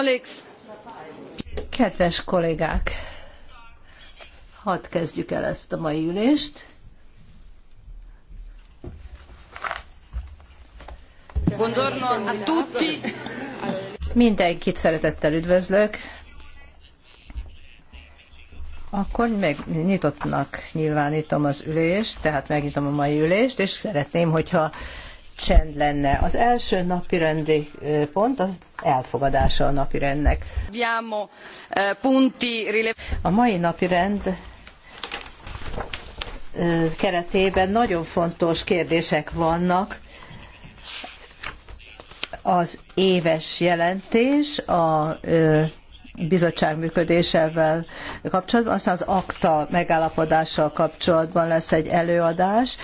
colleagues. Kedves kollégák, hadd kezdjük el ezt a mai ülést. Buongiorno a tutti. Mindenkit szeretettel üdvözlök. Akkor meg nyitottnak nyilvánítom az ülést, tehát megnyitom a mai ülést, és szeretném, hogyha csend lenne. Az első napi rendi pont az elfogadása a napirendnek. Eh, a mai napirend eh, keretében nagyon fontos kérdések vannak. Az éves jelentés a bizottság működésével kapcsolatban, aztán az akta megállapodással kapcsolatban lesz egy előadás,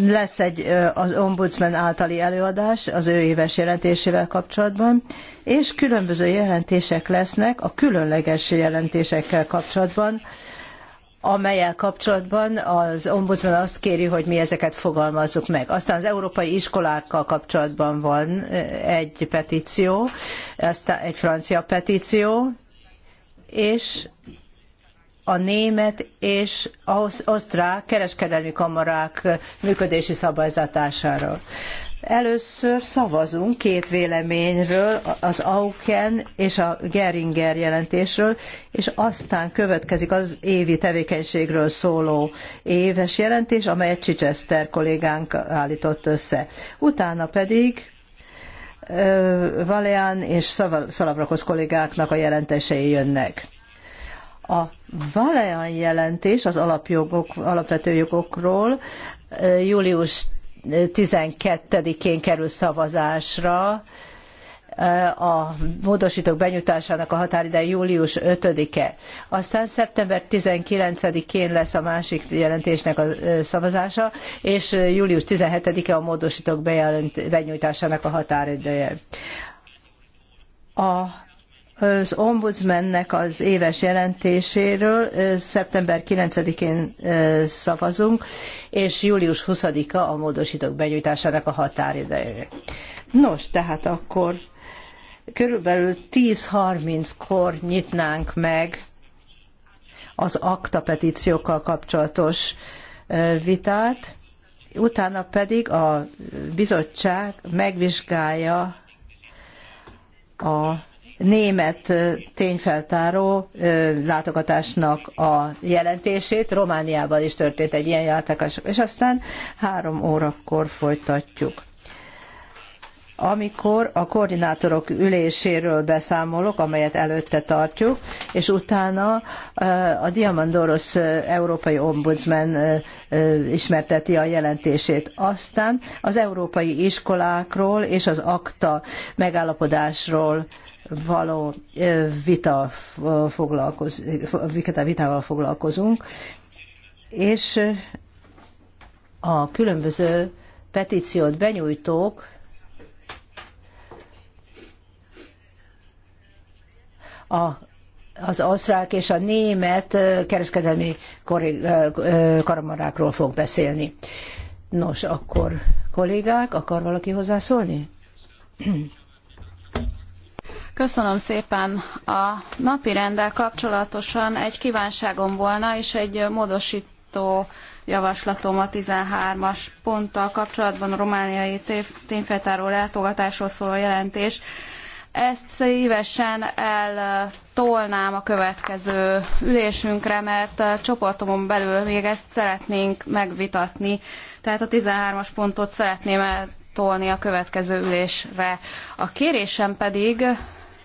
lesz egy az ombudsman általi előadás az ő éves jelentésével kapcsolatban, és különböző jelentések lesznek a különleges jelentésekkel kapcsolatban, amelyel kapcsolatban az ombudsman azt kéri, hogy mi ezeket fogalmazzuk meg. Aztán az európai iskolákkal kapcsolatban van egy petíció, aztán egy francia petíció, és a német és az osztrák kereskedelmi kamarák működési szabályzatására. Először szavazunk két véleményről, az Auken és a Geringer jelentésről, és aztán következik az évi tevékenységről szóló éves jelentés, amelyet Chichester kollégánk állított össze. Utána pedig Valéan és Szalavrakosz kollégáknak a jelentései jönnek. A Valean jelentés az alapjogok, alapvető jogokról július 12-én kerül szavazásra, a módosítók benyújtásának a határideje július 5-e. Aztán szeptember 19-én lesz a másik jelentésnek a szavazása, és július 17-e a módosítók benyújtásának a határideje. A az ombudsmannek az éves jelentéséről szeptember 9-én szavazunk, és július 20-a a módosítók benyújtásának a határideje. Nos, tehát akkor körülbelül 10.30-kor nyitnánk meg az akta petíciókkal kapcsolatos vitát, utána pedig a bizottság megvizsgálja a német tényfeltáró látogatásnak a jelentését. Romániában is történt egy ilyen játékos, és aztán három órakor folytatjuk. Amikor a koordinátorok üléséről beszámolok, amelyet előtte tartjuk, és utána a Diamandoros Európai Ombudsman ismerteti a jelentését. Aztán az európai iskolákról és az akta megállapodásról való vita foglalkoz, vitával foglalkozunk, és a különböző petíciót benyújtók a az osztrák és a német kereskedelmi karamarákról fog beszélni. Nos, akkor kollégák, akar valaki hozzászólni? Köszönöm szépen. A napi rendel kapcsolatosan egy kívánságom volna, és egy módosító javaslatom a 13-as ponttal kapcsolatban a romániai tényfeltáró látogatásról szóló jelentés. Ezt szívesen eltolnám a következő ülésünkre, mert csoportomon belül még ezt szeretnénk megvitatni. Tehát a 13-as pontot szeretném eltolni a következő ülésre. A kérésem pedig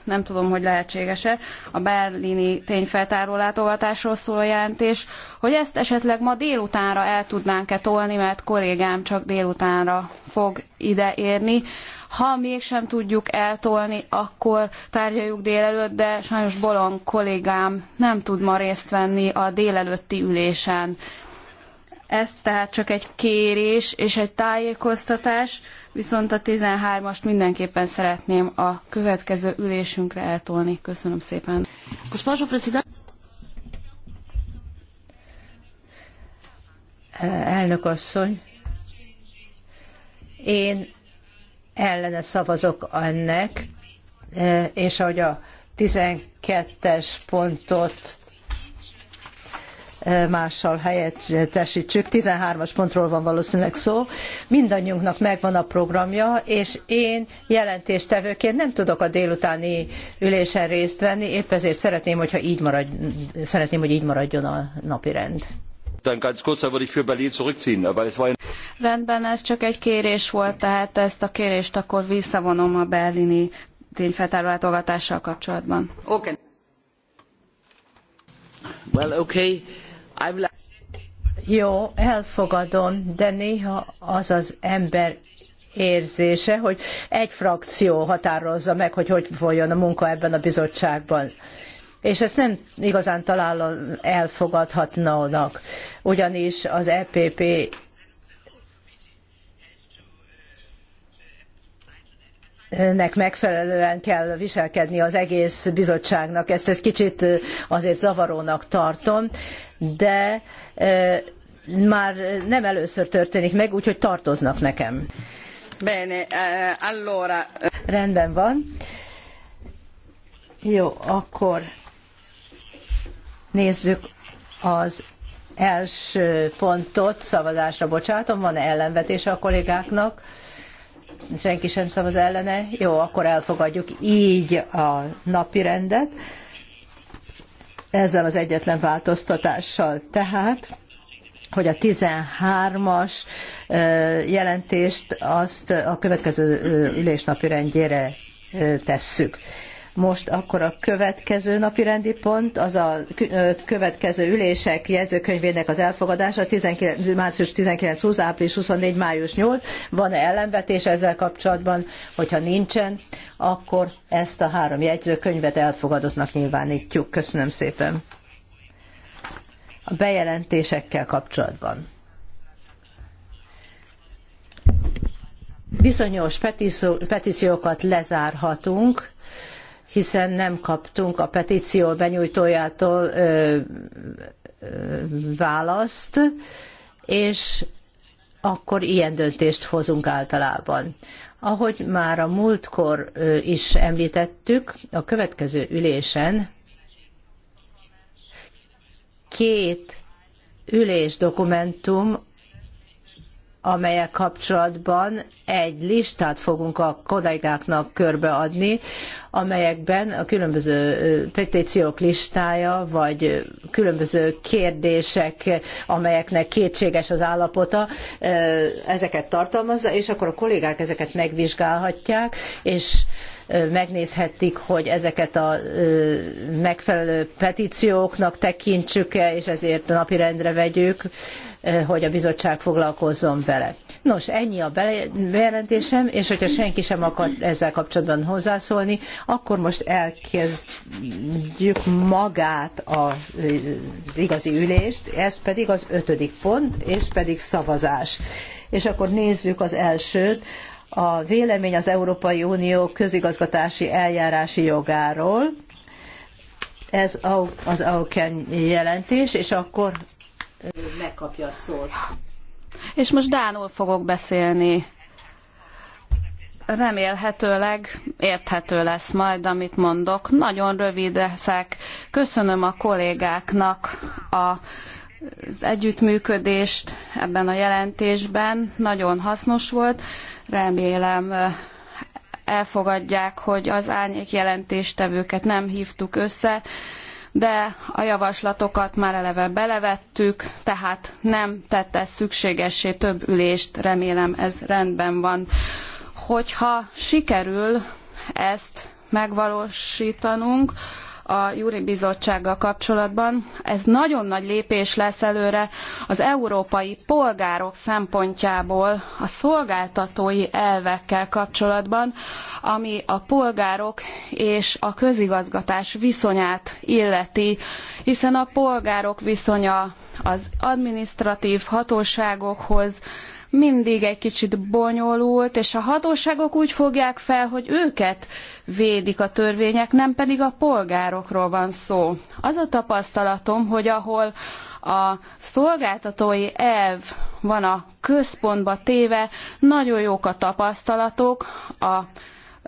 nem tudom, hogy lehetséges-e, a berlini tényfeltáró látogatásról szóló jelentés, hogy ezt esetleg ma délutánra el tudnánk-e tolni, mert kollégám csak délutánra fog ide érni. Ha mégsem tudjuk eltolni, akkor tárgyaljuk délelőtt, de sajnos Bolon kollégám nem tud ma részt venni a délelőtti ülésen. Ez tehát csak egy kérés és egy tájékoztatás viszont a 13-ast mindenképpen szeretném a következő ülésünkre eltolni. Köszönöm szépen. Elnök asszony, én ellene szavazok ennek, eh, és ahogy a 12-es pontot mással helyettesítsük. 13-as pontról van valószínűleg szó. Mindannyiunknak megvan a programja, és én jelentéstevőként nem tudok a délutáni ülésen részt venni, épp ezért szeretném, hogyha így marad, szeretném, hogy így maradjon a napirend. Rendben, ez csak egy kérés volt, tehát ezt a kérést akkor visszavonom a berlini tényfeltáró látogatással kapcsolatban. Okay. Well, okay. Jó, elfogadom, de néha az az ember érzése, hogy egy frakció határozza meg, hogy hogy voljon a munka ebben a bizottságban. És ezt nem igazán találom elfogadhatnának, ugyanis az EPP nek megfelelően kell viselkedni az egész bizottságnak. Ezt egy kicsit azért zavarónak tartom de már nem először történik meg, úgyhogy tartoznak nekem. Bene, eh, allora. Eh. Rendben van. Jó, akkor nézzük az első pontot szavazásra bocsátom. Van -e ellenvetése a kollégáknak? Senki sem szavaz ellene? Jó, akkor elfogadjuk így a napi rendet ezzel az egyetlen változtatással. Tehát hogy a 13-as jelentést azt a következő ülésnapi rendjére tesszük. Most akkor a következő napi rendi pont, az a következő ülések jegyzőkönyvének az elfogadása, 19, március 19-20, április 24, május 8. Van-e ellenvetés ezzel kapcsolatban? Hogyha nincsen, akkor ezt a három jegyzőkönyvet elfogadottnak nyilvánítjuk. Köszönöm szépen. A bejelentésekkel kapcsolatban. Bizonyos petíciókat lezárhatunk, hiszen nem kaptunk a petíció benyújtójától ö, ö, választ, és akkor ilyen döntést hozunk általában. Ahogy már a múltkor is említettük, a következő ülésen két ülés dokumentum amelyek kapcsolatban egy listát fogunk a kollégáknak körbeadni, amelyekben a különböző petíciók listája, vagy különböző kérdések, amelyeknek kétséges az állapota, ezeket tartalmazza, és akkor a kollégák ezeket megvizsgálhatják, és megnézhetik, hogy ezeket a megfelelő petícióknak tekintsük-e, és ezért napirendre vegyük, Eh, hogy a bizottság foglalkozzon vele. Nos, ennyi a bejelentésem, és hogyha senki sem akar ezzel kapcsolatban hozzászólni, akkor most elkezdjük magát eh, az igazi ülést, ez pedig az ötödik pont, és pedig szavazás. És akkor nézzük az elsőt, a vélemény az Európai Unió közigazgatási eljárási jogáról. Ez az Auken jelentés, és akkor megkapja a szót. És most Dánul fogok beszélni. Remélhetőleg érthető lesz majd, amit mondok. Nagyon rövid leszek. Köszönöm a kollégáknak a az együttműködést ebben a jelentésben. Nagyon hasznos volt. Remélem elfogadják, hogy az árnyék jelentéstevőket nem hívtuk össze, de a javaslatokat már eleve belevettük, tehát nem tette szükségessé több ülést, remélem ez rendben van. Hogyha sikerül ezt megvalósítanunk, a Júri Bizottsággal kapcsolatban. Ez nagyon nagy lépés lesz előre az európai polgárok szempontjából a szolgáltatói elvekkel kapcsolatban, ami a polgárok és a közigazgatás viszonyát illeti, hiszen a polgárok viszonya az administratív hatóságokhoz, mindig egy kicsit bonyolult, és a hatóságok úgy fogják fel, hogy őket védik a törvények, nem pedig a polgárokról van szó. Az a tapasztalatom, hogy ahol a szolgáltatói elv van a központba téve, nagyon jók a tapasztalatok a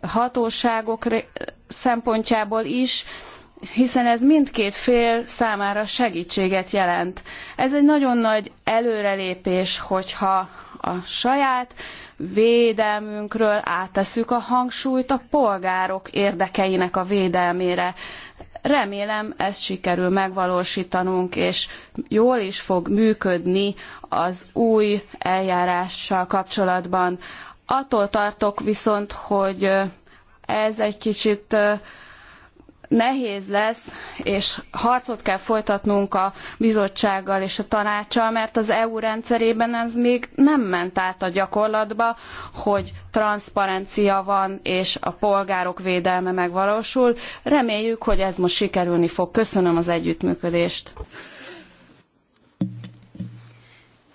hatóságok szempontjából is, hiszen ez mindkét fél számára segítséget jelent. Ez egy nagyon nagy előrelépés, hogyha a saját védelmünkről áttesszük a hangsúlyt a polgárok érdekeinek a védelmére. Remélem ezt sikerül megvalósítanunk, és jól is fog működni az új eljárással kapcsolatban. Attól tartok viszont, hogy ez egy kicsit nehéz lesz, és harcot kell folytatnunk a bizottsággal és a tanácssal, mert az EU rendszerében ez még nem ment át a gyakorlatba, hogy transzparencia van, és a polgárok védelme megvalósul. Reméljük, hogy ez most sikerülni fog. Köszönöm az együttműködést.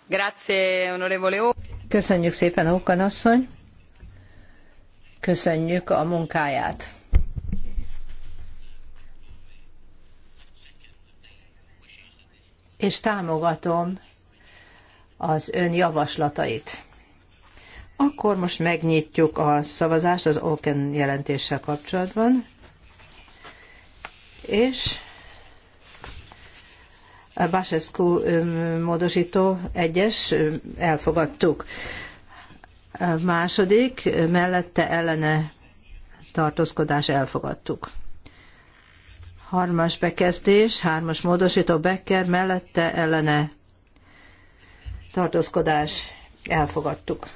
Grazie, onorevole. Köszönjük szépen, Okan asszony. Köszönjük a munkáját. és támogatom az ön javaslatait. Akkor most megnyitjuk a szavazást az Oken jelentéssel kapcsolatban, és a Basescu um, módosító egyes um, elfogadtuk. A második, um, mellette ellene tartózkodás elfogadtuk. Harmas bekezdés, hármas módosító Becker mellette ellene tartózkodás elfogadtuk.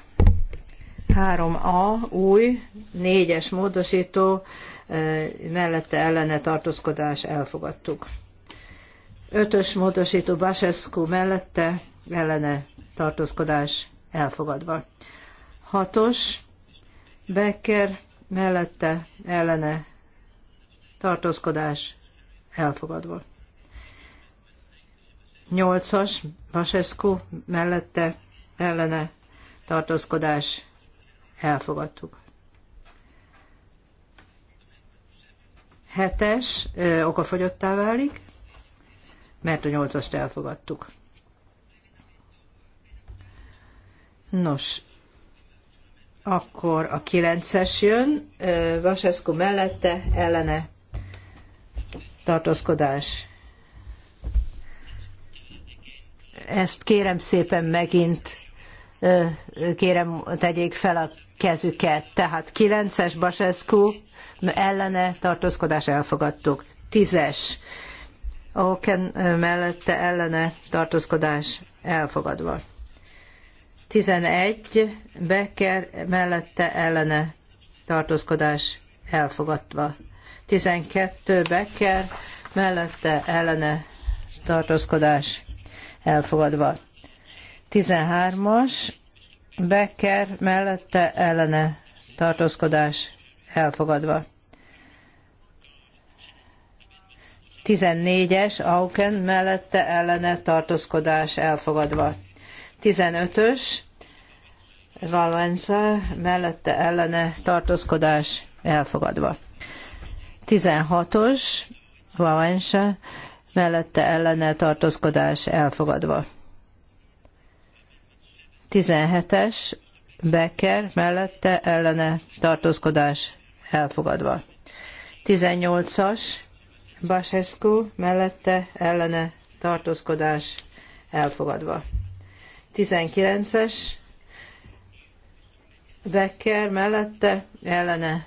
3A új, négyes es módosító eh, mellette ellene tartózkodás elfogadtuk. ötös ös módosító Basescu mellette ellene tartózkodás elfogadva. hatos os Becker mellette ellene tartózkodás elfogadva. Nyolcas, Basescu mellette ellene tartózkodás elfogadtuk. Hetes ö, okafogyottá válik, mert a nyolcast elfogadtuk. Nos, akkor a kilences jön, Vasescu mellette ellene tartózkodás. Ezt kérem szépen megint, kérem tegyék fel a kezüket. Tehát 9-es Basescu ellene tartózkodás elfogadtuk. 10-es Oken mellette ellene tartózkodás elfogadva. 11 Becker mellette ellene tartózkodás elfogadva. 12 Becker mellette ellene tartózkodás elfogadva. 13-as Becker mellette ellene tartózkodás elfogadva. 14-es Auken mellette ellene tartózkodás elfogadva. 15-ös Valenza mellette ellene tartózkodás elfogadva. 16-os, Valencia mellette ellene tartózkodás elfogadva. 17-es, Becker, mellette ellene tartózkodás elfogadva. 18-as, Basescu, mellette ellene tartózkodás elfogadva. 19-es, Becker mellette ellene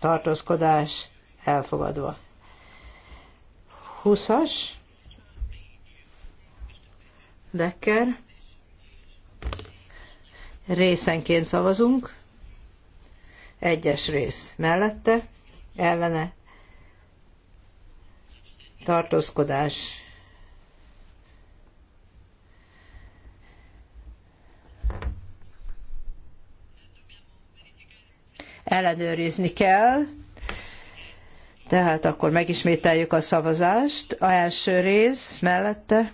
tartózkodás elfogadva. 20-as, Decker, részenként szavazunk, egyes rész mellette, ellene, tartózkodás, ellenőrizni kell, tehát akkor megismételjük a szavazást. A első rész mellette.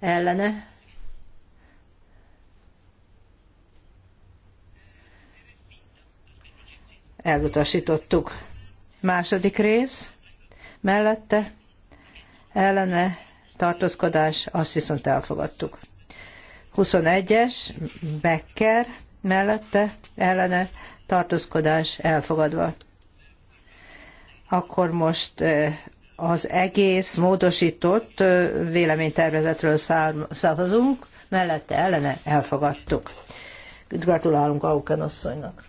Ellene. Elutasítottuk. Második rész. Mellette. Ellene. Tartózkodás. Azt viszont elfogadtuk. 21-es. Becker mellette ellene tartózkodás elfogadva. Akkor most az egész módosított véleménytervezetről szavazunk, mellette ellene elfogadtuk. Gratulálunk Auken asszonynak.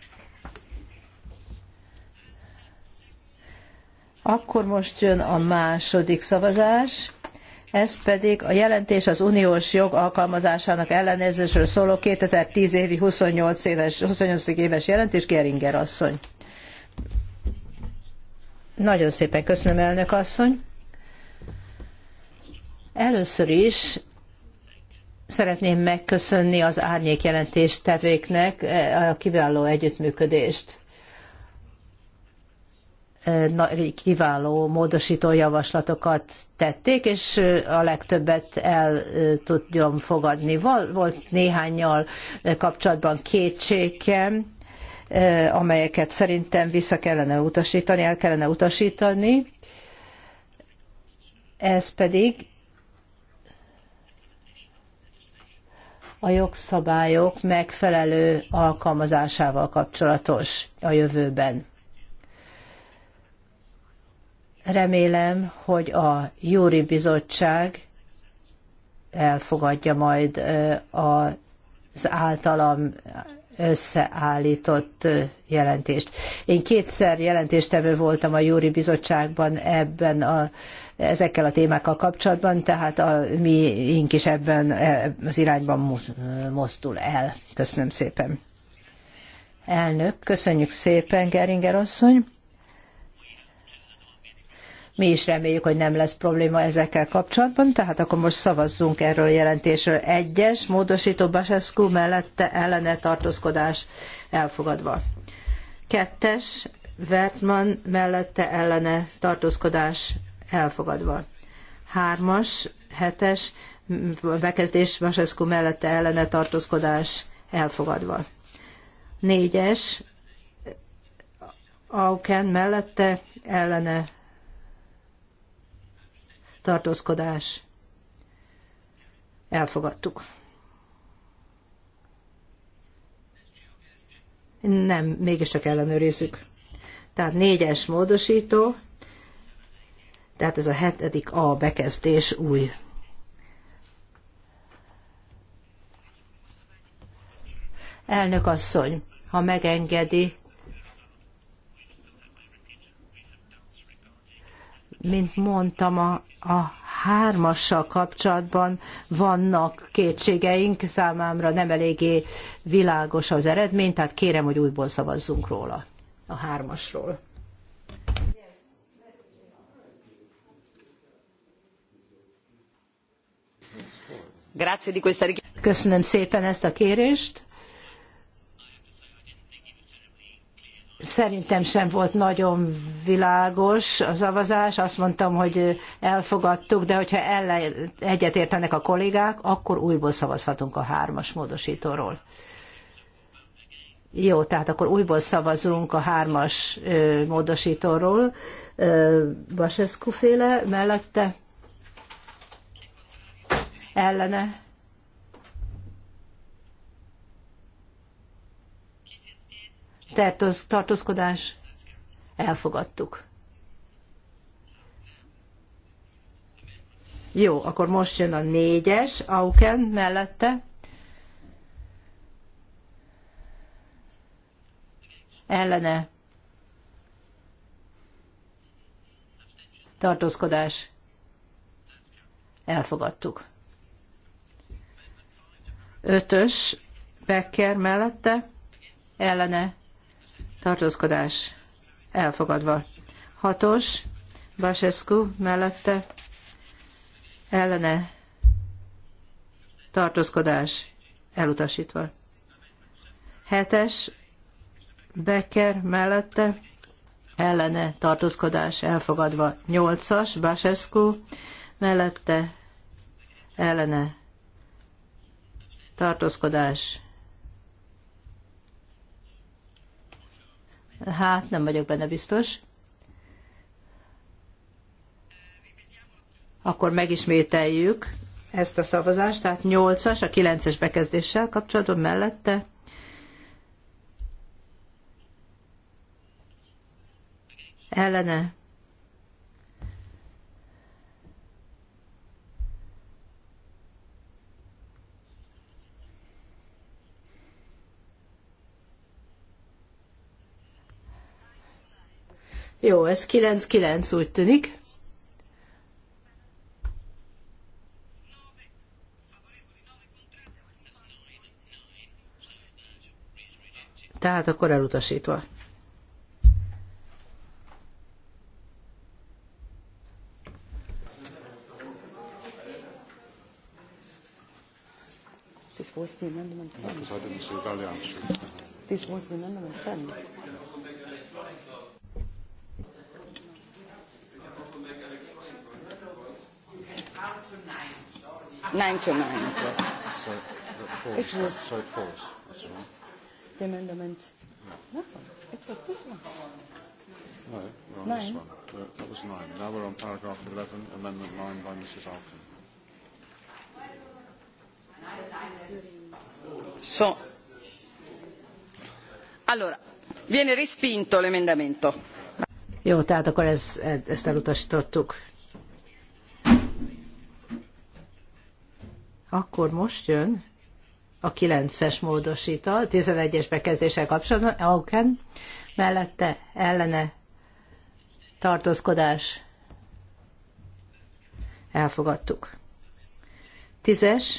Akkor most jön a második szavazás ez pedig a jelentés az uniós jog alkalmazásának ellenőrzésről szóló 2010 évi 28 éves, 28 éves jelentés Geringer asszony. Nagyon szépen köszönöm, elnök asszony. Először is szeretném megköszönni az árnyék jelentéstevéknek eh, a kiváló együttműködést kiváló módosító javaslatokat tették, és a legtöbbet el tudjam fogadni. Volt néhányal kapcsolatban kétségem, amelyeket szerintem vissza kellene utasítani, el kellene utasítani. Ez pedig a jogszabályok megfelelő alkalmazásával kapcsolatos a jövőben Remélem, hogy a Júri Bizottság elfogadja majd az általam összeállított jelentést. Én kétszer jelentéstevő voltam a Júri Bizottságban ebben a, ezekkel a témákkal kapcsolatban, tehát a miink is ebben e, az irányban mozdul el. Köszönöm szépen. Elnök, köszönjük szépen, Geringer asszony. Mi is reméljük, hogy nem lesz probléma ezekkel kapcsolatban, tehát akkor most szavazzunk erről a jelentésről. Egyes, módosító Basescu mellette ellene tartózkodás elfogadva. Kettes, Vertman mellette ellene tartózkodás elfogadva. Hármas, hetes, bekezdés Basescu mellette ellene tartózkodás elfogadva. Négyes, Auken mellette ellene tartózkodás, elfogadtuk. Nem, mégiscsak ellenőrizzük. Tehát négyes módosító, tehát ez a hetedik A bekezdés új. Elnök asszony, ha megengedi, mint mondtam, a a hármassal kapcsolatban vannak kétségeink, számámra nem eléggé világos az eredmény, tehát kérem, hogy újból szavazzunk róla, a hármasról. Köszönöm szépen ezt a kérést. szerintem sem volt nagyon világos a szavazás. Azt mondtam, hogy elfogadtuk, de hogyha ellen, egyetértenek a kollégák, akkor újból szavazhatunk a hármas módosítóról. Jó, tehát akkor újból szavazunk a hármas ö, módosítóról. Basescu féle mellette? Ellene? tartoz, tartózkodás elfogadtuk. Jó, akkor most jön a négyes, Auken mellette. Ellene. Tartózkodás. Elfogadtuk. Ötös, Becker mellette. Ellene tartózkodás elfogadva. Hatos, Basescu mellette ellene tartózkodás elutasítva. Hetes, Becker mellette ellene tartózkodás elfogadva. Nyolcas, Basescu mellette ellene tartózkodás Hát, nem vagyok benne biztos. Akkor megismételjük ezt a szavazást, tehát 8-as, a 9-es bekezdéssel kapcsolatban mellette. Ellene Jó, ez 9-9 úgy tűnik. Tehát akkor elutasítva. This was the amendment 10. This was the amendment 10. Nine to nine it was. So that falls. It was. So it falls. That's all right. The amendment. No, it was this one. No, we're on nine. this one. No, that was nine. Now we're on paragraph 11, amendment nine by Mrs. Alkin. So, allora, viene respinto l'emendamento. Jó, tehát akkor ez, ezt elutasítottuk. Akkor most jön a 9-es módosítal, 11-es bekezdéssel kapcsolatban, Auken, mellette ellene tartózkodás elfogadtuk. 10-es,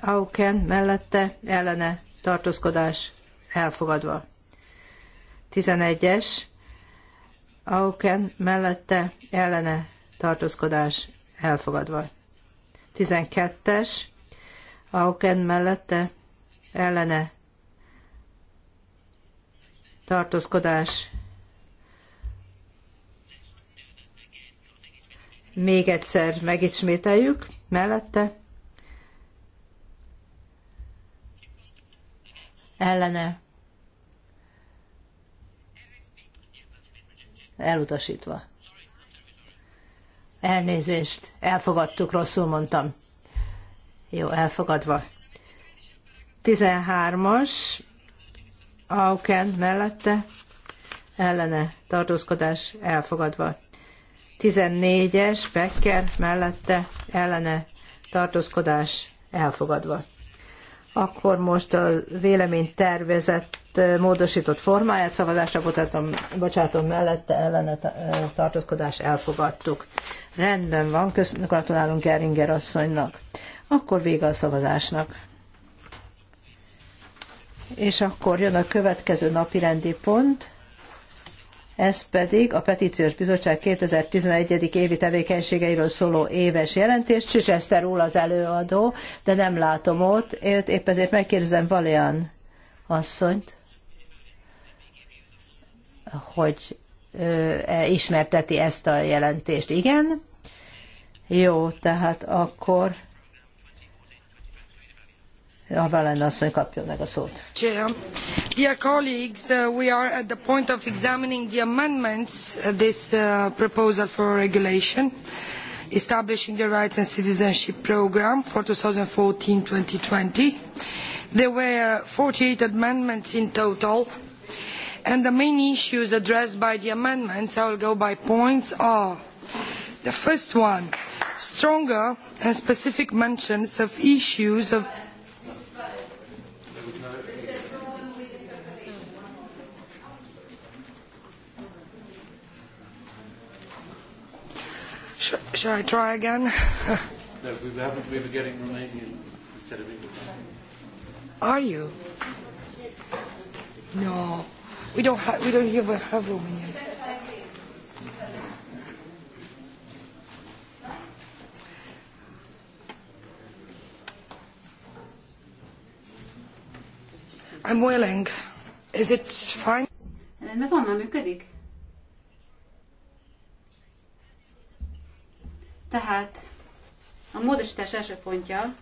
Auken mellette ellene tartózkodás elfogadva. 11-es, Auken mellette ellene tartózkodás elfogadva. 12-es, Auken mellette ellene tartózkodás. Még egyszer megismételjük mellette. Ellene elutasítva. Elnézést, elfogadtuk, rosszul mondtam. Jó, elfogadva. 13-as, Auken mellette, ellene tartózkodás elfogadva. 14-es, Becker mellette, ellene tartózkodás elfogadva. Akkor most a vélemény tervezett Eh, módosított formáját, szavazásra bocsátom, bocsátom mellette, ellene eh, tartózkodás elfogadtuk. Rendben van, köszönjük, gratulálunk Eringer asszonynak. Akkor vége a szavazásnak. És akkor jön a következő napi rendi pont, ez pedig a Petíciós Bizottság 2011. évi tevékenységeiről szóló éves jelentés. Csicseszter úr az előadó, de nem látom ott, épp ezért megkérdezem Valian asszonyt hogy e, ismerteti ezt a jelentést. Igen? Jó, tehát akkor a Valen asszony kapja meg a szót. Dear colleagues, uh, we are at the point of examining the amendments uh, this uh, proposal for regulation establishing the rights and citizenship program for 2014-2020. There were 48 amendments in total and the main issues addressed by the amendments i will go by points are the first one stronger and specific mentions of issues of Shall I try again? no, we were, we were getting Romanian instead of English. Are you? No. We don't have, we don't have, have Romanian. I'm willing. Is it fine? Rendben van, már működik? Tehát a módosítás első pontja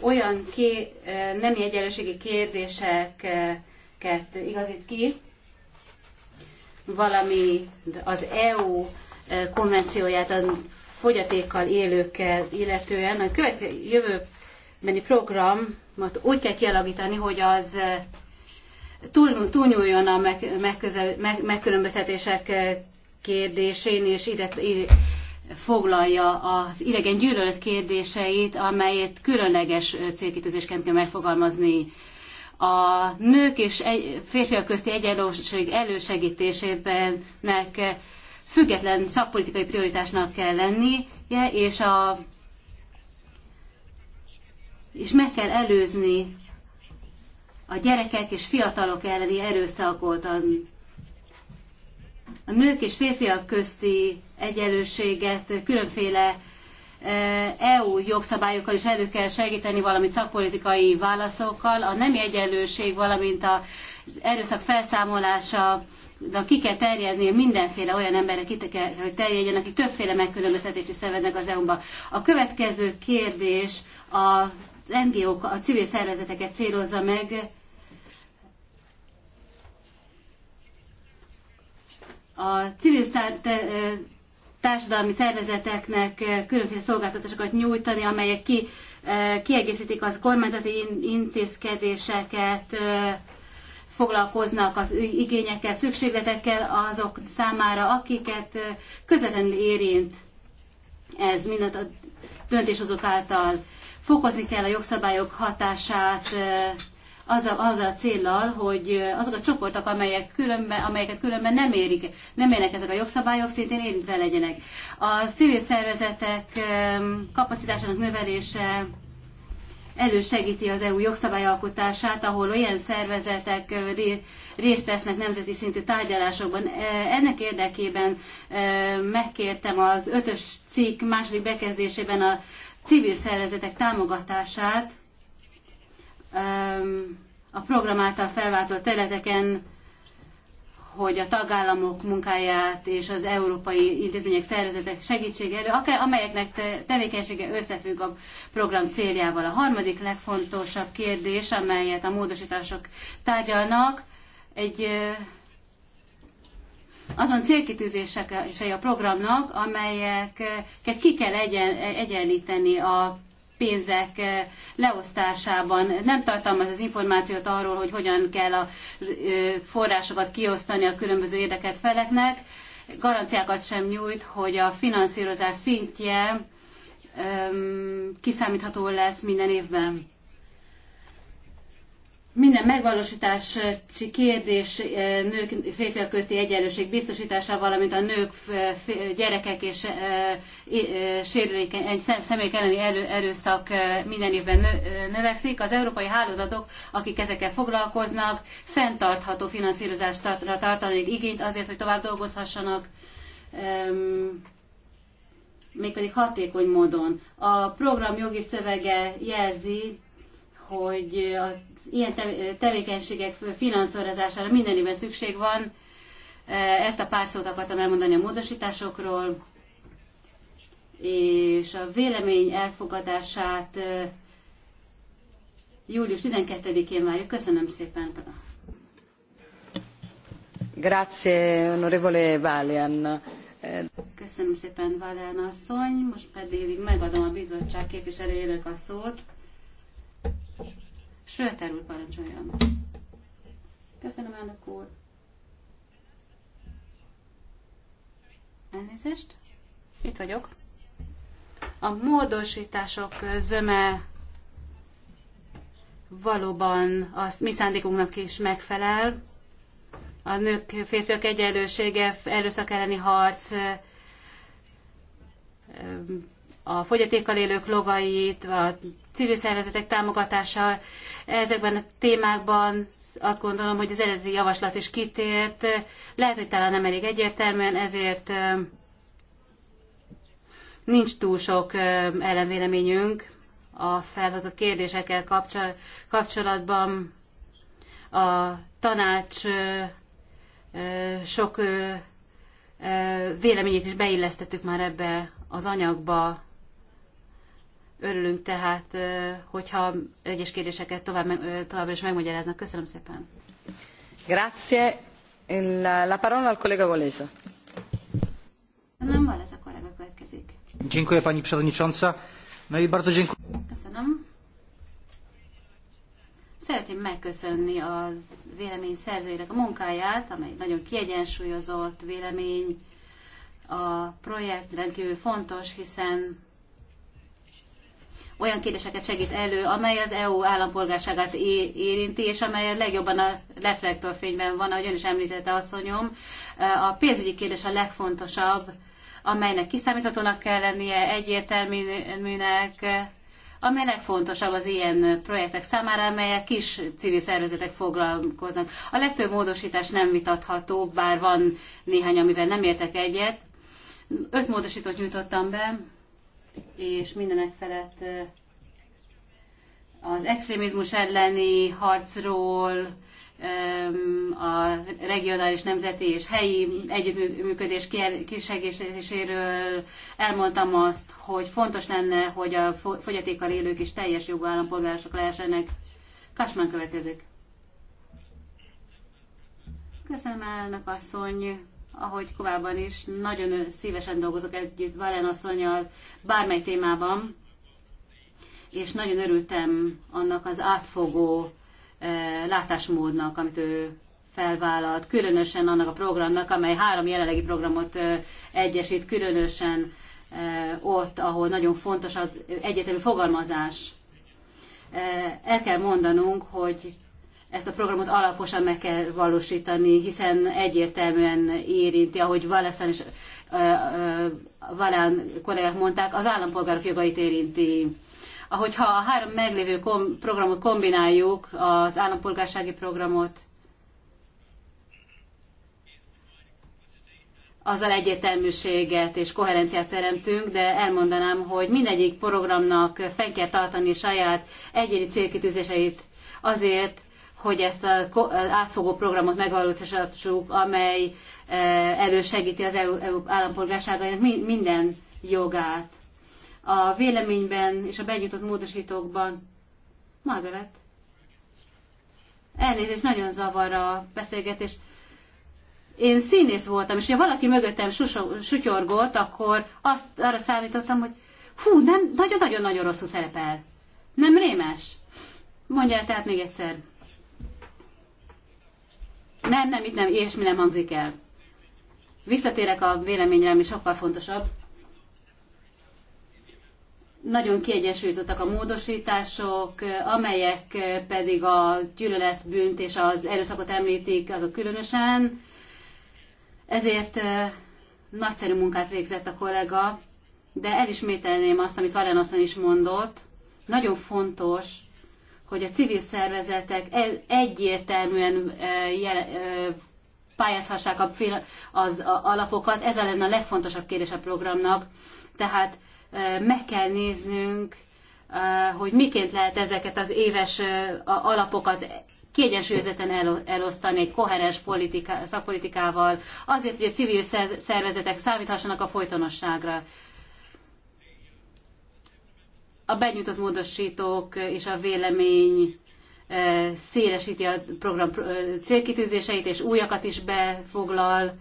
olyan ké, nemi egyenlőségi kérdéseket igazít ki, valami az EU konvencióját a fogyatékkal élőkkel illetően. A következő jövőbeni programot úgy kell kialakítani, hogy az túl, túlnyúljon a meg, megközel, meg, megkülönböztetések kérdésén, és ide, ide foglalja az idegen gyűlölet kérdéseit, amelyet különleges célkitűzésként kell megfogalmazni. A nők és férfiak közti egyenlőség elősegítésében független szakpolitikai prioritásnak kell lennie, és, a, és meg kell előzni a gyerekek és fiatalok elleni erőszakot, a a nők és férfiak közti egyenlőséget különféle EU e jogszabályokkal is elő kell segíteni, valamint szakpolitikai válaszokkal. A nemi egyenlőség, valamint a erőszak felszámolása, de ki kell terjedni mindenféle olyan emberek, ki kell, hogy terjedjen, akik többféle megkülönböztetést szenvednek az EU-ban. A következő kérdés az ngo a civil szervezeteket célozza meg, a civil társadalmi szervezeteknek különféle szolgáltatásokat nyújtani, amelyek ki, kiegészítik az kormányzati intézkedéseket, foglalkoznak az igényekkel, szükségletekkel azok számára, akiket közvetlenül érint ez mindent a döntéshozók által. Fokozni kell a jogszabályok hatását az a, az a hogy azok a csoportok, amelyek különben, amelyeket különben nem, érik, nem érnek ezek a jogszabályok, szintén érintve legyenek. A civil szervezetek kapacitásának növelése elősegíti az EU jogszabályalkotását, ahol olyan szervezetek részt vesznek nemzeti szintű tárgyalásokban. Ennek érdekében megkértem az ötös cikk második bekezdésében a civil szervezetek támogatását, a program által felvázolt területeken, hogy a tagállamok munkáját és az európai intézmények, szervezetek segítsége elő, amelyeknek tevékenysége összefügg a program céljával. A harmadik legfontosabb kérdés, amelyet a módosítások tárgyalnak, egy azon célkitűzések a programnak, amelyeket ki kell egyen, egyenlíteni a pénzek eh, leosztásában nem tartalmaz az információt arról, hogy hogyan kell a eh, forrásokat kiosztani a különböző érdekelt feleknek, garanciákat sem nyújt, hogy a finanszírozás szintje kiszámítható lesz minden évben minden megvalósítási kérdés eh, nők férfiak közti egyenlőség biztosítása, valamint a nők, gyerekek és eh, eh, sérülékeny személyek elleni erőszak minden évben növekszik. Az európai hálózatok, akik ezekkel foglalkoznak, fenntartható finanszírozást tartanak igényt azért, hogy tovább dolgozhassanak mégpedig hatékony módon. A program jogi szövege jelzi, hogy a ilyen tevékenységek finanszírozására minden évben szükség van. E, ezt a pár szót akartam elmondani a módosításokról, és a vélemény elfogadását e, július 12-én várjuk. Köszönöm szépen! Grazie, onorevole Valian. Köszönöm szépen, Valian asszony. Most pedig megadom a bizottság képviselőjének a szót. Sőter úr parancsoljon. Köszönöm, elnök úr. Elnézést. Itt vagyok. A módosítások zöme valóban a mi szándékunknak is megfelel. A nők, férfiak egyenlősége, erőszak elleni harc, a fogyatékkal élők logait, a civil szervezetek támogatása. Ezekben a témákban azt gondolom, hogy az eredeti javaslat is kitért. Lehet, hogy talán nem elég egyértelműen, ezért nincs túl sok ellenvéleményünk a felhozott kérdésekkel kapcsolatban. A tanács sok véleményét is beillesztettük már ebbe az anyagba. Örülünk tehát, hogyha egyes kérdéseket tovább, továbbra is megmagyaráznak. Köszönöm szépen. Grazie. La, la parola al collega Valesa. Nem, Valesa kollega következik. Dziękuję pani przewodnicząca. No i bardzo dziękuję. Köszönöm. Szeretném megköszönni az vélemény szerzőjének a munkáját, amely nagyon kiegyensúlyozott vélemény. A projekt rendkívül fontos, hiszen olyan kérdéseket segít elő, amely az EU állampolgárságát érinti, és amely a legjobban a reflektorfényben van, ahogy ön is említette, asszonyom. A pénzügyi kérdés a legfontosabb, amelynek kiszámíthatónak kell lennie, egyértelműnek, amely legfontosabb az ilyen projektek számára, amelyek kis civil szervezetek foglalkoznak. A legtöbb módosítás nem vitatható, bár van néhány, amivel nem értek egyet. Öt módosítót nyújtottam be, és mindenek felett az extrémizmus elleni harcról, a regionális, nemzeti és helyi együttműködés kisegítéséről elmondtam azt, hogy fontos lenne, hogy a fogyatékkal élők is teljes jogú állampolgárosok lehessenek. Kasmán következik. Köszönöm, elnök asszony ahogy korábban is, nagyon szívesen dolgozok együtt Valen asszonyal bármely témában, és nagyon örültem annak az átfogó eh, látásmódnak, amit ő felvállalt, különösen annak a programnak, amely három jelenlegi programot eh, egyesít, különösen eh, ott, ahol nagyon fontos az egyetemi fogalmazás. El kell mondanunk, hogy ezt a programot alaposan meg kell valósítani, hiszen egyértelműen érinti, ahogy Valeszán és Valán kollégák mondták, az állampolgárok jogait érinti. Ahogyha a három meglévő kom- programot kombináljuk, az állampolgársági programot, azzal egyértelműséget és koherenciát teremtünk, de elmondanám, hogy mindegyik programnak fenn kell tartani saját egyéni célkitűzéseit azért, hogy ezt az átfogó programot megvalósítsuk, amely e, elősegíti az EU, EU állampolgárságainak minden jogát. A véleményben és a benyújtott módosítókban Margaret. Elnézést, nagyon zavar a beszélgetés. Én színész voltam, és ha valaki mögöttem sutyorgott, akkor azt arra számítottam, hogy hú, nem, nagyon-nagyon-nagyon rosszul szerepel. Nem rémes? Mondja el tehát még egyszer. Nem, nem, itt nem, ilyesmi nem hangzik el. Visszatérek a véleményre, ami sokkal fontosabb. Nagyon kiegyensúlyozottak a módosítások, amelyek pedig a gyűlöletbűnt és az erőszakot említik, azok különösen. Ezért nagyszerű munkát végzett a kollega, de elismételném azt, amit Valen is mondott. Nagyon fontos, hogy a civil szervezetek egyértelműen pályázhassák az alapokat. Ez lenne a legfontosabb kérdés a programnak. Tehát meg kell néznünk, hogy miként lehet ezeket az éves alapokat kiegyensúlyozatlan elosztani egy koherens politika, szakpolitikával, azért, hogy a civil szervezetek számíthassanak a folytonosságra a benyújtott módosítók és a vélemény eh, szélesíti a program eh, célkitűzéseit, és újakat is befoglal,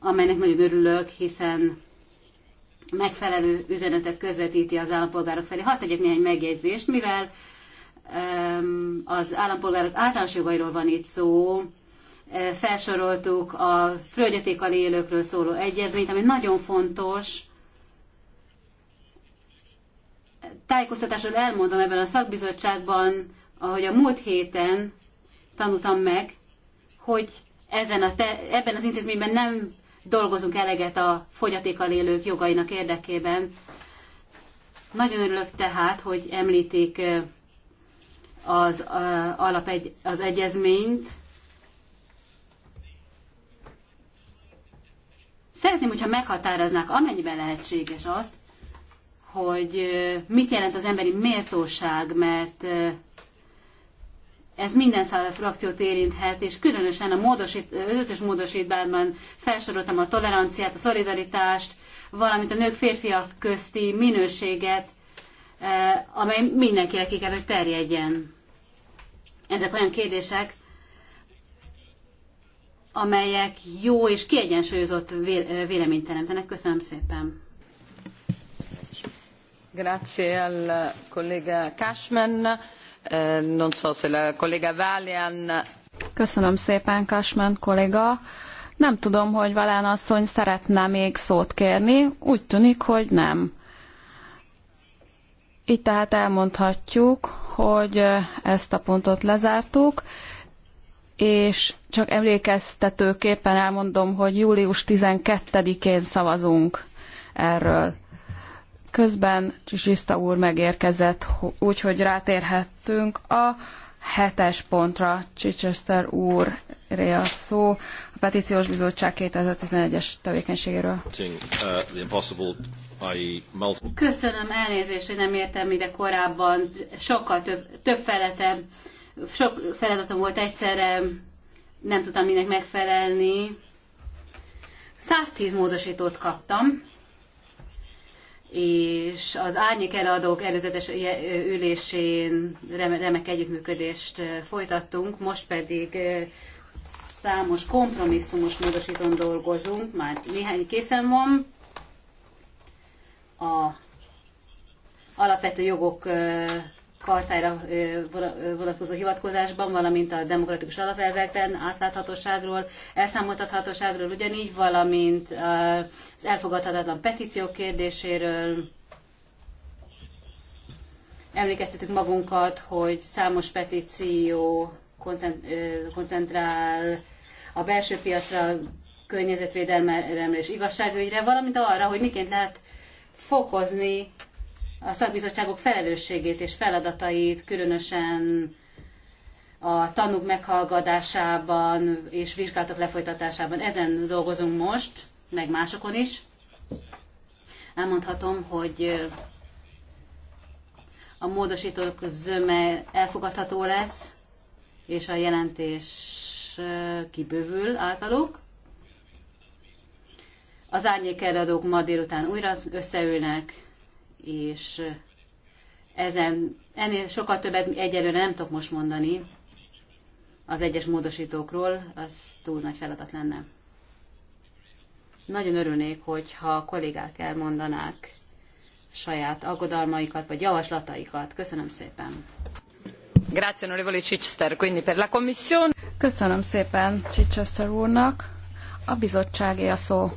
amelynek nagyon örülök, hiszen megfelelő üzenetet közvetíti az állampolgárok felé. Hadd tegyek néhány megjegyzést, mivel az állampolgárok általános jogairól van itt szó, eh, felsoroltuk a földjátékkal élőkről szóló egyezményt, ami nagyon fontos, tájékoztatásról elmondom ebben a szakbizottságban, ahogy a múlt héten tanultam meg, hogy ezen a te, ebben az intézményben nem dolgozunk eleget a fogyatékkal élők jogainak érdekében. Nagyon örülök tehát, hogy említik az, alap egy, az egyezményt. Szeretném, hogyha meghatároznák, amennyiben lehetséges azt, hogy mit jelent az emberi méltóság, mert ez minden frakciót érinthet, és különösen a módosít, ötös módosítbárban felsoroltam a toleranciát, a szolidaritást, valamint a nők férfiak közti minőséget, amely mindenkire ki kell, hogy terjedjen. Ezek olyan kérdések, amelyek jó és kiegyensúlyozott véleményt teremtenek. Köszönöm szépen! Grazie al collega Cashman. Eh, non so se la collega Valian... Köszönöm szépen, Cashman kollega. Nem tudom, hogy Valán asszony szeretne még szót kérni. Úgy tűnik, hogy nem. Így tehát elmondhatjuk, hogy eh, ezt a pontot lezártuk, és csak emlékeztetőképpen elmondom, hogy július 12-én szavazunk erről. Közben Csisiszta úr megérkezett, úgyhogy rátérhettünk a hetes pontra. Chichester úr a szó a Petíciós Bizottság 2011-es tevékenységéről. Köszönöm elnézést, hogy nem értem ide korábban. Sokkal több, több feletem, sok feladatom volt egyszerre, nem tudtam minek megfelelni. 110 módosítót kaptam, és az árnyék eladók előzetes ülésén remek együttműködést folytattunk, most pedig számos kompromisszumos módosítón dolgozunk, már néhány készen van. A alapvető jogok kartára vonatkozó hivatkozásban, valamint a demokratikus alapelvekben átláthatóságról, elszámoltathatóságról ugyanígy, valamint az elfogadhatatlan petíciók kérdéséről. Emlékeztetünk magunkat, hogy számos petíció koncentrál a belső piacra, környezetvédelmre és igazságügyre, valamint arra, hogy miként lehet fokozni a szakbizottságok felelősségét és feladatait, különösen a tanúk meghallgatásában és vizsgálatok lefolytatásában. Ezen dolgozunk most, meg másokon is. Elmondhatom, hogy a módosítók zöme elfogadható lesz, és a jelentés kibővül általuk. Az árnyék ma délután újra összeülnek, és ezen, ennél sokkal többet egyelőre nem tudok most mondani az egyes módosítókról, az túl nagy feladat lenne. Nagyon örülnék, hogyha a kollégák elmondanák saját aggodalmaikat vagy javaslataikat. Köszönöm szépen! Grazie, onorevole Chichester. Quindi per la commissione... Köszönöm szépen Chichester úrnak. A bizottságé a szó. Uh,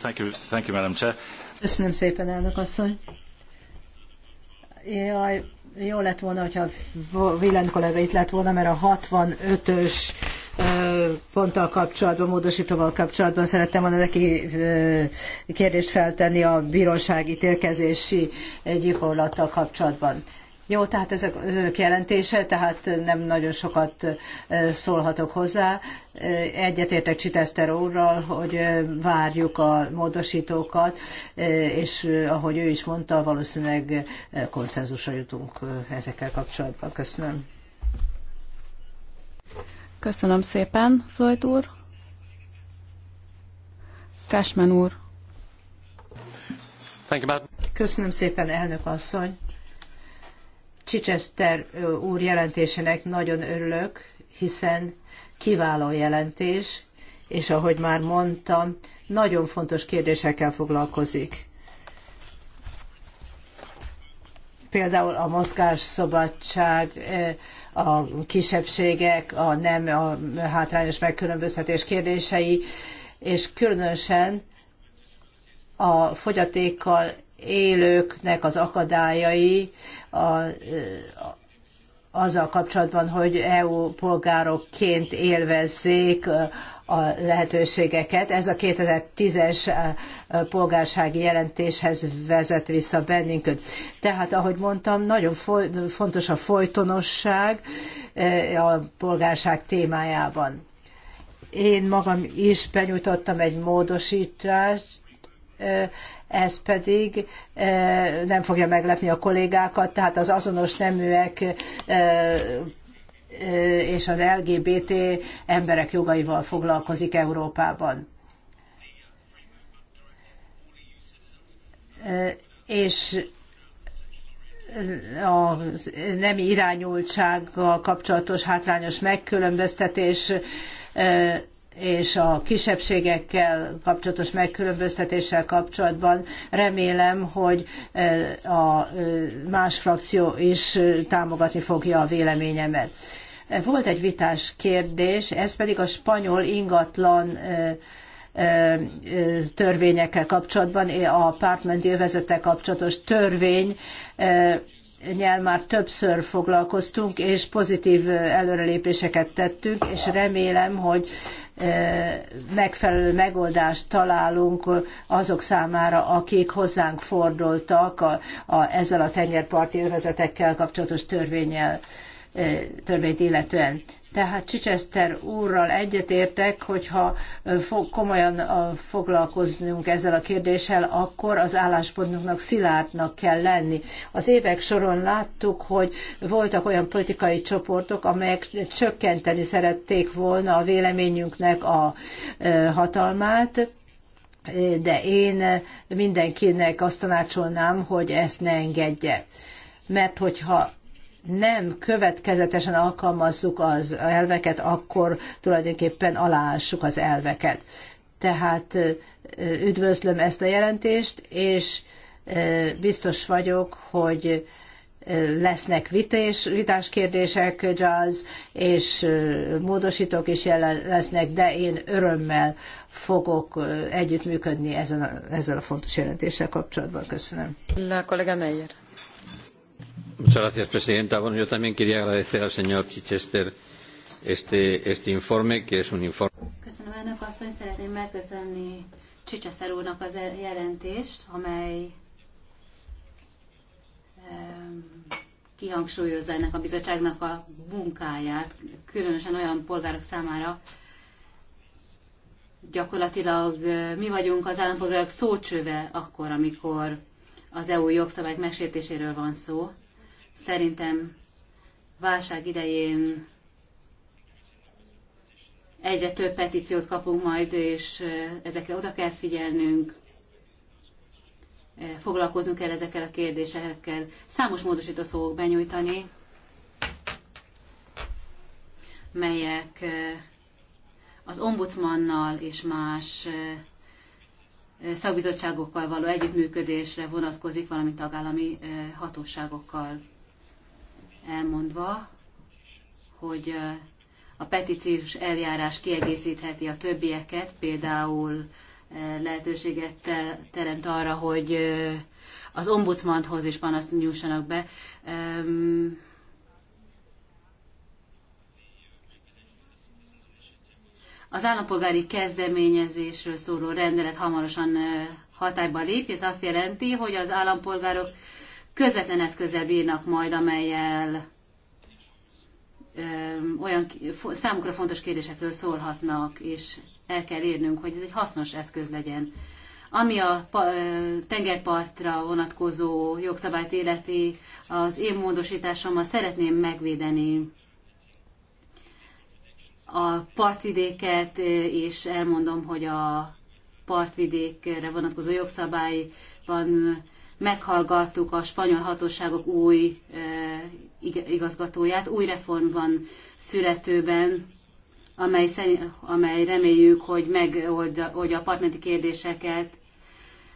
thank you, thank you, Madam Chair. Köszönöm szépen, elnök asszony. Jaj, jó lett volna, hogyha Vilen kollega itt lett volna, mert a 65-ös ponttal kapcsolatban, módosítóval kapcsolatban szerettem volna neki kérdést feltenni a bírósági térkezési gyakorlattal kapcsolatban. Jó, tehát ez az önök jelentése, tehát nem nagyon sokat szólhatok hozzá. Egyetértek Csiteszter úrral, hogy várjuk a módosítókat, és ahogy ő is mondta, valószínűleg konszenzusra jutunk ezekkel kapcsolatban. Köszönöm. Köszönöm szépen, Floyd úr. Cashman úr. Köszönöm szépen, elnök asszony Csicseszter úr jelentésének nagyon örülök, hiszen kiváló jelentés, és ahogy már mondtam, nagyon fontos kérdésekkel foglalkozik. Például a mozgásszabadság, a kisebbségek, a nem a hátrányos megkülönböztetés kérdései, és különösen a fogyatékkal élőknek az akadályai a, azzal kapcsolatban, hogy EU polgárokként élvezzék a lehetőségeket. Ez a 2010-es polgársági jelentéshez vezet vissza bennünket. Tehát, ahogy mondtam, nagyon fontos a folytonosság a polgárság témájában. Én magam is benyújtottam egy módosítást ez pedig e, nem fogja meglepni a kollégákat, tehát az azonos neműek e, e, és az LGBT emberek jogaival foglalkozik Európában. És a nemi irányultsággal kapcsolatos hátrányos megkülönböztetés és a kisebbségekkel kapcsolatos megkülönböztetéssel kapcsolatban remélem, hogy eh, a eh, más frakció is eh, támogatni fogja a véleményemet. Volt egy vitás kérdés, ez pedig a spanyol ingatlan törvényekkel kapcsolatban, a pártmenti övezettel kapcsolatos törvény nyel már többször foglalkoztunk, és pozitív előrelépéseket tettünk, és remélem, hogy e, megfelelő megoldást találunk azok számára, akik hozzánk fordultak a, a, ezzel a tengerparti övezetekkel kapcsolatos törvényel, e, törvényt illetően. Tehát Chichester úrral egyetértek, hogyha komolyan foglalkoznunk ezzel a kérdéssel, akkor az álláspontunknak szilárdnak kell lenni. Az évek soron láttuk, hogy voltak olyan politikai csoportok, amelyek csökkenteni szerették volna a véleményünknek a hatalmát, de én mindenkinek azt tanácsolnám, hogy ezt ne engedje. Mert hogyha nem következetesen alkalmazzuk az elveket, akkor tulajdonképpen aláássuk az elveket. Tehát üdvözlöm ezt a jelentést, és biztos vagyok, hogy lesznek vités, vitás kérdések, jazz, és módosítók is jelen lesznek, de én örömmel fogok együttműködni ezen a, ezzel a fontos jelentéssel kapcsolatban. Köszönöm. La kollega Meyer. Muchas gracias, presidenta. Bueno, yo también quería agradecer al señor Chichester este, este informe, que es un informe. Köszönöm, elnök asszony, szeretném megköszönni Csicseszter úrnak az jelentést, amely kihangsúlyozza ennek a bizottságnak a munkáját, különösen olyan polgárok számára, gyakorlatilag mi vagyunk az állampolgárok szócsöve akkor, amikor az EU jogszabályok megsértéséről van szó. Szerintem válság idején egyre több petíciót kapunk majd, és ezekre oda kell figyelnünk, foglalkoznunk kell ezekkel a kérdésekkel. Számos módosítót fogok benyújtani, melyek az ombudsmannal és más szakbizottságokkal való együttműködésre vonatkozik, valamint tagállami hatóságokkal elmondva, hogy a petíciós eljárás kiegészítheti a többieket, például lehetőséget teremt arra, hogy az ombudsmanhoz is panaszt nyújtsanak be. Az állampolgári kezdeményezésről szóló rendelet hamarosan hatályba lép, ez azt jelenti, hogy az állampolgárok közvetlen eszközzel bírnak majd, amelyel olyan számukra fontos kérdésekről szólhatnak, és el kell érnünk, hogy ez egy hasznos eszköz legyen. Ami a tengerpartra vonatkozó jogszabályt életi, az én módosításommal szeretném megvédeni a partvidéket, és elmondom, hogy a partvidékre vonatkozó jogszabályban meghallgattuk a spanyol hatóságok új e, igazgatóját. Új reform van születőben, amely, amely reméljük, hogy megoldja a partmenti kérdéseket.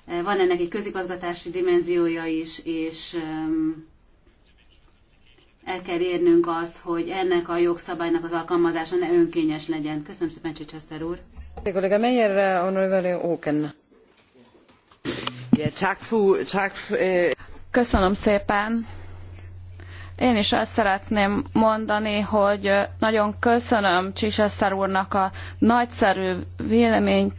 E, van ennek egy közigazgatási dimenziója is, és e, el kell érnünk azt, hogy ennek a jogszabálynak az alkalmazása ne önkényes legyen. Köszönöm szépen, Csicseszter úr. Eh. Köszönöm szépen. Én is azt szeretném mondani, hogy nagyon köszönöm Csiseszter úrnak a nagyszerű vélemény,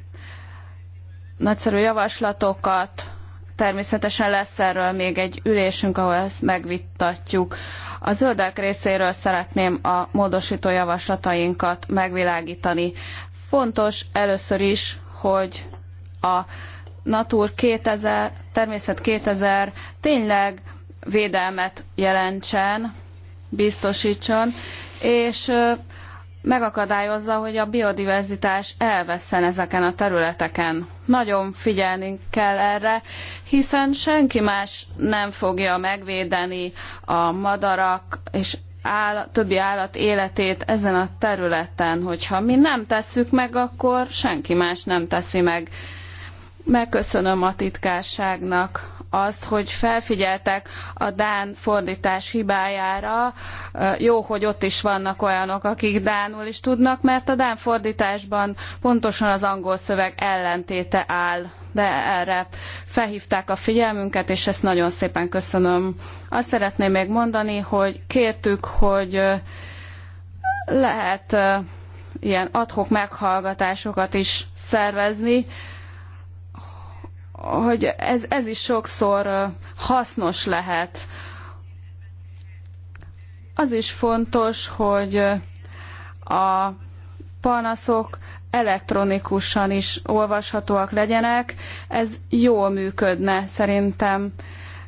nagyszerű javaslatokat. Természetesen lesz erről még egy ülésünk, ahol ezt megvitatjuk. A zöldek részéről szeretném a módosító javaslatainkat megvilágítani. Fontos először is, hogy a Natur 2000, Természet 2000 tényleg védelmet jelentsen, biztosítson, és megakadályozza, hogy a biodiverzitás elvesszen ezeken a területeken. Nagyon figyelni kell erre, hiszen senki más nem fogja megvédeni a madarak és áll, többi állat életét ezen a területen. Hogyha mi nem tesszük meg, akkor senki más nem teszi meg. Megköszönöm a titkárságnak azt, hogy felfigyeltek a Dán fordítás hibájára. Jó, hogy ott is vannak olyanok, akik Dánul is tudnak, mert a Dán fordításban pontosan az angol szöveg ellentéte áll, de erre felhívták a figyelmünket, és ezt nagyon szépen köszönöm. Azt szeretném még mondani, hogy kértük, hogy lehet ilyen adhok meghallgatásokat is szervezni, hogy ez, ez is sokszor hasznos lehet. Az is fontos, hogy a panaszok elektronikusan is olvashatóak legyenek. Ez jól működne, szerintem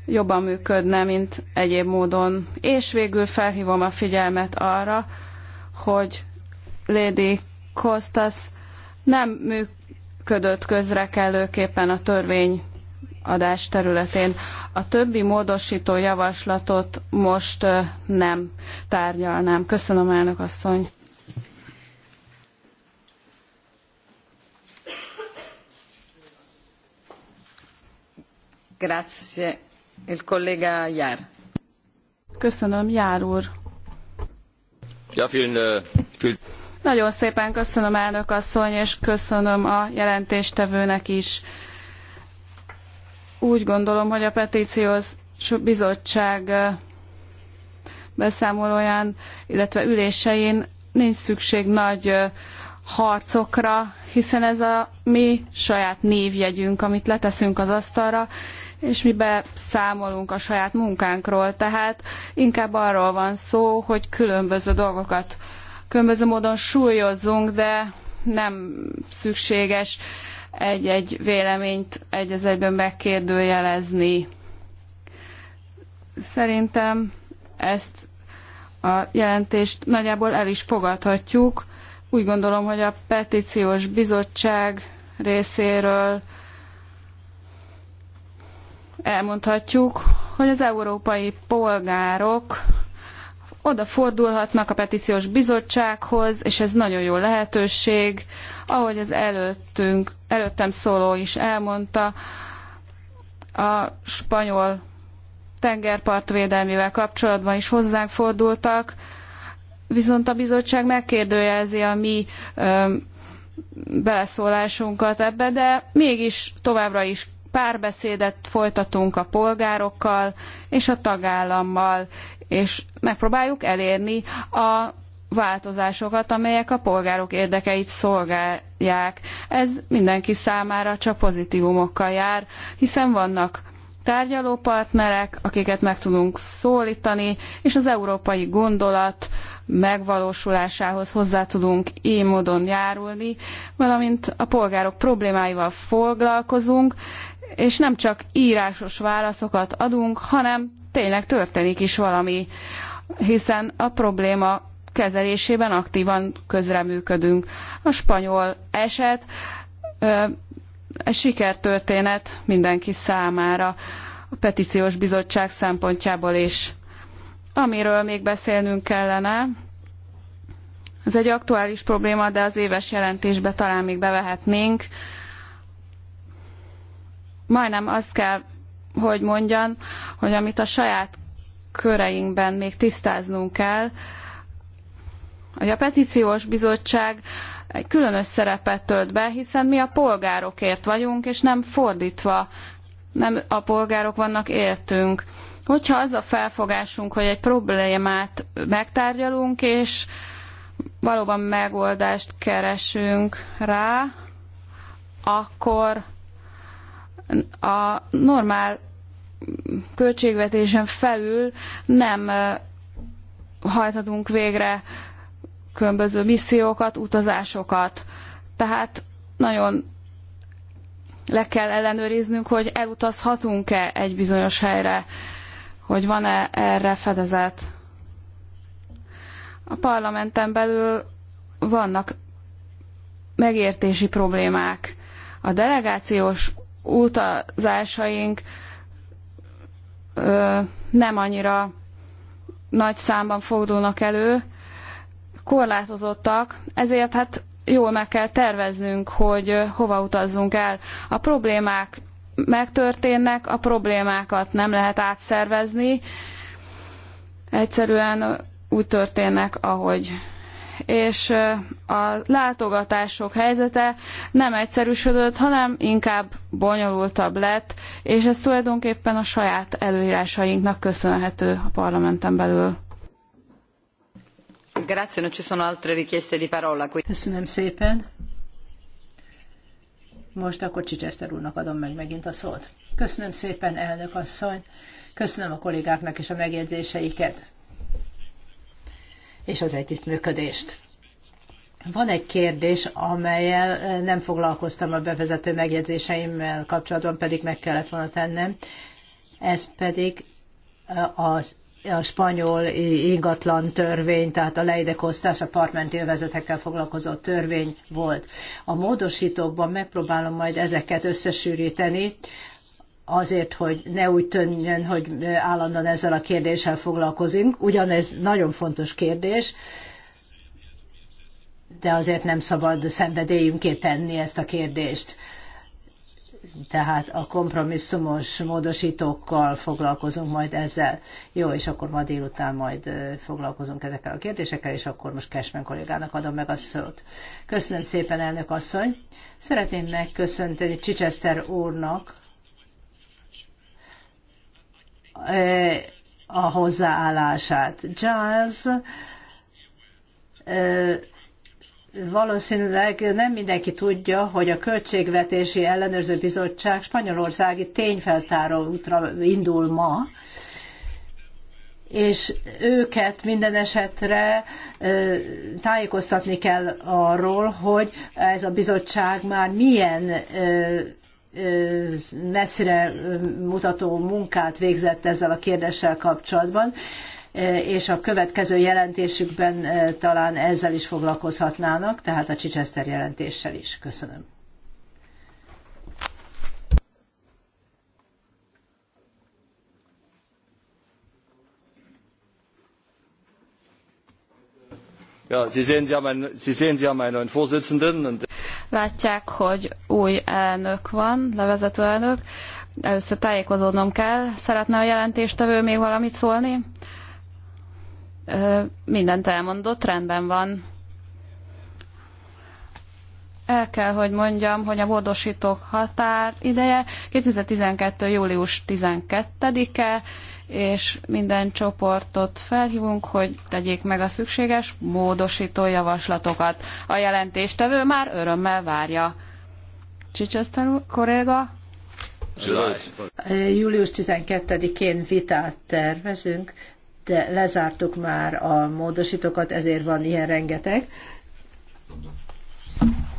jobban működne, mint egyéb módon. És végül felhívom a figyelmet arra, hogy Lady Kostas nem működik ködött közrekelőképpen a törvény adás területén. A többi módosító javaslatot most nem tárgyalnám. Köszönöm, elnök asszony. Grazie. Il collega Jár. Köszönöm, Jár úr. Ja, vielen, äh, vielen. Nagyon szépen köszönöm elnök asszony, és köszönöm a jelentéstevőnek is. Úgy gondolom, hogy a petíciós bizottság beszámolóján, illetve ülésein nincs szükség nagy harcokra, hiszen ez a mi saját névjegyünk, amit leteszünk az asztalra, és mi beszámolunk a saját munkánkról. Tehát inkább arról van szó, hogy különböző dolgokat különböző módon súlyozzunk, de nem szükséges egy-egy véleményt egy az egyben megkérdőjelezni. Szerintem ezt a jelentést nagyjából el is fogadhatjuk. Úgy gondolom, hogy a petíciós bizottság részéről elmondhatjuk, hogy az európai polgárok oda fordulhatnak a petíciós bizottsághoz, és ez nagyon jó lehetőség. Ahogy az előttünk, előttem szóló is elmondta, a spanyol tengerpartvédelmével kapcsolatban is hozzánk fordultak, viszont a bizottság megkérdőjelezi a mi ö, beleszólásunkat ebbe, de mégis továbbra is párbeszédet folytatunk a polgárokkal és a tagállammal, és megpróbáljuk elérni a változásokat, amelyek a polgárok érdekeit szolgálják. Ez mindenki számára csak pozitívumokkal jár, hiszen vannak tárgyalópartnerek, akiket meg tudunk szólítani, és az európai gondolat megvalósulásához hozzá tudunk így módon járulni, valamint a polgárok problémáival foglalkozunk, és nem csak írásos válaszokat adunk, hanem tényleg történik is valami, hiszen a probléma kezelésében aktívan közreműködünk. A spanyol eset egy sikertörténet mindenki számára, a petíciós bizottság szempontjából is. Amiről még beszélnünk kellene, ez egy aktuális probléma, de az éves jelentésbe talán még bevehetnénk, majdnem azt kell, hogy mondjam, hogy amit a saját köreinkben még tisztáznunk kell, hogy a petíciós bizottság egy különös szerepet tölt be, hiszen mi a polgárokért vagyunk, és nem fordítva, nem a polgárok vannak értünk. Hogyha az a felfogásunk, hogy egy problémát megtárgyalunk, és valóban megoldást keresünk rá, akkor a normál költségvetésen felül nem hajthatunk végre különböző missziókat, utazásokat. Tehát nagyon le kell ellenőriznünk, hogy elutazhatunk-e egy bizonyos helyre, hogy van-e erre fedezet. A parlamenten belül vannak megértési problémák. A delegációs utazásaink nem annyira nagy számban fordulnak elő, korlátozottak, ezért hát jól meg kell terveznünk, hogy hova utazzunk el. A problémák megtörténnek, a problémákat nem lehet átszervezni, egyszerűen úgy történnek, ahogy és a látogatások helyzete nem egyszerűsödött, hanem inkább bonyolultabb lett, és ez tulajdonképpen a saját előírásainknak köszönhető a parlamenten belül. Grazie, non ci sono altre Köszönöm szépen. Most akkor Csicseszter úrnak adom meg megint a szót. Köszönöm szépen, elnök asszony. Köszönöm a kollégáknak is a megjegyzéseiket és az együttműködést. Van egy kérdés, amelyel eh, nem foglalkoztam a bevezető megjegyzéseimmel kapcsolatban, pedig meg kellett volna tennem. Ez pedig eh, az a spanyol ingatlan törvény, tehát a leidekoztás a partmenti övezetekkel foglalkozó törvény volt. A módosítókban megpróbálom majd ezeket összesűríteni, azért, hogy ne úgy tűnjön, hogy állandóan ezzel a kérdéssel foglalkozunk. Ugyanez nagyon fontos kérdés, de azért nem szabad szenvedélyünké tenni ezt a kérdést. Tehát a kompromisszumos módosítókkal foglalkozunk majd ezzel. Jó, és akkor ma délután majd foglalkozunk ezekkel a kérdésekkel, és akkor most Cashman kollégának adom meg a szót. Köszönöm szépen, elnök asszony. Szeretném megköszönteni Csicseszter úrnak, Eh, a hozzáállását. Giles eh, valószínűleg nem mindenki tudja, hogy a Költségvetési Ellenőrző Bizottság spanyolországi tényfeltáró útra indul ma, és őket minden esetre eh, tájékoztatni kell arról, hogy ez a bizottság már milyen messzire mutató munkát végzett ezzel a kérdéssel kapcsolatban, és a következő jelentésükben talán ezzel is foglalkozhatnának, tehát a Chichester jelentéssel is. Köszönöm. Ja, Sie sehen, Sie haben einen, Sie sehen, Sie haben einen Vorsitzenden. Und Látják, hogy új elnök van, levezető elnök. Először tájékozódnom kell. Szeretne a jelentéstevő még valamit szólni? Mindent elmondott, rendben van. El kell, hogy mondjam, hogy a módosítók határ ideje 2012. július 12-e, és minden csoportot felhívunk, hogy tegyék meg a szükséges módosító javaslatokat. A jelentéstevő már örömmel várja. Csicseszter kolléga? Július 12-én vitát tervezünk, de lezártuk már a módosítókat, ezért van ilyen rengeteg.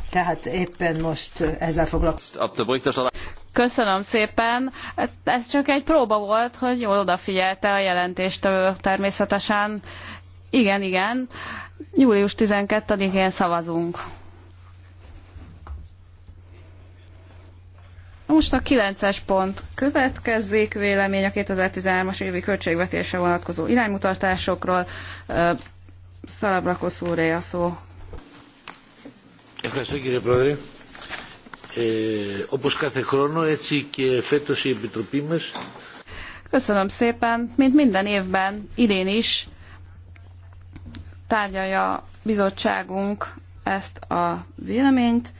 Tehát éppen most ezzel foglalkozunk. Köszönöm szépen. Ez csak egy próba volt, hogy jól odafigyelte a jelentést természetesen. Igen, igen. Július 12-én szavazunk. Most a 9-es pont következzék vélemény a 2013-as évi költségvetésre vonatkozó iránymutatásokról. Szalabrakosz úré a szó. Köszönöm, Ε, όπως κάθε χρόνο, έτσι και φέτος η Επιτροπή μας. Köszönöm szépen, mint minden évben, idén is tárgyalja bizottságunk ezt a véleményt.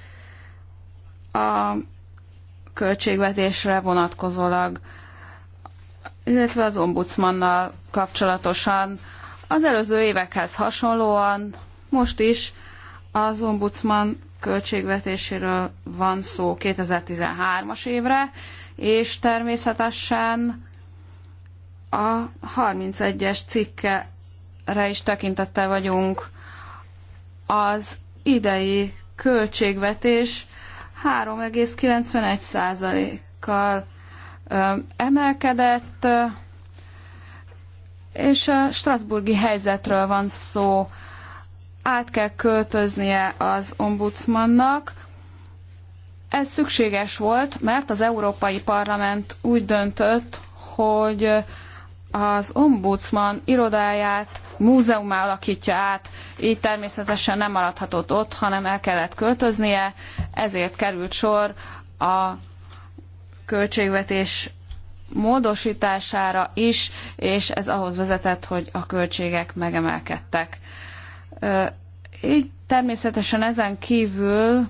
A költségvetésre vonatkozólag, illetve az ombudsmannal kapcsolatosan. Az előző évekhez hasonlóan most is az ombudsman költségvetéséről van szó 2013-as évre, és természetesen a 31-es cikkere is tekintettel vagyunk. Az idei költségvetés 3,91%-kal emelkedett, és a Strasburgi helyzetről van szó át kell költöznie az ombudsmannak. Ez szükséges volt, mert az Európai Parlament úgy döntött, hogy az ombudsman irodáját múzeumá alakítja át, így természetesen nem maradhatott ott, hanem el kellett költöznie, ezért került sor a költségvetés módosítására is, és ez ahhoz vezetett, hogy a költségek megemelkedtek. Így természetesen ezen kívül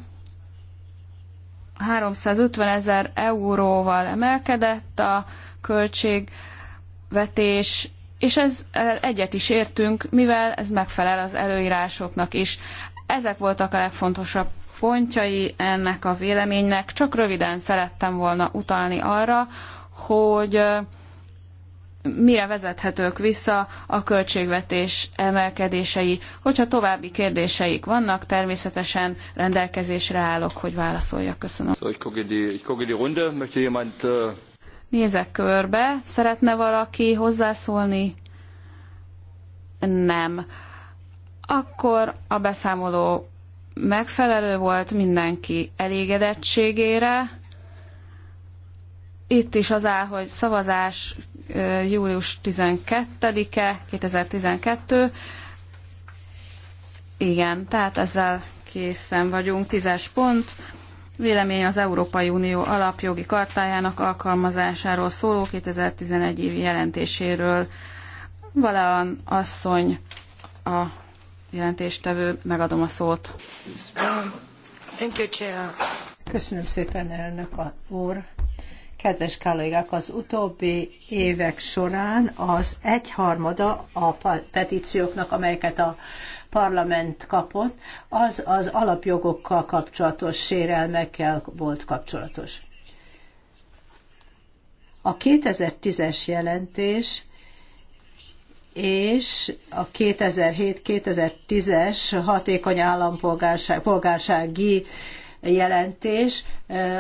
350 ezer euróval emelkedett a költségvetés, és ez e, egyet is értünk, mivel ez megfelel az előírásoknak is. Ezek voltak a legfontosabb pontjai ennek a véleménynek, csak röviden szerettem volna utalni arra, hogy mire vezethetők vissza a költségvetés emelkedései. Hogyha további kérdéseik vannak, természetesen rendelkezésre állok, hogy válaszoljak. Köszönöm. Äh, Nézek körbe. Szeretne valaki hozzászólni? Nem. Akkor a beszámoló megfelelő volt mindenki elégedettségére itt is az áll, hogy szavazás július 12-e, 2012. Igen, tehát ezzel készen vagyunk. Tízes pont. Vélemény az Európai Unió alapjogi kartájának alkalmazásáról szóló 2011 évi jelentéséről. Valahán asszony a jelentéstevő, megadom a szót. Köszönöm szépen, elnök úr. Kedves kollégák, az utóbbi évek során az egyharmada a petícióknak, amelyeket a parlament kapott, az az alapjogokkal kapcsolatos sérelmekkel volt kapcsolatos. A 2010-es jelentés és a 2007-2010-es hatékony állampolgársági jelentés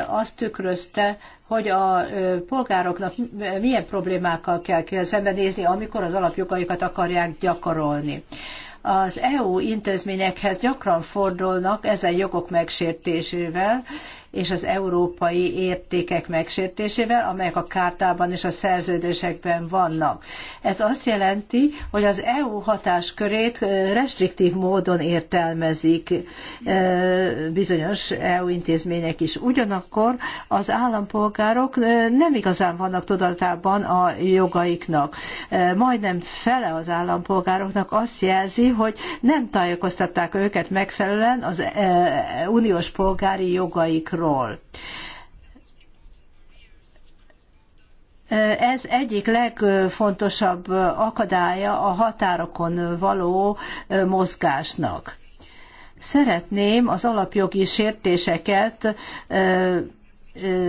azt tükrözte, hogy a polgároknak milyen problémákkal kell, szembenézni, amikor az alapjogaikat akarják gyakorolni. Az EU intézményekhez gyakran fordulnak ezen jogok megsértésével, és az európai értékek megsértésével, amelyek a kártában és a szerződésekben vannak. Ez azt jelenti, hogy az EU hatáskörét restriktív módon értelmezik bizonyos EU intézmények is. Ugyanakkor az állampolgárok nem igazán vannak tudatában a jogaiknak. Majdnem fele az állampolgároknak azt jelzi, hogy nem tájékoztatták őket megfelelően az uniós polgári jogaikról ról. Ez egyik legfontosabb akadálya a határokon való mozgásnak. Szeretném az alapjogi sértéseket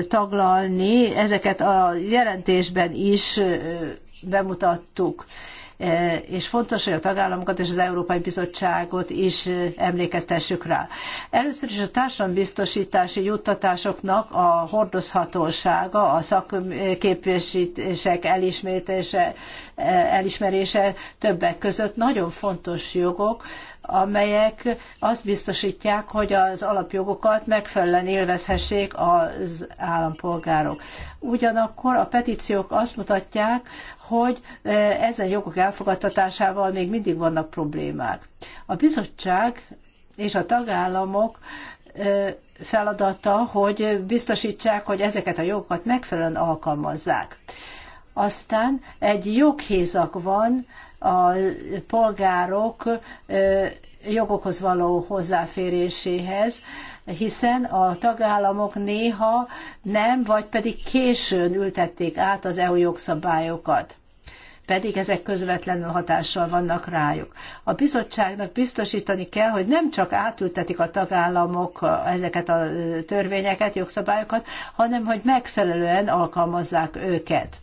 taglalni, ezeket a jelentésben is bemutattuk. E, és fontos, hogy a tagállamokat és az Európai Bizottságot is e, emlékeztessük rá. Először is a társadalombiztosítási juttatásoknak a hordozhatósága, a szakképesítések e, elismerése többek között nagyon fontos jogok, amelyek azt biztosítják, hogy az alapjogokat megfelelően élvezhessék az állampolgárok. Ugyanakkor a petíciók azt mutatják, hogy e, ezen jogok elfogadtatásával még mindig vannak problémák. A bizottság és a tagállamok e, feladata, hogy biztosítsák, hogy ezeket a jogokat megfelelően alkalmazzák. Aztán egy joghézak van, a polgárok jogokhoz való hozzáféréséhez, hiszen a tagállamok néha nem, vagy pedig későn ültették át az EU jogszabályokat pedig ezek közvetlenül hatással vannak rájuk. A bizottságnak biztosítani kell, hogy nem csak átültetik a tagállamok ezeket a törvényeket, jogszabályokat, hanem hogy megfelelően alkalmazzák őket.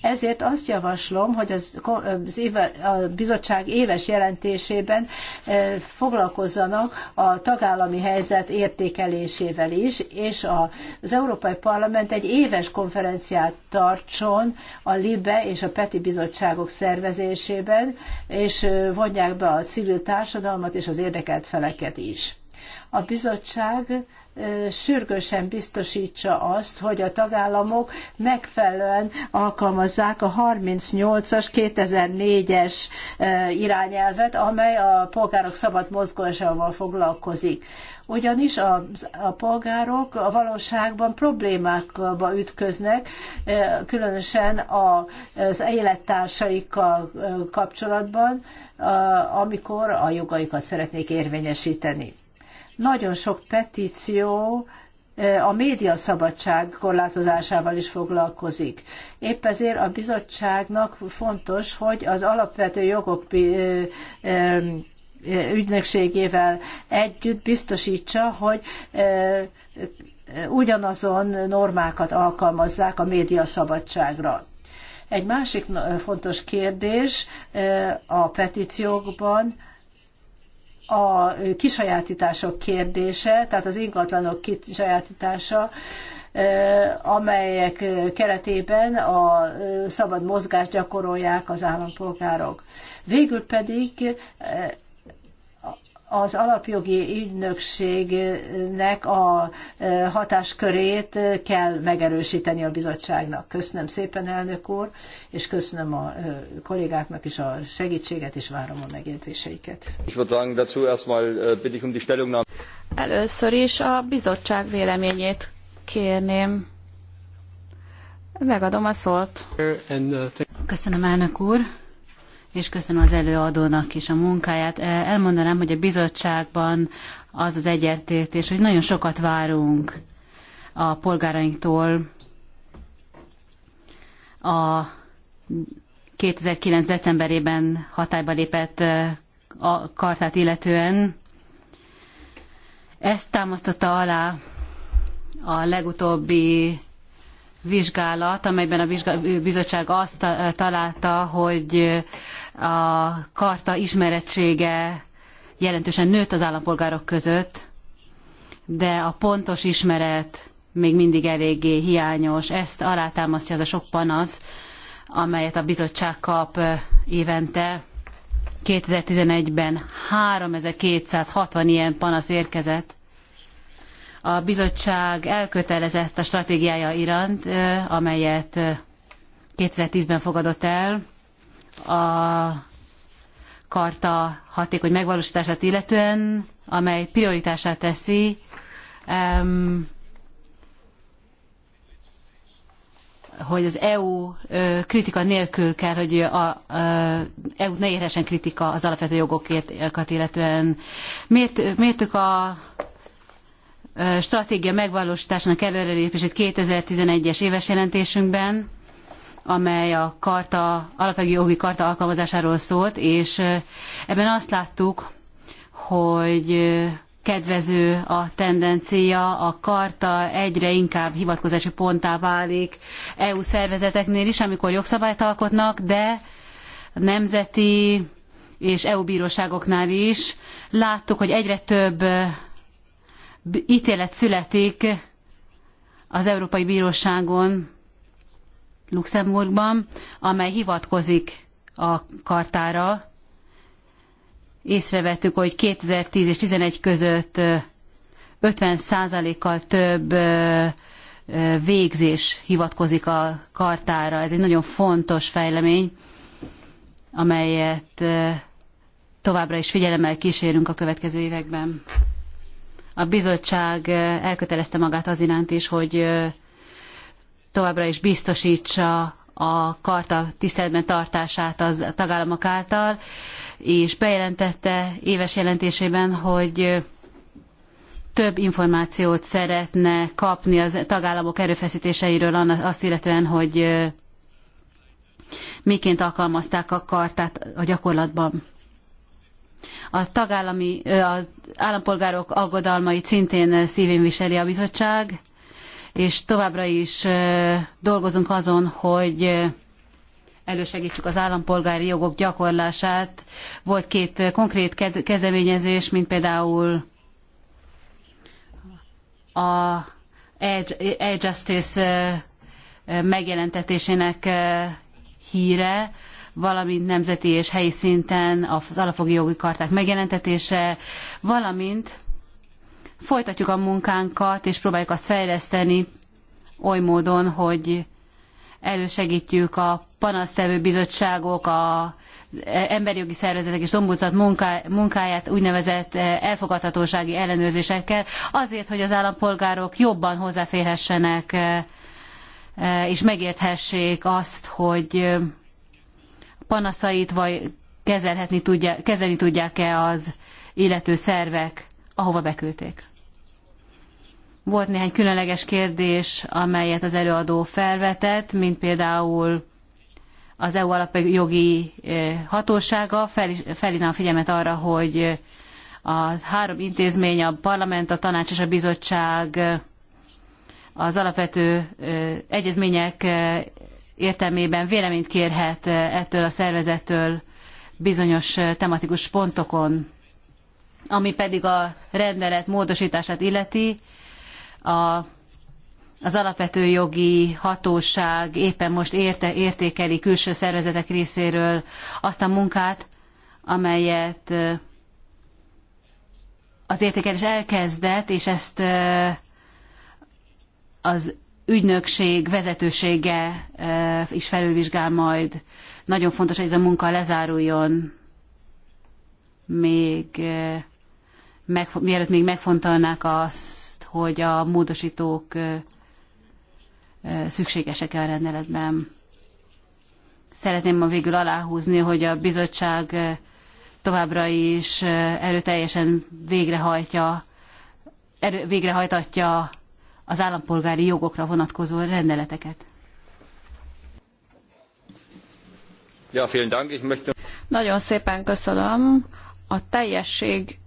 Ezért azt javaslom, hogy az, az éve, a bizottság éves jelentésében e, foglalkozzanak a tagállami helyzet értékelésével is, és a, az Európai Parlament egy éves konferenciát tartson a LIBE és a PETI bizottságok szervezésében, és e, vonják be a civil társadalmat és az érdekelt feleket is. A bizottság sürgősen biztosítsa azt, hogy a tagállamok megfelelően alkalmazzák a 38-as 2004-es irányelvet, amely a polgárok szabad mozgásával foglalkozik. Ugyanis a, a polgárok a valóságban problémákba ütköznek, különösen az élettársaikkal kapcsolatban, amikor a jogaikat szeretnék érvényesíteni. Nagyon sok petíció a médiaszabadság korlátozásával is foglalkozik. Épp ezért a bizottságnak fontos, hogy az alapvető jogok ügynökségével együtt biztosítsa, hogy ugyanazon normákat alkalmazzák a médiaszabadságra. Egy másik fontos kérdés a petíciókban a kisajátítások kérdése, tehát az ingatlanok kisajátítása, amelyek keretében a szabad mozgást gyakorolják az állampolgárok. Végül pedig az alapjogi ügynökségnek a hatáskörét kell megerősíteni a bizottságnak. Köszönöm szépen, elnök úr, és köszönöm a kollégáknak is a segítséget, és várom a megjegyzéseiket. Äh, um Először is a bizottság véleményét kérném. Megadom a szót. Uh, köszönöm, elnök úr és köszönöm az előadónak is a munkáját. E, elmondanám, hogy a bizottságban az az egyetértés, hogy nagyon sokat várunk a polgárainktól a 2009. decemberében hatályba lépett e, a kartát illetően. Ezt támasztotta alá a legutóbbi vizsgálat, amelyben a bizottság azt találta, hogy a karta ismerettsége jelentősen nőtt az állampolgárok között, de a pontos ismeret még mindig eléggé hiányos. Ezt alátámasztja az a sok panasz, amelyet a bizottság kap évente. 2011-ben 3260 ilyen panasz érkezett, a bizottság elkötelezett a stratégiája iránt, amelyet 2010-ben fogadott el a karta hatékony megvalósítását illetően, amely prioritását teszi hogy az EU kritika nélkül kell, hogy a, EU-t ne érhessen kritika az alapvető jogokat illetően. Miért, mértük a stratégia megvalósításának előrelépését 2011-es éves jelentésünkben, amely a karta, alapjogi jogi karta alkalmazásáról szólt, és ebben azt láttuk, hogy kedvező a tendencia, a karta egyre inkább hivatkozási ponttá válik EU szervezeteknél is, amikor jogszabályt alkotnak, de nemzeti és EU bíróságoknál is láttuk, hogy egyre több ítélet születik az Európai Bíróságon Luxemburgban, amely hivatkozik a kartára. Észrevettük, hogy 2010 és 11 között 50%-kal több végzés hivatkozik a kartára. Ez egy nagyon fontos fejlemény, amelyet továbbra is figyelemmel kísérünk a következő években a bizottság eh, elkötelezte magát az iránt is, hogy eh, továbbra is biztosítsa a karta tiszteletben tartását az tagállamok által, és bejelentette éves jelentésében, hogy eh, több információt szeretne kapni az tagállamok erőfeszítéseiről azt illetően, hogy miként alkalmazták a kartát a gyakorlatban. A tagállami, az állampolgárok aggodalmait szintén szívén viseli a bizottság, és továbbra is dolgozunk azon, hogy elősegítsük az állampolgári jogok gyakorlását. Volt két konkrét kezdeményezés, mint például a e-justice megjelentetésének híre, valamint nemzeti és helyi szinten az alapjogi jogi karták megjelentetése, valamint folytatjuk a munkánkat, és próbáljuk azt fejleszteni oly módon, hogy elősegítjük a panasztevő bizottságok, a emberi jogi szervezetek és ombudsat munkáját úgynevezett eh, elfogadhatósági ellenőrzésekkel, azért, hogy az állampolgárok jobban hozzáférhessenek eh, eh, és megérthessék azt, hogy panaszait, vagy kezelhetni tudja, kezelni tudják-e az illető szervek, ahova beküldték. Volt néhány különleges kérdés, amelyet az előadó felvetett, mint például az EU alapjogi eh, hatósága felhívna a figyelmet arra, hogy eh, a három intézmény, a parlament, a tanács és a bizottság eh, az alapvető egyezmények értelmében véleményt kérhet eh, ettől a szervezettől bizonyos eh, tematikus pontokon. Ami pedig a rendelet módosítását illeti, a, az alapvető jogi hatóság éppen most érte, értékeli külső szervezetek részéről azt a munkát, amelyet eh, az értékelés elkezdett, és ezt az ügynökség vezetősége is felülvizsgál majd. Nagyon fontos, hogy ez a munka lezáruljon, még, meg, mielőtt még megfontolnák azt, hogy a módosítók szükségesek-e a rendeletben. Szeretném ma végül aláhúzni, hogy a bizottság továbbra is erőteljesen végrehajtja, erő, végrehajtatja az állampolgári jogokra vonatkozó rendeleteket. Ja, vielen Dank. Ich möchte... Nagyon szépen köszönöm. A teljesség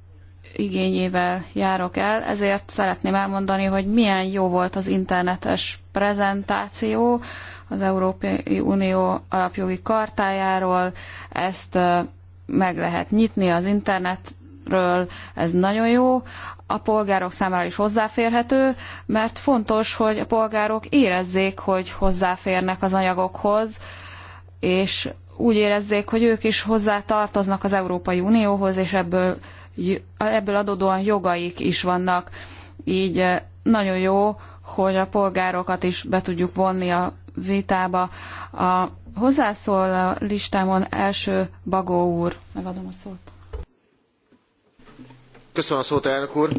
igényével járok el, ezért szeretném elmondani, hogy milyen jó volt az internetes prezentáció az Európai Unió alapjogi kartájáról. Ezt meg lehet nyitni az internet ről ez nagyon jó, a polgárok számára is hozzáférhető, mert fontos, hogy a polgárok érezzék, hogy hozzáférnek az anyagokhoz, és úgy érezzék, hogy ők is hozzá tartoznak az Európai Unióhoz, és ebből, ebből adódóan jogaik is vannak. Így eh, nagyon jó, hogy a polgárokat is be tudjuk vonni a vitába. A hozzászól a listámon első Bagó úr. Megadom a szót. Köszönöm a szót, elnök úr!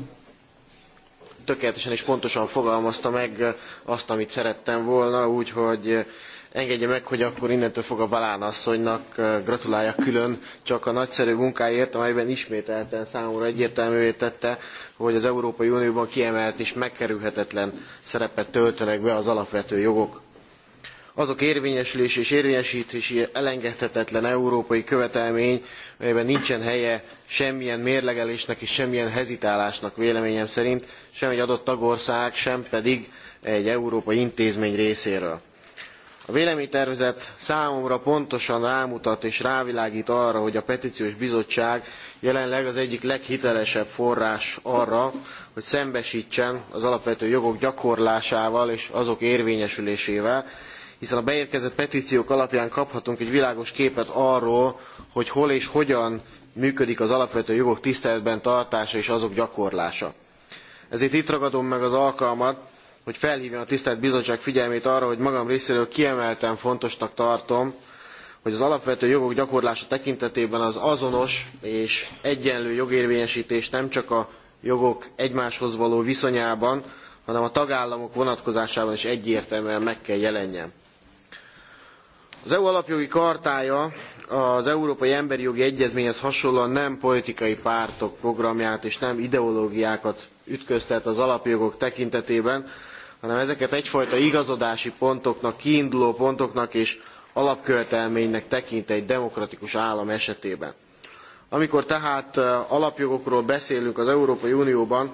Tökéletesen és pontosan fogalmazta meg eh, azt, amit szerettem volna, úgyhogy eh, engedje meg, hogy akkor innentől fogva Balán asszonynak eh, gratuláljak külön csak a nagyszerű munkáért, amelyben ismételten számomra egyértelművé tette, hogy az Európai Unióban kiemelt és megkerülhetetlen szerepet töltenek be az alapvető jogok azok érvényesülése és érvényesítési elengedhetetlen európai követelmény, melyben nincsen helye semmilyen mérlegelésnek és semmilyen hezitálásnak véleményem szerint, sem egy adott tagország, sem pedig egy európai intézmény részéről. A véleménytervezet számomra pontosan rámutat és rávilágít arra, hogy a petíciós bizottság jelenleg az egyik leghitelesebb forrás arra, hogy szembesítsen az alapvető jogok gyakorlásával és azok érvényesülésével, hiszen a beérkezett petciók alapján kaphatunk egy világos képet arról, hogy hol és hogyan működik az alapvető jogok tiszteletben tartása és azok gyakorlása. Ezért itt ragadom meg az alkalmat, hogy felhívjam a tisztelt bizottság figyelmét arra, hogy magam részéről kiemelten fontosnak tartom, hogy az alapvető jogok gyakorlása tekintetében az azonos és egyenlő jogérvényesítés nem csak a jogok egymáshoz való viszonyában, hanem a tagállamok vonatkozásában is egyértelműen meg kell jelenjen az eu alapjogi chartája az európai emberi jogi egyezményhez hasonlóan nem politikai pártok programját és nem ideológiákat ütköztet az alapjogok tekintetében hanem ezeket egyfajta igazodási pontoknak kiinduló pontoknak és alapkövetelménynek tekint egy demokratikus állam esetében. amikor tehát alapjogokról beszélünk az európai unióban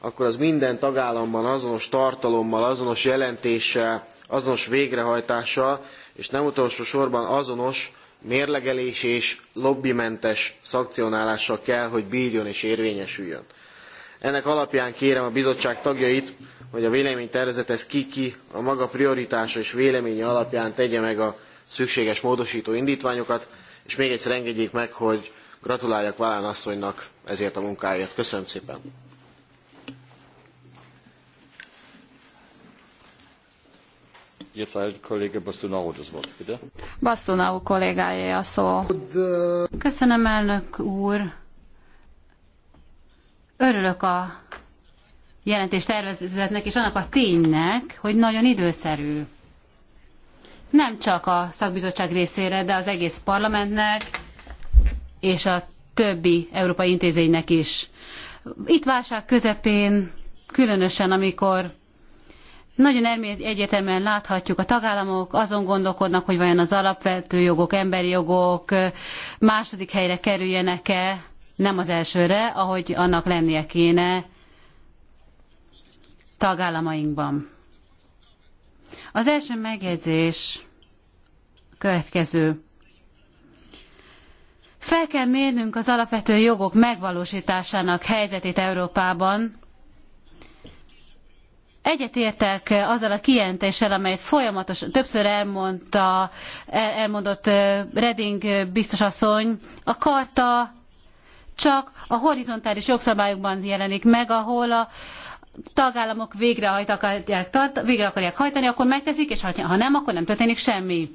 akkor az minden tagállamban azonos tartalommal azonos jelentéssel azonos végrehajtással és nem utolsó sorban azonos, mérlegelés és lobbimentes szakcionálással kell, hogy bírjon és érvényesüljön. Ennek alapján kérem a bizottság tagjait, hogy a véleménytervezethez ki-ki a maga prioritása és véleménye alapján tegye meg a szükséges módosító indítványokat, és még egyszer engedjék meg, hogy gratuláljak Valán asszonynak ezért a munkáért. Köszönöm szépen! Jetzt halt kollége Bastonau das Wort, bitte. Bastonau kollégája a szó. Köszönöm, elnök úr. Örülök a jelentés tervezetnek és annak a ténynek, hogy nagyon időszerű. Nem csak a szakbizottság részére, de az egész parlamentnek és a többi európai intézménynek is. Itt válság közepén, különösen amikor nagyon egyértelműen láthatjuk, a tagállamok azon gondolkodnak, hogy vajon az alapvető jogok, emberi jogok második helyre kerüljenek-e, nem az elsőre, ahogy annak lennie kéne tagállamainkban. Az első megjegyzés következő. Fel kell mérnünk az alapvető jogok megvalósításának helyzetét Európában, Egyetértek azzal a kijelentéssel, amelyet folyamatos, többször elmondta, elmondott Reding biztosasszony, a karta csak a horizontális jogszabályokban jelenik meg, ahol a tagállamok végrehajt akarják, tart, végre akarják hajtani, akkor megteszik, és ha nem, akkor nem történik semmi.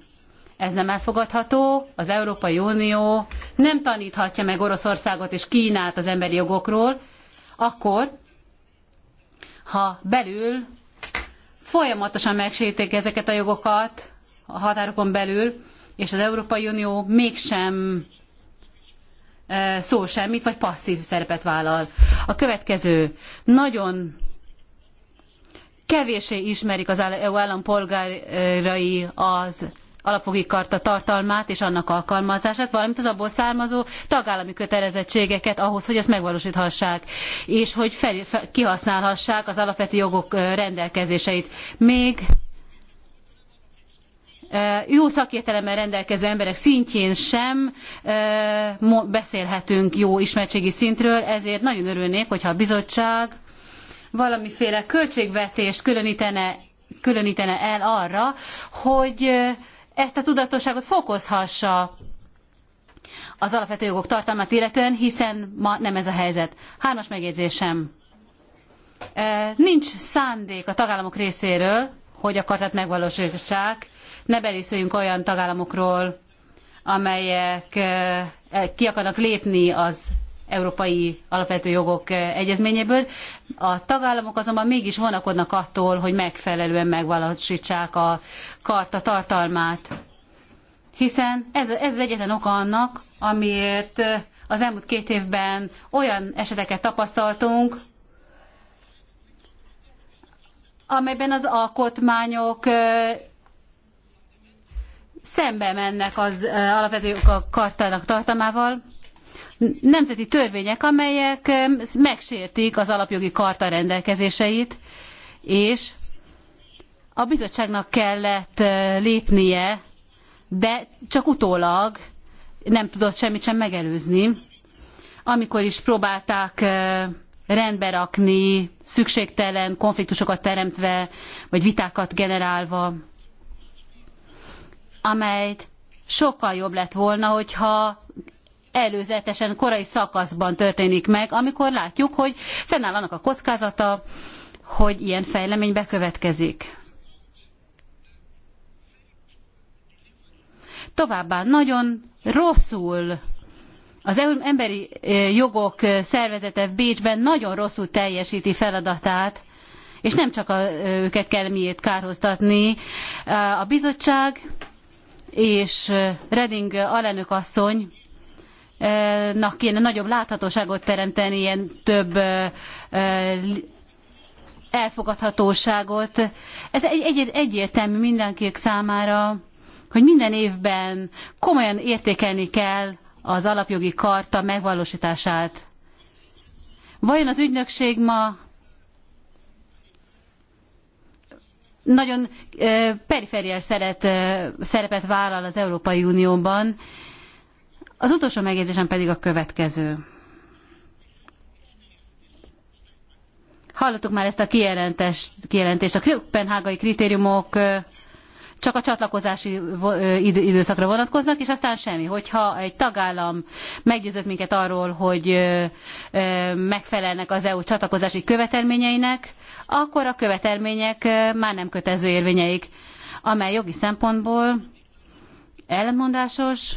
Ez nem elfogadható, az Európai Unió nem taníthatja meg Oroszországot és Kínát az emberi jogokról, akkor, ha belül folyamatosan megsérték ezeket a jogokat a határokon belül, és az Európai Unió mégsem e, szól semmit, vagy passzív szerepet vállal. A következő. Nagyon kevésé ismerik az EU állampolgárai az alapjogi karta tartalmát és annak alkalmazását, valamint az abból származó tagállami kötelezettségeket ahhoz, hogy ezt megvalósíthassák, és hogy fel, fel, kihasználhassák az alapvető jogok rendelkezéseit. Még jó szakértelemmel rendelkező emberek szintjén sem beszélhetünk jó ismertségi szintről, ezért nagyon örülnék, hogyha a bizottság valamiféle költségvetést különítene, különítene el arra, hogy ezt a tudatosságot fokozhassa az alapvető jogok tartalmát illetően, hiszen ma nem ez a helyzet. Hármas megjegyzésem. Nincs szándék a tagállamok részéről, hogy a kartát megvalósítsák. Ne berészüljünk olyan tagállamokról, amelyek ki akarnak lépni az Európai Alapvető Jogok eh, Egyezményéből. A tagállamok azonban mégis vonakodnak attól, hogy megfelelően megvalósítsák a karta tartalmát, hiszen ez, ez az egyetlen oka annak, amiért eh, az elmúlt két évben olyan eseteket tapasztaltunk, amelyben az alkotmányok eh, szembe mennek az alapvető a kartának tartalmával, nemzeti törvények, amelyek megsértik az alapjogi karta rendelkezéseit, és a bizottságnak kellett lépnie, de csak utólag nem tudott semmit sem megelőzni. Amikor is próbálták rendbe rakni, szükségtelen konfliktusokat teremtve, vagy vitákat generálva, amelyet sokkal jobb lett volna, hogyha előzetesen, korai szakaszban történik meg, amikor látjuk, hogy fennáll annak a kockázata, hogy ilyen fejlemény bekövetkezik. Továbbá nagyon rosszul az emberi eh, jogok eh, szervezete Bécsben nagyon rosszul teljesíti feladatát, és nem csak a, eh, őket kell miért kárhoztatni. A bizottság és Reding alelnök asszony nak kéne nagyobb láthatóságot teremteni, ilyen több elfogadhatóságot. Ez egy, egy, egyértelmű mindenkinek számára, hogy minden évben komolyan értékelni kell az alapjogi karta megvalósítását. Vajon az ügynökség ma nagyon perifériás szerepet vállal az Európai Unióban, az utolsó megjegyzésem pedig a következő. Hallottuk már ezt a kijelentést. A kopenhágai kritériumok csak a csatlakozási időszakra vonatkoznak, és aztán semmi. Hogyha egy tagállam meggyőzött minket arról, hogy megfelelnek az EU csatlakozási követelményeinek, akkor a követelmények már nem kötelező érvényeik, amely jogi szempontból ellentmondásos,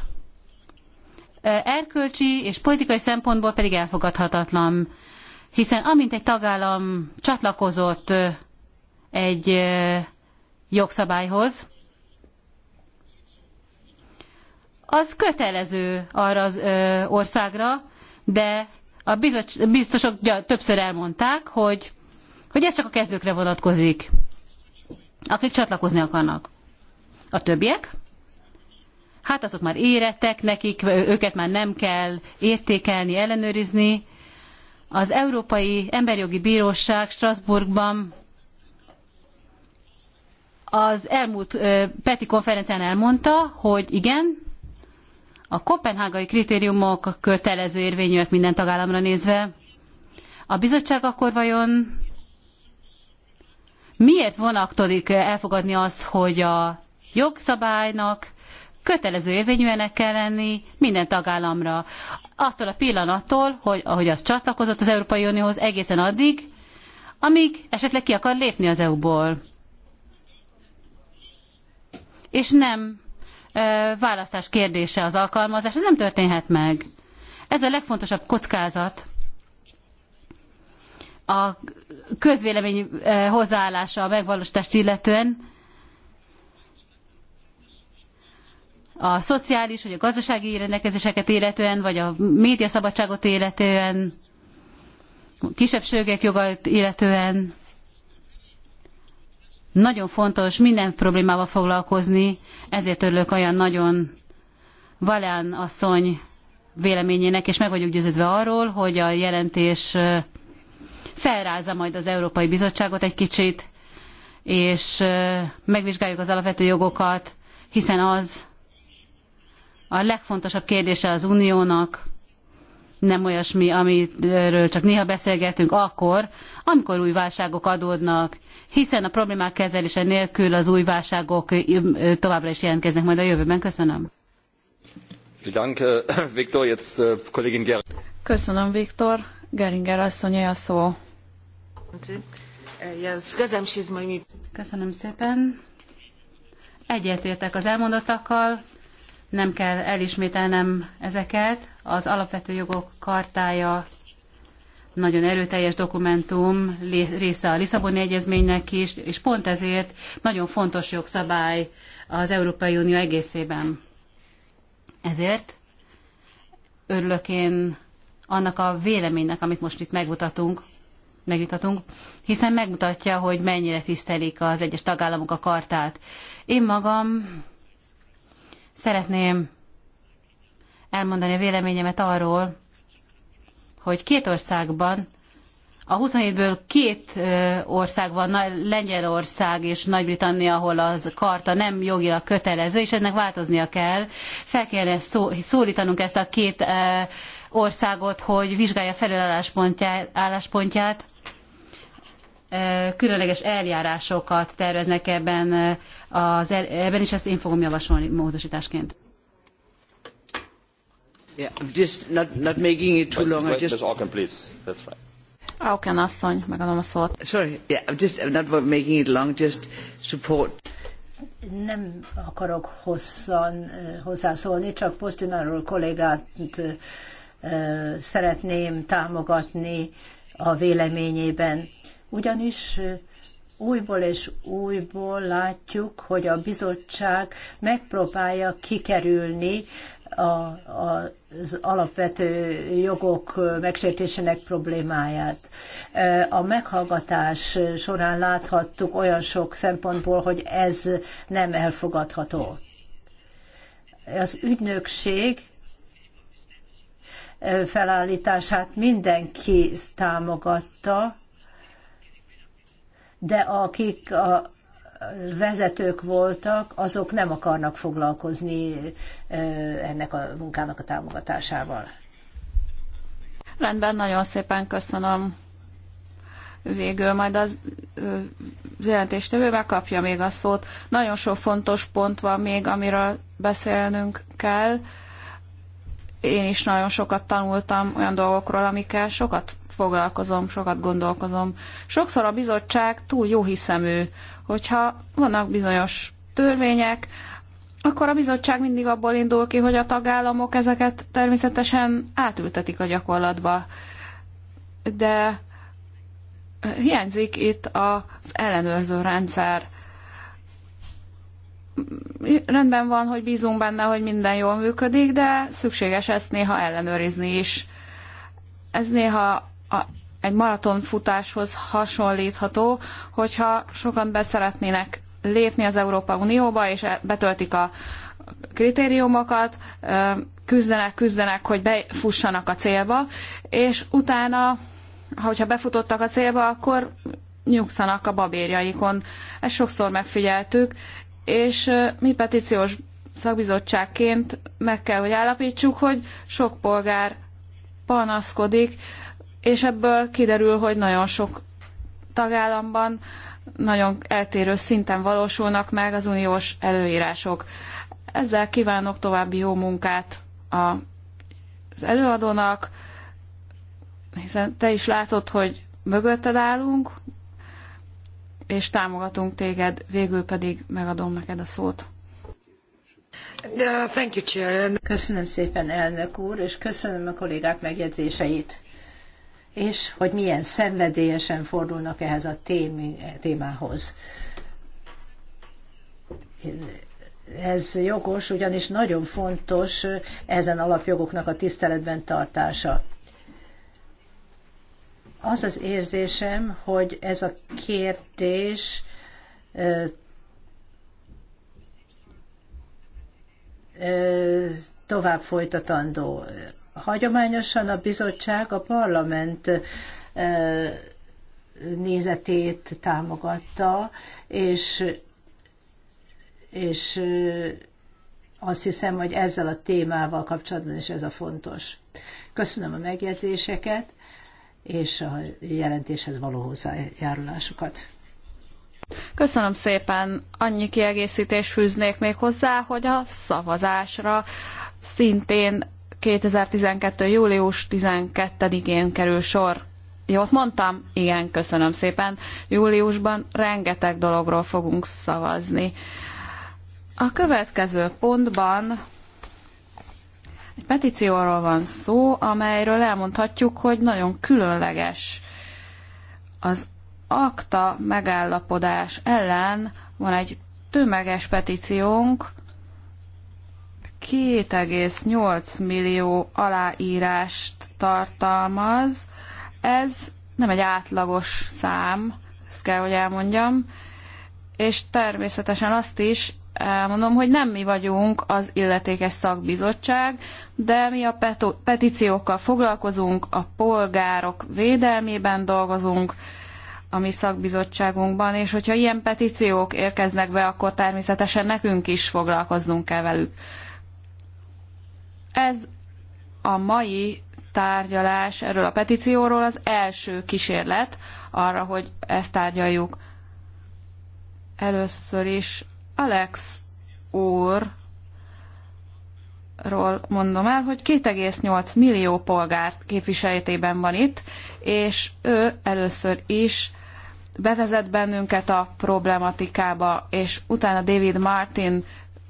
erkölcsi és politikai szempontból pedig elfogadhatatlan, hiszen amint egy tagállam csatlakozott egy jogszabályhoz, az kötelező arra az országra, de a biztosok többször elmondták, hogy, hogy ez csak a kezdőkre vonatkozik, akik csatlakozni akarnak. A többiek hát azok már érettek nekik, őket már nem kell értékelni, ellenőrizni. Az Európai Emberjogi Bíróság Strasbourgban az elmúlt Peti konferencián elmondta, hogy igen, a kopenhágai kritériumok kötelező érvényűek minden tagállamra nézve. A bizottság akkor vajon miért vonaktodik elfogadni azt, hogy a jogszabálynak kötelező érvényűenek kell lenni minden tagállamra. Attól a pillanattól, hogy ahogy az csatlakozott az Európai Unióhoz, egészen addig, amíg esetleg ki akar lépni az EU-ból. És nem ö, választás kérdése az alkalmazás, ez nem történhet meg. Ez a legfontosabb kockázat a közvélemény hozzáállása a megvalósítást illetően, a szociális vagy a gazdasági rendelkezéseket illetően, vagy a médiaszabadságot illetően, kisebbségek jogait illetően. Nagyon fontos minden problémával foglalkozni, ezért örülök olyan nagyon Valán asszony véleményének, és meg vagyok győződve arról, hogy a jelentés felrázza majd az Európai Bizottságot egy kicsit, és megvizsgáljuk az alapvető jogokat, hiszen az a legfontosabb kérdése az uniónak, nem olyasmi, amiről csak néha beszélgetünk akkor, amikor új válságok adódnak, hiszen a problémák kezelése nélkül az új válságok továbbra is jelentkeznek majd a jövőben. Köszönöm. Äh, Köszönöm, Viktor. Geringer asszonyé a szó. Köszönöm szépen. Egyetértek az elmondottakkal nem kell elismételnem ezeket. Az alapvető jogok kartája nagyon erőteljes dokumentum, része a Lisszaboni Egyezménynek is, és pont ezért nagyon fontos jogszabály az Európai Unió egészében. Ezért örülök én annak a véleménynek, amit most itt megmutatunk, megvitatunk, hiszen megmutatja, hogy mennyire tisztelik az egyes tagállamok a kartát. Én magam Szeretném elmondani a véleményemet arról, hogy két országban, a 27-ből két ország van, Lengyelország és Nagy-Britannia, ahol az karta nem jogilag kötelező, és ennek változnia kell. Fel kellene szólítanunk ezt a két országot, hogy vizsgálja felül álláspontját különleges eljárásokat terveznek ebben, az, ebben is ezt én fogom javasolni módosításként. Yeah, I'm just not, not making it too long. I just... Ms. please. That's right. Auken asszony, megadom a szót. Sorry, yeah, I'm just not making it long, just support. Nem akarok hosszan hozzászólni, csak Postináról kollégát szeretném támogatni a véleményében ugyanis újból és újból látjuk, hogy a bizottság megpróbálja kikerülni a, a, az alapvető jogok megsértésének problémáját. A meghallgatás során láthattuk olyan sok szempontból, hogy ez nem elfogadható. Az ügynökség felállítását mindenki támogatta, de akik a vezetők voltak, azok nem akarnak foglalkozni ennek a munkának a támogatásával. Rendben, nagyon szépen köszönöm. Végül majd az, az jelentéstevővel kapja még a szót. Nagyon sok fontos pont van még, amiről beszélnünk kell én is nagyon sokat tanultam olyan dolgokról, amikkel sokat foglalkozom, sokat gondolkozom. Sokszor a bizottság túl jó hiszemű, hogyha vannak bizonyos törvények, akkor a bizottság mindig abból indul ki, hogy a tagállamok ezeket természetesen átültetik a gyakorlatba. De hiányzik itt az ellenőrző rendszer rendben van, hogy bízunk benne, hogy minden jól működik, de szükséges ezt néha ellenőrizni is. Ez néha a, egy maratonfutáshoz hasonlítható, hogyha sokan beszeretnének lépni az Európa Unióba, és e- betöltik a kritériumokat, küzdenek, küzdenek, hogy befussanak a célba, és utána, hogyha befutottak a célba, akkor nyugszanak a babérjaikon. Ezt sokszor megfigyeltük, és mi petíciós szakbizottságként meg kell, hogy állapítsuk, hogy sok polgár panaszkodik, és ebből kiderül, hogy nagyon sok tagállamban nagyon eltérő szinten valósulnak meg az uniós előírások. Ezzel kívánok további jó munkát az előadónak, hiszen te is látod, hogy mögötted állunk, és támogatunk téged, végül pedig megadom neked a szót. Thank you, Chair. Köszönöm szépen, elnök úr, és köszönöm a kollégák megjegyzéseit, és hogy milyen szenvedélyesen fordulnak ehhez a témához. Ez jogos, ugyanis nagyon fontos ezen alapjogoknak a tiszteletben tartása az az érzésem, hogy ez a kérdés tovább folytatandó. Hagyományosan a bizottság a parlament nézetét támogatta, és, és azt hiszem, hogy ezzel a témával kapcsolatban is ez a fontos. Köszönöm a megjegyzéseket és a jelentéshez való hozzájárulásukat. Köszönöm szépen. Annyi kiegészítés fűznék még hozzá, hogy a szavazásra szintén 2012. július 12-én kerül sor. Jót mondtam? Igen, köszönöm szépen. Júliusban rengeteg dologról fogunk szavazni. A következő pontban egy petícióról van szó, amelyről elmondhatjuk, hogy nagyon különleges. Az akta megállapodás ellen van egy tömeges petíciónk, 2,8 millió aláírást tartalmaz. Ez nem egy átlagos szám, ezt kell, hogy elmondjam, és természetesen azt is, elmondom, hogy nem mi vagyunk az illetékes szakbizottság, de mi a petíciókkal foglalkozunk, a polgárok védelmében dolgozunk, a mi szakbizottságunkban, és hogyha ilyen petíciók érkeznek be, akkor természetesen nekünk is foglalkoznunk kell velük. Ez a mai tárgyalás erről a petícióról az első kísérlet arra, hogy ezt tárgyaljuk. Először is Alex úrról mondom el, hogy 2,8 millió polgárt képviseletében van itt, és ő először is bevezet bennünket a problematikába, és utána David Martin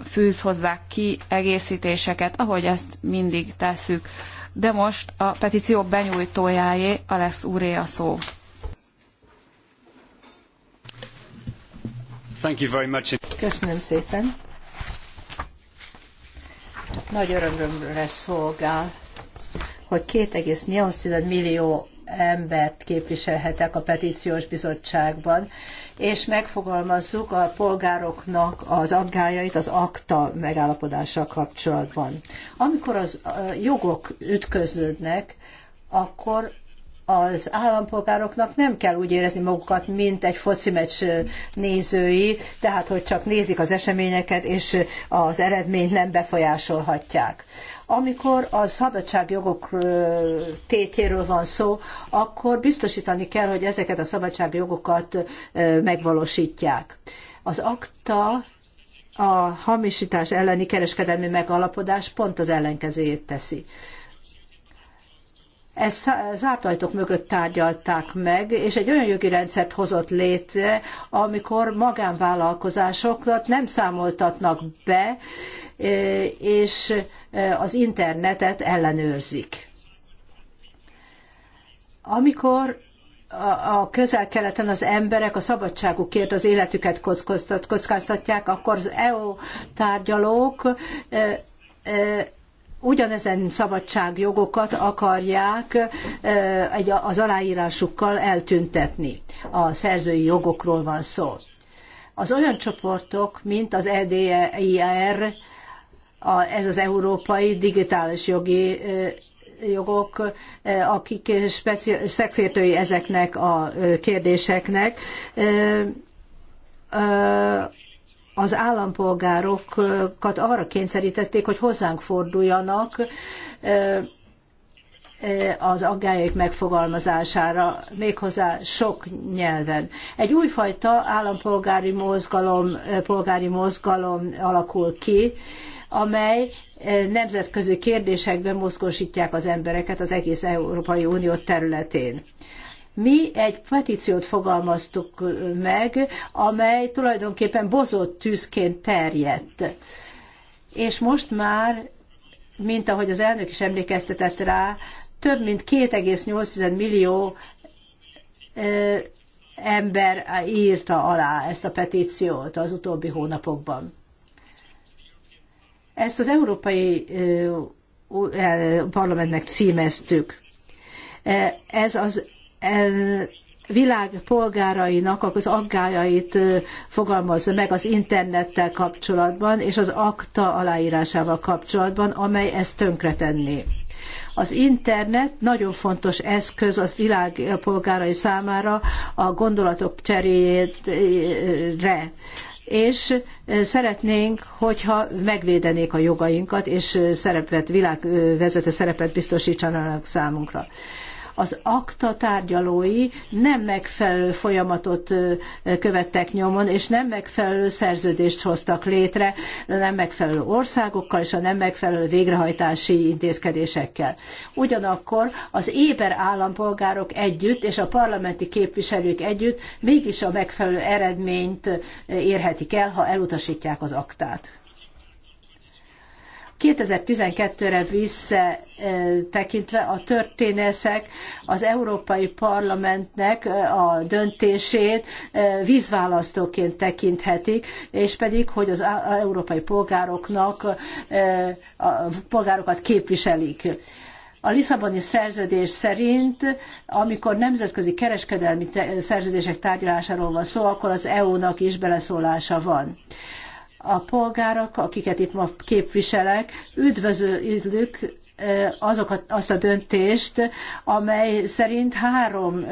fűz hozzá ki egészítéseket, ahogy ezt mindig tesszük. De most a petíció benyújtójáé Alex úré a szó. Thank you very much. Köszönöm szépen. Nagy örömömre szolgál, hogy 2,8 millió embert képviselhetek a petíciós bizottságban, és megfogalmazzuk a polgároknak az aggájait az akta megállapodással kapcsolatban. Amikor az jogok ütköződnek, akkor az állampolgároknak nem kell úgy érezni magukat, mint egy foci meccs nézői, tehát hogy csak nézik az eseményeket, és az eredményt nem befolyásolhatják. Amikor a szabadságjogok tétjéről van szó, akkor biztosítani kell, hogy ezeket a szabadságjogokat megvalósítják. Az akta a hamisítás elleni kereskedelmi megalapodás pont az ellenkezőjét teszi ezt zárt ajtók mögött tárgyalták meg, és egy olyan jogi rendszert hozott létre, amikor magánvállalkozásokat nem számoltatnak be, e, és e, az internetet ellenőrzik. Amikor a közel-keleten az emberek a szabadságukért az életüket kockáztatják, akkor az EU tárgyalók e, ugyanezen szabadságjogokat akarják az aláírásukkal eltüntetni. A szerzői jogokról van szó. Az olyan csoportok, mint az EDIR, e ez az Európai Digitális Jogi jogok, akik szexértői ezeknek a kérdéseknek, az állampolgárokat arra kényszerítették, hogy hozzánk forduljanak az aggályok megfogalmazására, méghozzá sok nyelven. Egy újfajta állampolgári mozgalom, polgári mozgalom alakul ki, amely nemzetközi kérdésekben mozgósítják az embereket az egész Európai Unió területén. Mi egy petíciót fogalmaztuk meg, amely tulajdonképpen bozott tűzként terjedt. És most már, mint ahogy az elnök is emlékeztetett rá, több mint 2,8 millió ember írta alá ezt a petíciót az utóbbi hónapokban. Ezt az Európai Parlamentnek címeztük. Ez az világ polgárainak az aggájait fogalmazza meg az internettel kapcsolatban és az akta aláírásával kapcsolatban, amely ezt tönkretenné. Az internet nagyon fontos eszköz a világ polgárai számára a gondolatok cseréjére és szeretnénk, hogyha megvédenék a jogainkat, és szerepet, világvezető szerepet biztosítsanak számunkra. Az akta tárgyalói nem megfelelő folyamatot követtek nyomon, és nem megfelelő szerződést hoztak létre, nem megfelelő országokkal és a nem megfelelő végrehajtási intézkedésekkel. Ugyanakkor az éber állampolgárok együtt és a parlamenti képviselők együtt mégis a megfelelő eredményt érhetik el, ha elutasítják az aktát. 2012-re visszatekintve a történészek az Európai Parlamentnek a döntését vízválasztóként tekinthetik, és pedig, hogy az európai polgároknak a polgárokat képviselik. A Lisszaboni szerződés szerint, amikor nemzetközi kereskedelmi szerződések tárgyalásáról van szó, akkor az EU-nak is beleszólása van. A polgárok, akiket itt ma képviselek, üdvözlük azokat, azt a döntést, amely szerint három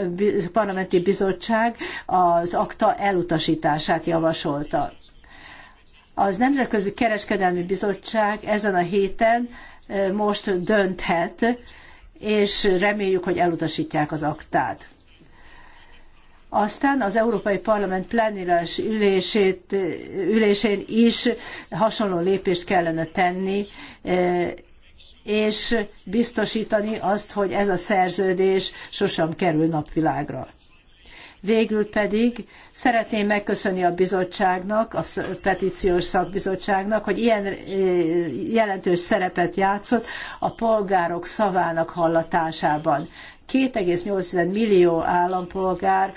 parlamenti bizottság az akta elutasítását javasolta. Az Nemzetközi Kereskedelmi Bizottság ezen a héten most dönthet, és reméljük, hogy elutasítják az aktát. Aztán az Európai Parlament plenáris ülését, ülésén is hasonló lépést kellene tenni, e, és biztosítani azt, hogy ez a szerződés sosem kerül napvilágra. Végül pedig szeretném megköszönni a bizottságnak, a petíciós szakbizottságnak, hogy ilyen e, jelentős szerepet játszott a polgárok szavának hallatásában. 2,8 millió állampolgár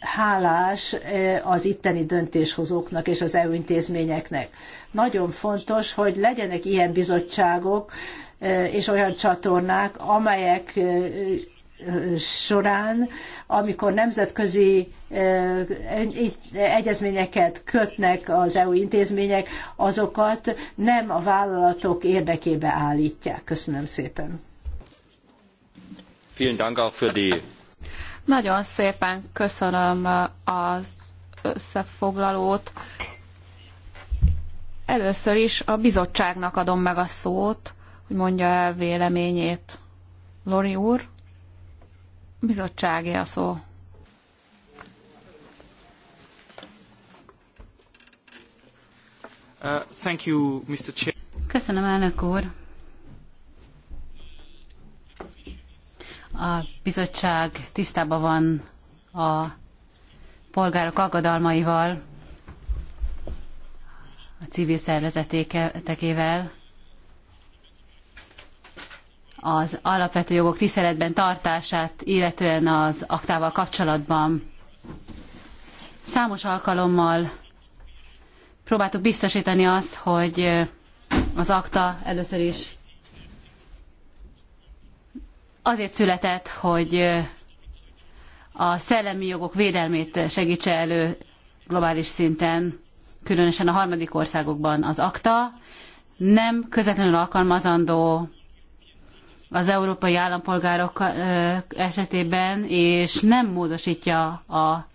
hálás eh, az itteni döntéshozóknak és az EU intézményeknek. Nagyon fontos, hogy legyenek ilyen bizottságok eh, és olyan csatornák, amelyek eh, során, amikor nemzetközi egyezményeket kötnek az EU intézmények, azokat nem a vállalatok érdekébe állítják. Köszönöm szépen. Vielen Dank auch für die nagyon szépen köszönöm az összefoglalót. Először is a bizottságnak adom meg a szót, hogy mondja el véleményét. Lori úr, bizottságé a szó. Uh, thank you, Mr. Chair. Köszönöm, elnök úr. A bizottság tisztában van a polgárok aggodalmaival, a civil szervezetekével, az alapvető jogok tiszteletben tartását, illetően az aktával kapcsolatban. Számos alkalommal próbáltuk biztosítani azt, hogy az akta először is azért született, hogy a szellemi jogok védelmét segítse elő globális szinten, különösen a harmadik országokban az akta, nem közvetlenül alkalmazandó az európai állampolgárok esetében, és nem módosítja a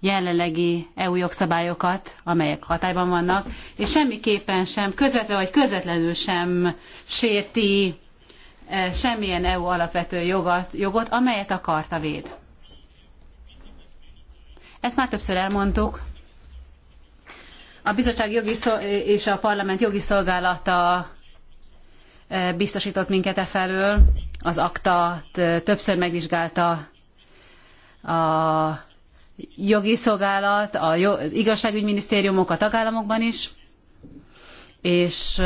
jelenlegi EU jogszabályokat, amelyek hatályban vannak, és semmiképpen sem, közvetve vagy közvetlenül sem sérti E, semmilyen EU alapvető jogot, jogot amelyet a karta véd. Ezt már többször elmondtuk. A bizottság jogi és a parlament jogi szolgálata e, biztosított minket e felől. Az akta e, többször megvizsgálta a jogi szolgálat, az igazságügyminisztériumok a tagállamokban is, és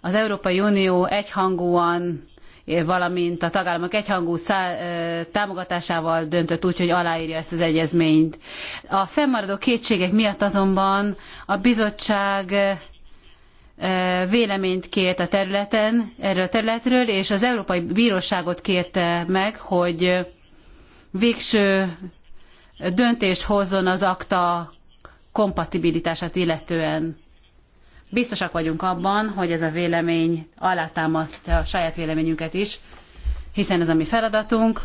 az Európai Unió egyhangúan, eh, valamint a tagállamok egyhangú eh, támogatásával döntött úgy, hogy aláírja ezt az egyezményt. A fennmaradó kétségek miatt azonban a bizottság eh, véleményt kért a területen, erről a területről, és az Európai Bíróságot kérte meg, hogy végső döntést hozzon az akta kompatibilitását illetően biztosak vagyunk abban, hogy ez a vélemény alátámasztja a saját véleményünket is, hiszen ez a mi feladatunk.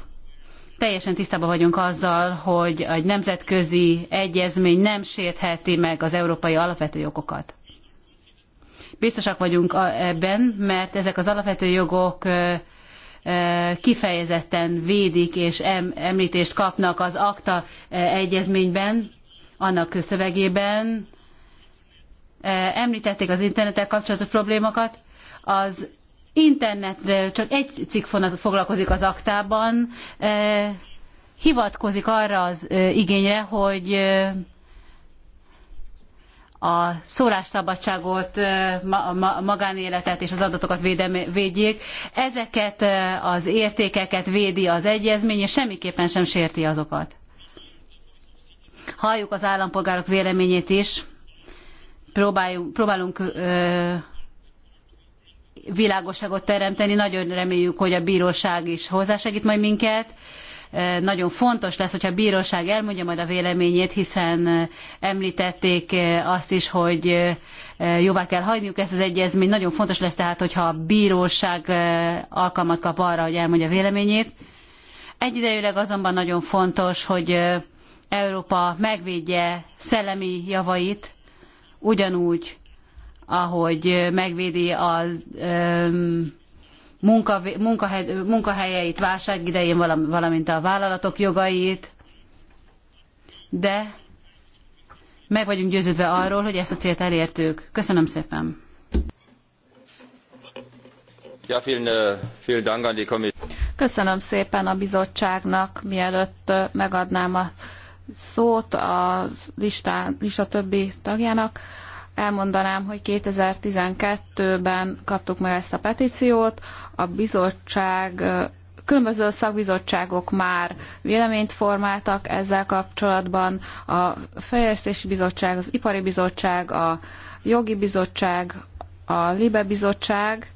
Teljesen tisztában vagyunk azzal, hogy egy nemzetközi egyezmény nem sértheti meg az európai alapvető jogokat. Biztosak vagyunk ebben, mert ezek az alapvető jogok kifejezetten védik és említést kapnak az akta egyezményben, annak szövegében, említették az internettel kapcsolatos problémákat, az internetről csak egy cikk foglalkozik az aktában, hivatkozik arra az igényre, hogy a szólásszabadságot, a magánéletet és az adatokat védjék. Ezeket az értékeket védi az egyezmény, és semmiképpen sem sérti azokat. Halljuk az állampolgárok véleményét is próbáljunk, próbálunk ö, világosságot teremteni. Nagyon reméljük, hogy a bíróság is hozzásegít majd minket. nagyon fontos lesz, hogyha a bíróság elmondja majd a véleményét, hiszen említették azt is, hogy jóvá kell hagyniuk ezt az egyezményt. Nagyon fontos lesz tehát, hogyha a bíróság alkalmat kap arra, hogy elmondja a véleményét. Egyidejűleg azonban nagyon fontos, hogy Európa megvédje szellemi javait, ugyanúgy, ahogy megvédi a munkahelyeit válság idején, valamint a vállalatok jogait, de meg vagyunk győződve arról, hogy ezt a célt elértük. Köszönöm szépen! Ja, vielen äh, vielen Dank an die Köszönöm szépen a bizottságnak, mielőtt megadnám a szót a listán, lista többi tagjának. Elmondanám, hogy 2012-ben kaptuk meg ezt a petíciót, a bizottság Különböző szakbizottságok már véleményt formáltak ezzel kapcsolatban. A Fejlesztési Bizottság, az Ipari Bizottság, a Jogi Bizottság, a Libe Bizottság.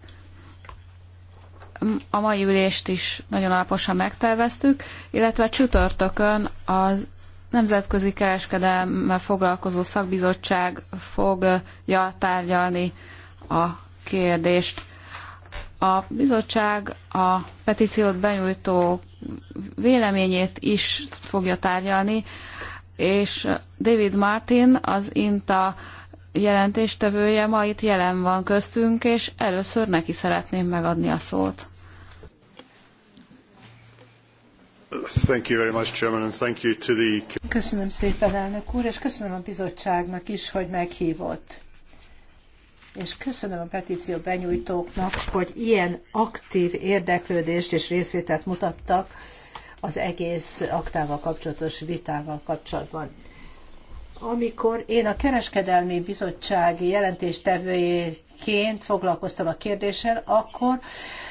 A mai ülést is nagyon alaposan megterveztük, illetve csütörtökön az Nemzetközi Kereskedelmmel foglalkozó szakbizottság fogja tárgyalni a kérdést. A bizottság a petíciót benyújtó véleményét is fogja tárgyalni, és David Martin, az INTA jelentéstevője ma itt jelen van köztünk, és először neki szeretném megadni a szót. Thank you very much, Chairman, and thank you to the... Köszönöm szépen, elnök úr, és köszönöm a bizottságnak is, hogy meghívott. És köszönöm a petíció benyújtóknak, hogy ilyen aktív érdeklődést és részvételt mutattak az egész aktával kapcsolatos vitával kapcsolatban. Amikor én a kereskedelmi bizottsági jelentéstevőjéként foglalkoztam a kérdéssel, akkor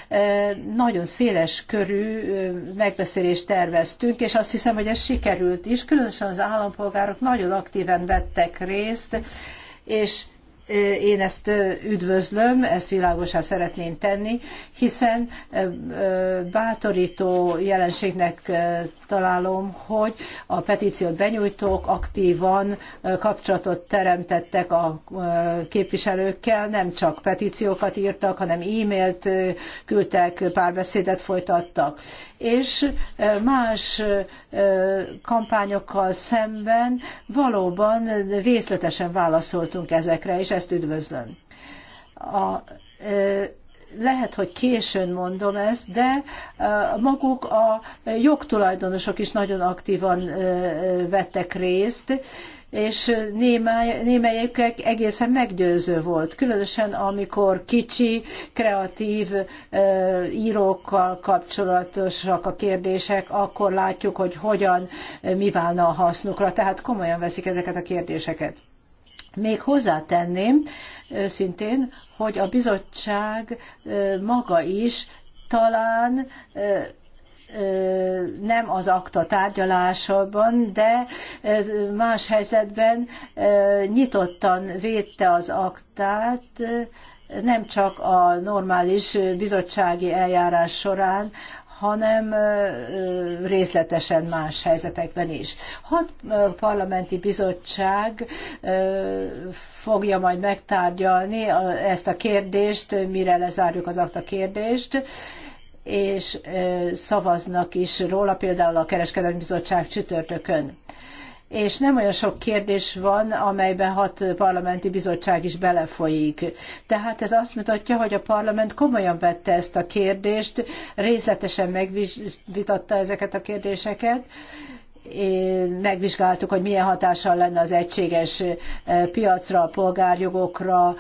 e, nagyon széles körű e, megbeszélést terveztünk, és azt hiszem, hogy ez sikerült is. Különösen az állampolgárok nagyon aktíven vettek részt, és e, én ezt üdvözlöm, ezt világosan szeretném tenni, hiszen bátorító jelenségnek találom, hogy a petíciót benyújtók aktívan kapcsolatot teremtettek a képviselőkkel, nem csak petíciókat írtak, hanem e-mailt küldtek, párbeszédet folytattak. És más kampányokkal szemben valóban részletesen válaszoltunk ezekre, és ezt üdvözlöm. A, lehet, hogy későn mondom ezt, de maguk a jogtulajdonosok is nagyon aktívan vettek részt, és némelyik egészen meggyőző volt, különösen amikor kicsi, kreatív írókkal kapcsolatosak a kérdések, akkor látjuk, hogy hogyan, mi válna a hasznukra, tehát komolyan veszik ezeket a kérdéseket. Még hozzátenném őszintén, hogy a bizottság maga is talán nem az akta tárgyalásában, de más helyzetben nyitottan védte az aktát, nem csak a normális bizottsági eljárás során, hanem részletesen más helyzetekben is. Hat parlamenti bizottság fogja majd megtárgyalni ezt a kérdést, mire lezárjuk az akta kérdést, és szavaznak is róla, például a Kereskedelmi Bizottság csütörtökön és nem olyan sok kérdés van, amelyben hat parlamenti bizottság is belefolyik. Tehát ez azt mutatja, hogy a parlament komolyan vette ezt a kérdést, részletesen megvitatta ezeket a kérdéseket, megvizsgáltuk, hogy milyen hatással lenne az egységes piacra, a polgárjogokra,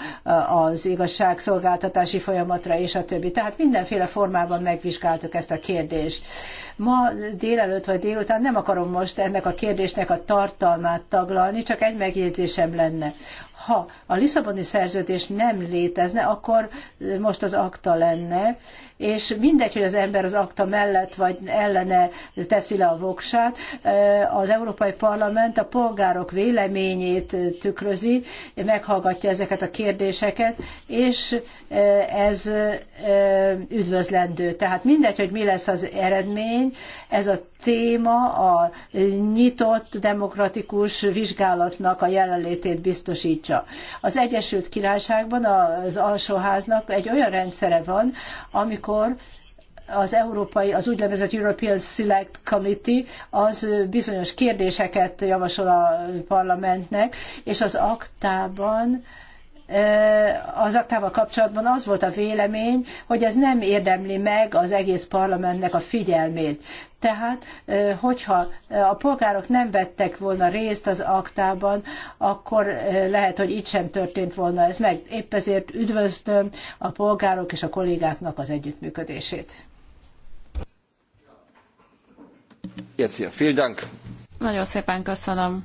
az igazságszolgáltatási folyamatra és a többi. Tehát mindenféle formában megvizsgáltuk ezt a kérdést. Ma délelőtt vagy délután nem akarom most ennek a kérdésnek a tartalmát taglalni, csak egy megjegyzésem lenne. Ha a Lisszaboni szerződés nem létezne, akkor most az akta lenne, és mindegy, hogy az ember az akta mellett vagy ellene teszi le a voksát, az Európai Parlament a polgárok véleményét tükrözi, meghallgatja ezeket a kérdéseket, és e, ez e, üdvözlendő. Tehát mindegy, hogy mi lesz az eredmény, ez a téma a nyitott demokratikus vizsgálatnak a jelenlétét biztosítsa. Az Egyesült Királyságban az alsóháznak egy olyan rendszere van, amikor az európai, az úgynevezett European Select Committee, az bizonyos kérdéseket javasol a parlamentnek, és az aktában e, az aktával kapcsolatban az volt a vélemény, hogy ez nem érdemli meg az egész parlamentnek a figyelmét. Tehát, e, hogyha a polgárok nem vettek volna részt az aktában, akkor e, lehet, hogy itt sem történt volna ez meg. Épp ezért üdvözlöm a polgárok és a kollégáknak az együttműködését. vielen Dank. Nagyon szépen köszönöm.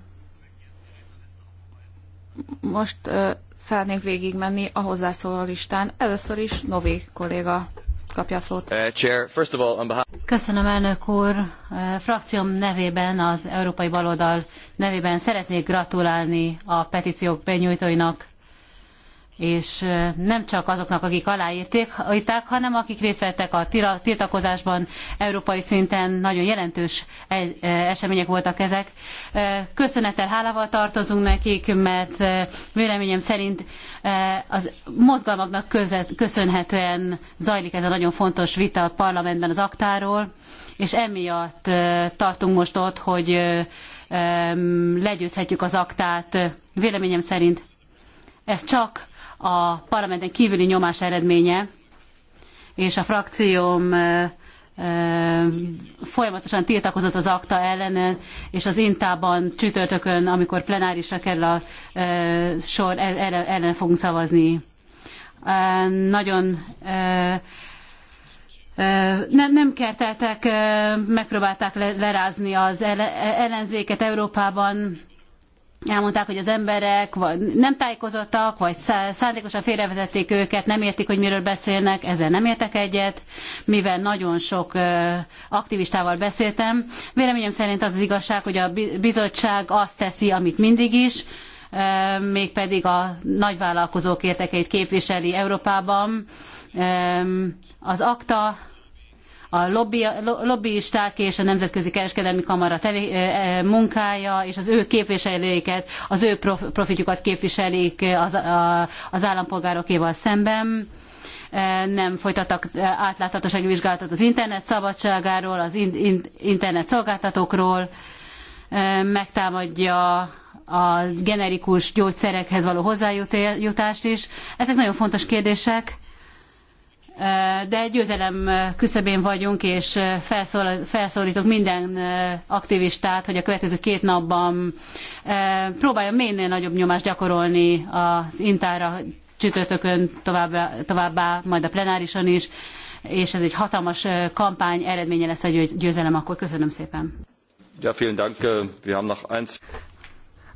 Most uh, szeretnék végigmenni a hozzászóló listán. Először is Novi kolléga kapja szót. Uh, köszönöm, elnök úr. Uh, frakcióm nevében, az Európai Baloldal nevében szeretnék gratulálni a petíciók benyújtóinak és nem csak azoknak, akik aláírták, hanem akik részt vettek a tiltakozásban európai szinten, nagyon jelentős események voltak ezek. Köszönettel, hálával tartozunk nekik, mert véleményem szerint az mozgalmaknak köszönhetően zajlik ez a nagyon fontos vita a parlamentben az aktáról, és emiatt tartunk most ott, hogy legyőzhetjük az aktát. Véleményem szerint ez csak a parlamenten kívüli nyomás eredménye, és a frakcióm folyamatosan tiltakozott az akta ellen, és az Intában csütörtökön, amikor plenárisra kerül a sor, e, ellen fogunk szavazni. Nagyon nem, nem kerteltek, megpróbálták lerázni az ellenzéket Európában, elmondták, hogy az emberek vagy nem tájékozottak, vagy szándékosan félrevezették őket, nem értik, hogy miről beszélnek, ezzel nem értek egyet, mivel nagyon sok aktivistával beszéltem. Véleményem szerint az az igazság, hogy a bizottság azt teszi, amit mindig is, mégpedig a nagyvállalkozók érdekeit képviseli Európában. Az akta a lobby, lobbyisták és a Nemzetközi Kereskedelmi Kamara tevé, munkája, és az ő képviselőiket, az ő profitjukat képviselik az, az állampolgárokéval szemben nem folytattak átláthatósági vizsgálatot az internet szabadságáról, az internet szolgáltatókról, megtámadja a generikus gyógyszerekhez való hozzájutást is. Ezek nagyon fontos kérdések, de győzelem küszöbén vagyunk, és felszól, felszólítok minden aktivistát, hogy a következő két napban próbáljon minél nagyobb nyomást gyakorolni az intára csütörtökön továbbá, továbbá, majd a plenárison is, és ez egy hatalmas kampány eredménye lesz a győzelem, akkor köszönöm szépen. Ja, vielen Dank. Äh, wir haben noch eins.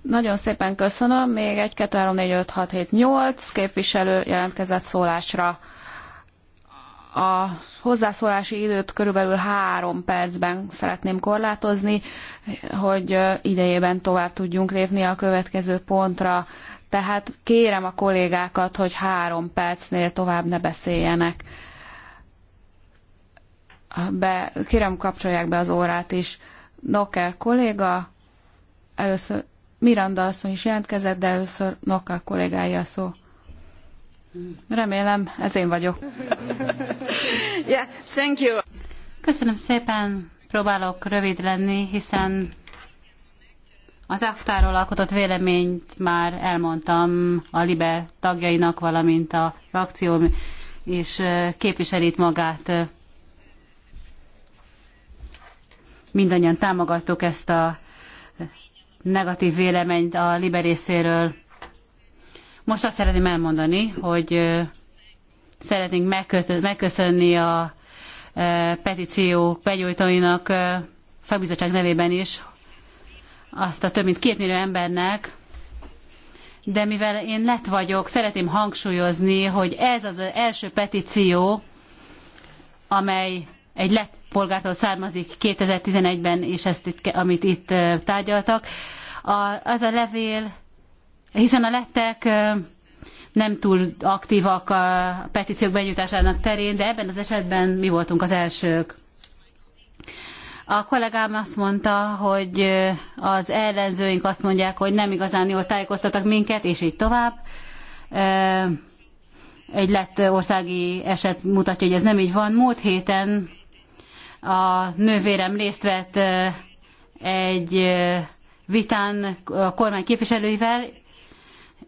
Nagyon szépen köszönöm. Még egy kettő, három, négy, öt, hat, hét, nyolc, képviselő jelentkezett szólásra a hozzászólási időt körülbelül három percben szeretném korlátozni, hogy idejében tovább tudjunk lépni a következő pontra. Tehát kérem a kollégákat, hogy három percnél tovább ne beszéljenek. Be, kérem, kapcsolják be az órát is. Nocker kolléga, először Miranda asszony is jelentkezett, de először Nocker kollégája szó. Remélem, ez én vagyok. Yeah, thank you. Köszönöm szépen, próbálok rövid lenni, hiszen az aktáról alkotott véleményt már elmondtam a LIBE tagjainak, valamint a frakció és képviselít magát. Mindannyian támogattuk ezt a negatív véleményt a LIBE részéről most azt szeretném elmondani, hogy szeretnénk megköszönni a petíció begyújtóinak szakbizottság nevében is azt a több mint két millió embernek, de mivel én lett vagyok, szeretném hangsúlyozni, hogy ez az első petíció, amely egy lett polgártól származik 2011-ben, és ezt itt, amit itt tárgyaltak. A, az a levél hiszen a lettek nem túl aktívak a petíciók benyújtásának terén, de ebben az esetben mi voltunk az elsők. A kollégám azt mondta, hogy az ellenzőink azt mondják, hogy nem igazán jól tájékoztattak minket, és így tovább. Egy lett országi eset mutatja, hogy ez nem így van. Múlt héten a nővérem részt vett egy vitán a kormány képviselőivel,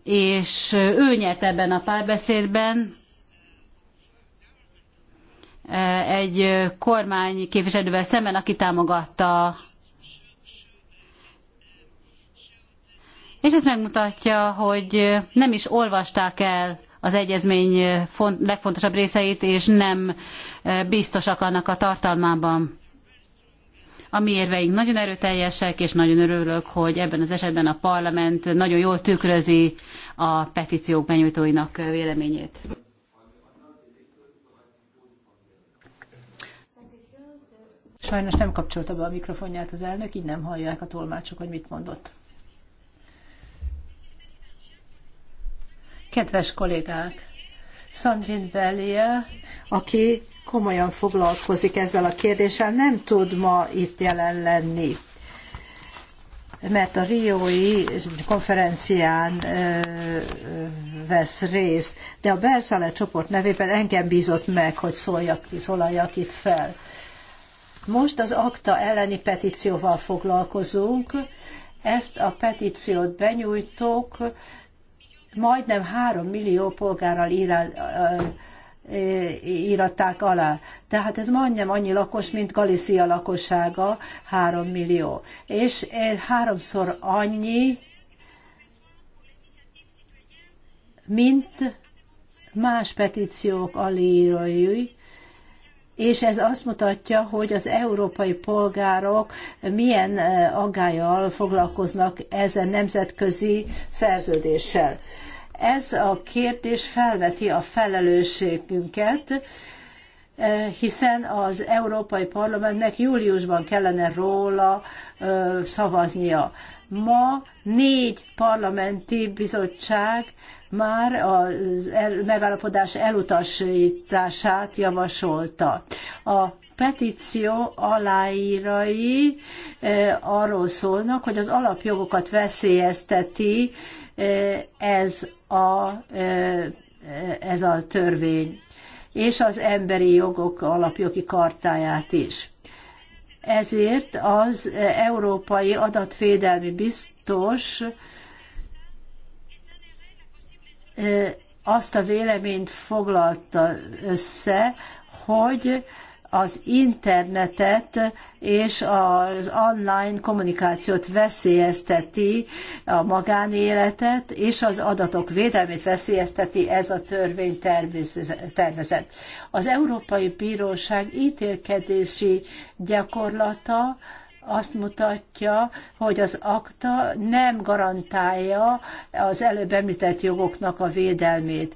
és ő nyert ebben a párbeszédben. E, egy kormány képviselővel szemben, aki támogatta És ez megmutatja, hogy nem is olvasták el az egyezmény legfontosabb részeit, és nem e, biztosak annak a tartalmában. A mi érveink nagyon erőteljesek, és nagyon örülök, hogy ebben az esetben a parlament nagyon jól tükrözi a petíciók benyújtóinak véleményét. Sajnos nem kapcsolta be a mikrofonját az elnök, így nem hallják a tolmácsok, hogy mit mondott. Kedves kollégák! Sandrine Bellia, aki komolyan foglalkozik ezzel a kérdéssel, nem tud ma itt jelen lenni mert a Riói konferencián ö, vesz részt, de a Berszale csoport nevében engem bízott meg, hogy szóljak, szólaljak itt fel. Most az akta elleni petícióval foglalkozunk. Ezt a petíciót benyújtók majdnem három millió polgárral írál, E, íratták alá. Tehát ez majdnem annyi lakos, mint Galícia lakossága, 3 millió. És e, háromszor annyi, mint más petíciók alírói, és ez azt mutatja, hogy az európai polgárok milyen e, aggájjal foglalkoznak ezen nemzetközi szerződéssel. Ez a kérdés felveti a felelősségünket, eh, hiszen az Európai Parlamentnek júliusban kellene róla szavaznia. Ma négy parlamenti bizottság már a megállapodás elutasítását javasolta. A petíció aláírai eh, arról szólnak, hogy az alapjogokat veszélyezteti eh, ez a, e, e, ez a törvény, és az emberi jogok alapjogi kartáját is. Ezért az Európai Adatvédelmi Biztos e, azt a véleményt foglalta össze, hogy az internetet és az online kommunikációt veszélyezteti a magánéletet, és az adatok védelmét veszélyezteti ez a törvény tervezet. Az Európai Bíróság ítélkedési gyakorlata azt mutatja, hogy az akta nem garantálja az előbb említett jogoknak a védelmét.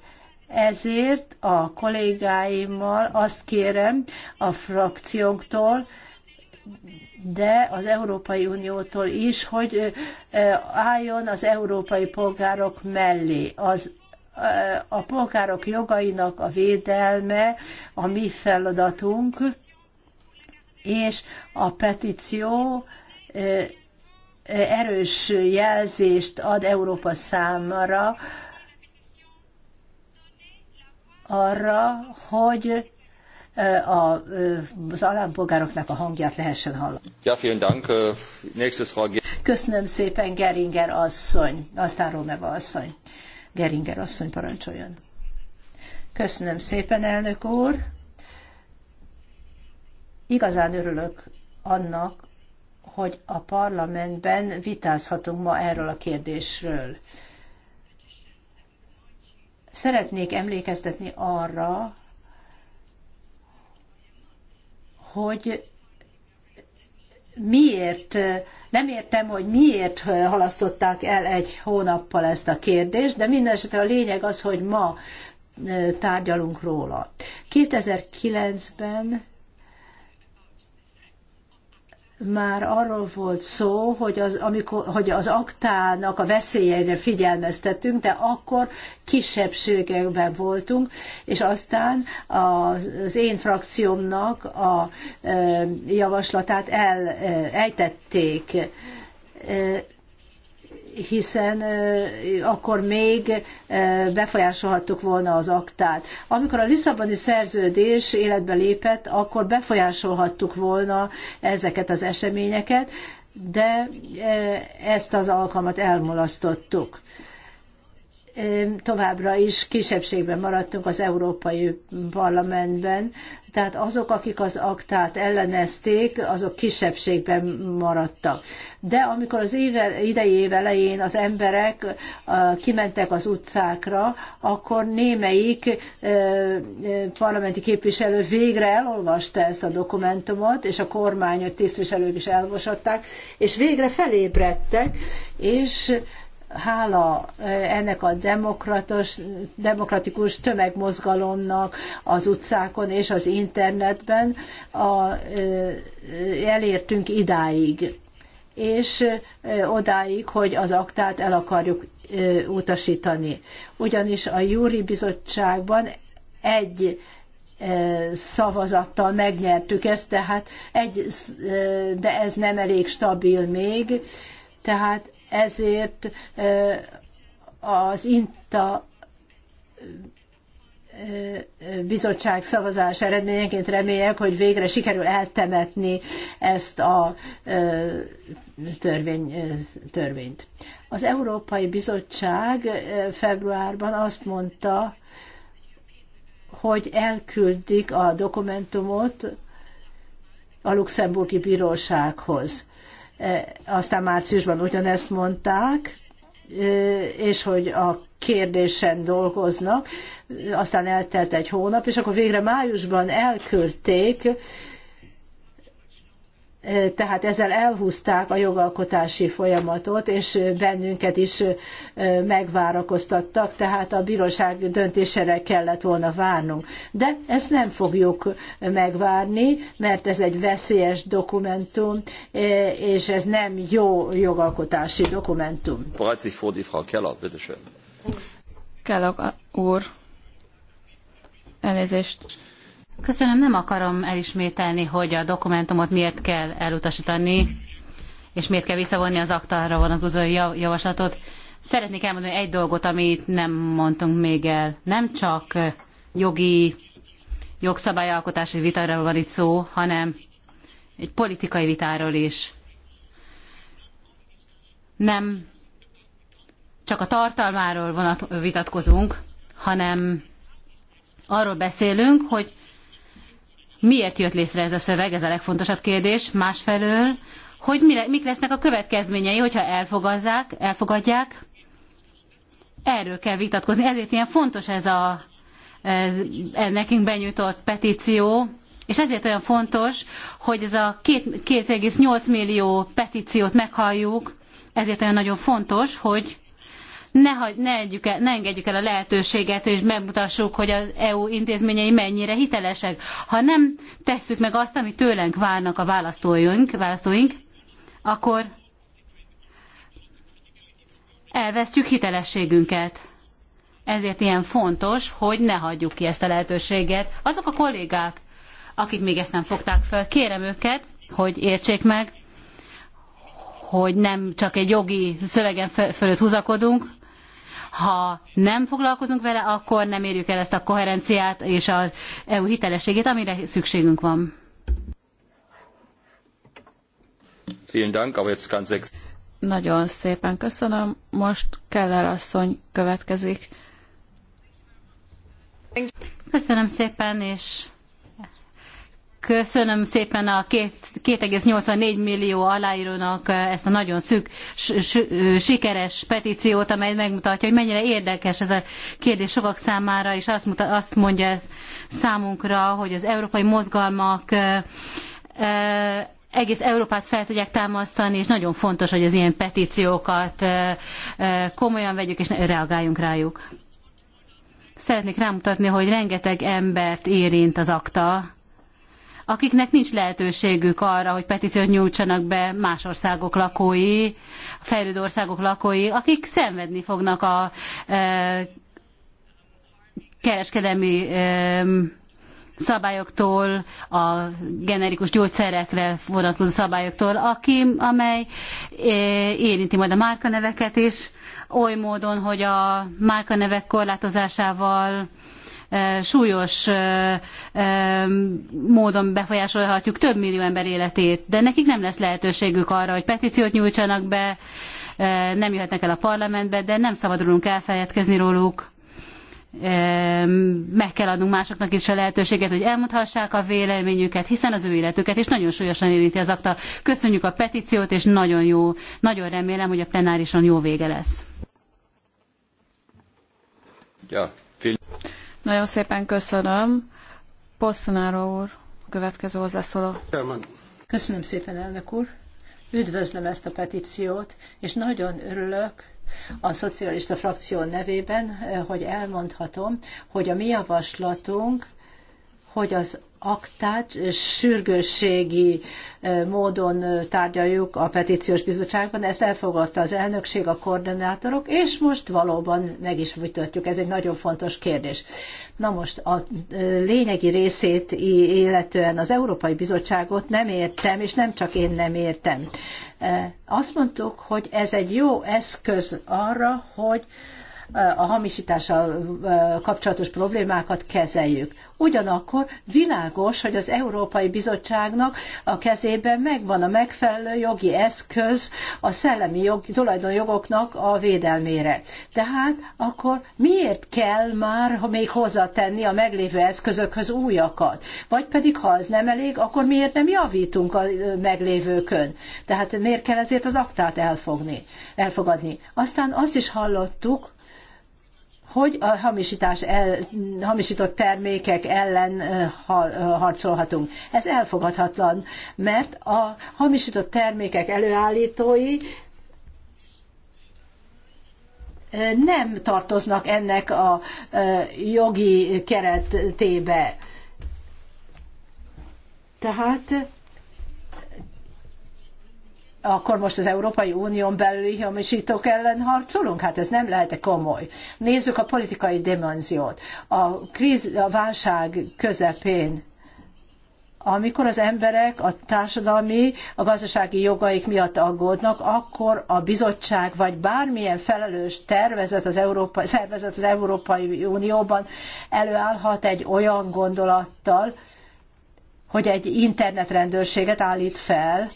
Ezért a kollégáimmal azt kérem a frakciónktól, de az Európai Uniótól is, hogy álljon az európai polgárok mellé. Az a polgárok jogainak a védelme a mi feladatunk, és a petíció erős jelzést ad Európa számára, arra, hogy a, az állampolgároknak a hangját lehessen hallani. Ja, vielen Dank. Köszönöm szépen, Geringer asszony. Aztán Romeva asszony. Geringer asszony, parancsoljon. Köszönöm szépen, elnök úr. Igazán örülök annak, hogy a parlamentben vitázhatunk ma erről a kérdésről Szeretnék emlékeztetni arra, hogy miért, nem értem, hogy miért halasztották el egy hónappal ezt a kérdést, de minden esetre a lényeg az, hogy ma e, tárgyalunk róla. 2009-ben már arról volt szó, hogy az, amikor, hogy az aktának a veszélyeire figyelmeztettünk, de akkor kisebbségekben voltunk, és aztán az én frakciómnak a javaslatát elejtették hiszen akkor még befolyásolhattuk volna az aktát. Amikor a Lisszaboni szerződés életbe lépett, akkor befolyásolhattuk volna ezeket az eseményeket, de ezt az alkalmat elmulasztottuk továbbra is kisebbségben maradtunk az Európai Parlamentben, tehát azok, akik az aktát ellenezték, azok kisebbségben maradtak. De amikor az éve, idei év elején az emberek kimentek az utcákra, akkor némelyik parlamenti képviselő végre elolvasta ezt a dokumentumot, és a kormány, tisztviselői tisztviselők is elolvasatták, és végre felébredtek, és hála eh, ennek a demokratos, demokratikus tömegmozgalomnak az utcákon és az internetben a, eh, elértünk idáig és eh, odáig, hogy az aktát el akarjuk utasítani. Ugyanis a júri bizottságban egy szavazattal megnyertük ezt, tehát egy, de ez nem elég stabil még, tehát ezért az INTA bizottság szavazás eredményeként reméljek, hogy végre sikerül eltemetni ezt a törvény, törvényt. Az Európai Bizottság februárban azt mondta, hogy elküldik a dokumentumot a luxemburgi bírósághoz. E, aztán márciusban ugyanezt mondták, e, és hogy a kérdésen dolgoznak, aztán eltelt egy hónap, és akkor végre májusban elküldték tehát ezzel elhúzták a jogalkotási folyamatot, és bennünket is megvárakoztattak, tehát a bíróság döntésére kellett volna várnunk. De ezt nem fogjuk megvárni, mert ez egy veszélyes dokumentum, és ez nem jó jogalkotási dokumentum. Bereits úr, elnézést. Köszönöm, nem akarom elismételni, hogy a dokumentumot miért kell elutasítani, és miért kell visszavonni az aktára vonatkozó javaslatot. Szeretnék elmondani egy dolgot, amit nem mondtunk még el. Nem csak jogi, jogszabályalkotási vitáról van itt szó, hanem egy politikai vitáról is. Nem csak a tartalmáról vonat, vitatkozunk, hanem arról beszélünk, hogy miért jött létre ez a szöveg, ez a legfontosabb kérdés. Másfelől, hogy mi, mik lesznek a következményei, hogyha elfogadják, elfogadják. Erről kell vitatkozni. Ezért ilyen fontos ez a ez, ez nekünk benyújtott petíció, és ezért olyan fontos, hogy ez a 2,8 millió petíciót meghalljuk, ezért olyan nagyon fontos, hogy ne, hagy, ne, el, ne engedjük el a lehetőséget, és megmutassuk, hogy az EU intézményei mennyire hitelesek. Ha nem tesszük meg azt, amit tőlünk várnak a választóink, választóink akkor elvesztjük hitelességünket. Ezért ilyen fontos, hogy ne hagyjuk ki ezt a lehetőséget. Azok a kollégák, akik még ezt nem fogták fel, kérem őket, hogy értsék meg, hogy nem csak egy jogi szövegen fölött húzakodunk, ha nem foglalkozunk vele, akkor nem érjük el ezt a koherenciát és az EU hitelességét, amire szükségünk van. Nagyon szépen köszönöm. Most Keller asszony következik. Köszönöm szépen, és Köszönöm szépen a 2,84 millió aláírónak ezt a nagyon szűk, sikeres petíciót, amely megmutatja, hogy mennyire érdekes ez a kérdés sokak számára, és azt, muta, azt mondja ez számunkra, hogy az európai mozgalmak egész Európát fel tudják támasztani, és nagyon fontos, hogy az ilyen petíciókat komolyan vegyük, és reagáljunk rájuk. Szeretnék rámutatni, hogy rengeteg embert érint az akta, akiknek nincs lehetőségük arra, hogy petíciót nyújtsanak be más országok lakói, fejlődő országok lakói, akik szenvedni fognak a e, kereskedelmi e, szabályoktól, a generikus gyógyszerekre vonatkozó szabályoktól, aki, amely e, érinti majd a márkaneveket is, oly módon, hogy a márkanevek korlátozásával súlyos módon befolyásolhatjuk több millió ember életét, de nekik nem lesz lehetőségük arra, hogy petíciót nyújtsanak be, nem jöhetnek el a parlamentbe, de nem szabadulunk elfeledkezni róluk meg kell adnunk másoknak is a lehetőséget, hogy elmondhassák a véleményüket, hiszen az ő életüket is nagyon súlyosan érinti az akta. Köszönjük a petíciót, és nagyon jó, nagyon remélem, hogy a plenárison jó vége lesz. Ja, nagyon szépen köszönöm. Posztonáró úr, következő hozzászóló. Köszönöm szépen, elnök úr. Üdvözlöm ezt a petíciót, és nagyon örülök, a szocialista frakció nevében, eh, hogy elmondhatom, hogy a mi javaslatunk, hogy az aktát sürgősségi módon tárgyaljuk a petíciós bizottságban. Ezt elfogadta az elnökség, a koordinátorok, és most valóban meg is vitatjuk. Ez egy nagyon fontos kérdés. Na most a lényegi részét illetően az Európai Bizottságot nem értem, és nem csak én nem értem. Azt mondtuk, hogy ez egy jó eszköz arra, hogy a hamisítással kapcsolatos problémákat kezeljük. Ugyanakkor világos, hogy az Európai Bizottságnak a kezében megvan a megfelelő jogi eszköz a szellemi jog, tulajdonjogoknak a védelmére. Tehát akkor miért kell már még hozzátenni a meglévő eszközökhöz újakat? Vagy pedig, ha az nem elég, akkor miért nem javítunk a meglévőkön? Tehát miért kell ezért az aktát elfogni, elfogadni? Aztán azt is hallottuk, hogy a hamisítás el, hamisított termékek ellen harcolhatunk. Ez elfogadhatatlan, mert a hamisított termékek előállítói nem tartoznak ennek a jogi keretébe. Tehát akkor most az Európai Unión belüli hamisítók ellen harcolunk? Hát ez nem lehet -e komoly. Nézzük a politikai dimenziót. A, kríz, a válság közepén amikor az emberek a társadalmi, a gazdasági jogaik miatt aggódnak, akkor a bizottság vagy bármilyen felelős tervezet az Európa, szervezet az Európai Unióban előállhat egy olyan gondolattal, hogy egy internetrendőrséget állít fel,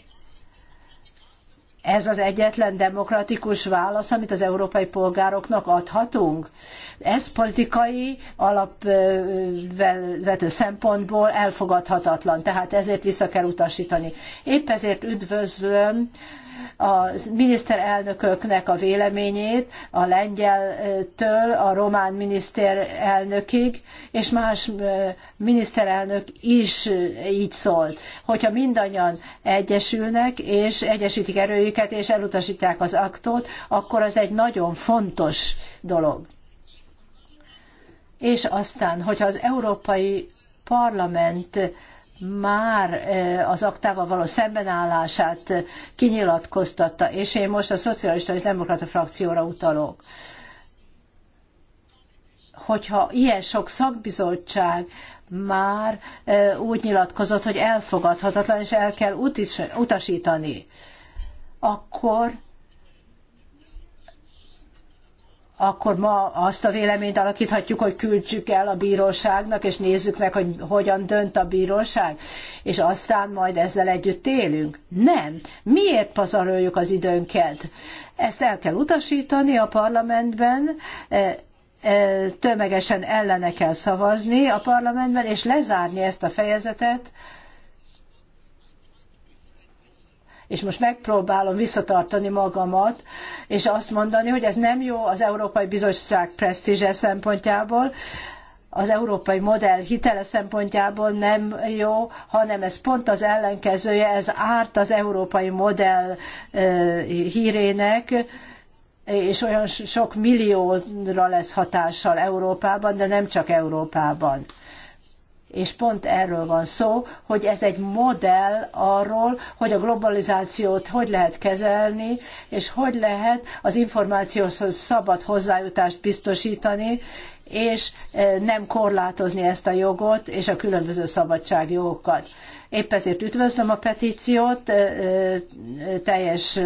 ez az egyetlen demokratikus válasz, amit az európai polgároknak adhatunk. Ez politikai alapvető szempontból elfogadhatatlan, tehát ezért vissza kell utasítani. Épp ezért üdvözlöm, a miniszterelnököknek a véleményét, a lengyeltől a román miniszterelnökig, és más miniszterelnök is így szólt. Hogyha mindannyian egyesülnek, és egyesítik erőjüket, és elutasítják az aktot, akkor az egy nagyon fontos dolog. És aztán, hogyha az Európai Parlament már az aktával való szembenállását kinyilatkoztatta, és én most a szocialista és demokrata frakcióra utalok. Hogyha ilyen sok szakbizottság már úgy nyilatkozott, hogy elfogadhatatlan, és el kell utasítani, akkor akkor ma azt a véleményt alakíthatjuk, hogy küldjük el a bíróságnak, és nézzük meg, hogy hogyan dönt a bíróság, és aztán majd ezzel együtt élünk. Nem. Miért pazaroljuk az időnket? Ezt el kell utasítani a parlamentben, e, e, tömegesen ellene kell szavazni a parlamentben, és lezárni ezt a fejezetet, és most megpróbálom visszatartani magamat, és azt mondani, hogy ez nem jó az Európai Bizottság presztízse szempontjából, az európai modell hitele szempontjából nem jó, hanem ez pont az ellenkezője, ez árt az európai modell hírének, és olyan sok millióra lesz hatással Európában, de nem csak Európában és pont erről van szó, hogy ez egy modell arról, hogy a globalizációt hogy lehet kezelni, és hogy lehet az információhoz szabad hozzájutást biztosítani, és e, nem korlátozni ezt a jogot és a különböző szabadságjogokat. Épp ezért üdvözlöm a petíciót, e, e, teljes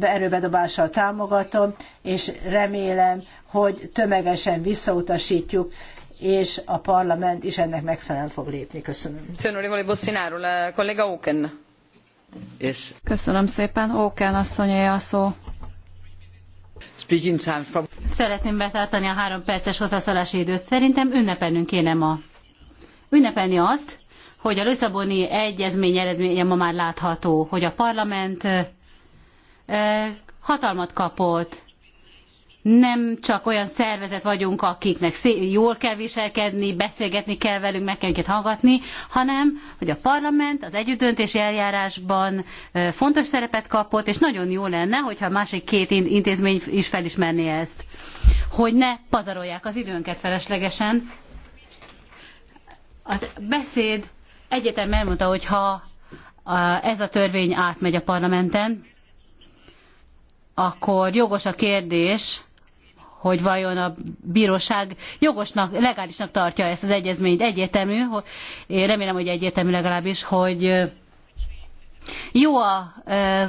erőbedobással támogatom, és remélem, hogy tömegesen visszautasítjuk és a parlament is ennek megfelelően fog lépni. Köszönöm. Köszönöm szépen. Óken asszonyé a szó. Speaking time from... Szeretném betartani a három perces hozzászólási időt. Szerintem ünnepelnünk kéne ma. Ünnepelni azt, hogy a Lisszaboni egyezmény eredménye ma már látható, hogy a parlament eh, hatalmat kapott, nem csak olyan szervezet vagyunk, akiknek jól kell viselkedni, beszélgetni kell velünk, meg kell őket hallgatni, hanem hogy a parlament az együttdöntési eljárásban fontos szerepet kapott, és nagyon jó lenne, hogyha a másik két intézmény is felismerné ezt, hogy ne pazarolják az időnket feleslegesen. Az beszéd egyetem elmondta, hogy ha ez a törvény átmegy a parlamenten, akkor jogos a kérdés, hogy vajon a bíróság jogosnak, legálisnak tartja ezt az egyezményt. Egyértelmű, hogy, én remélem, hogy egyértelmű legalábbis, hogy jó a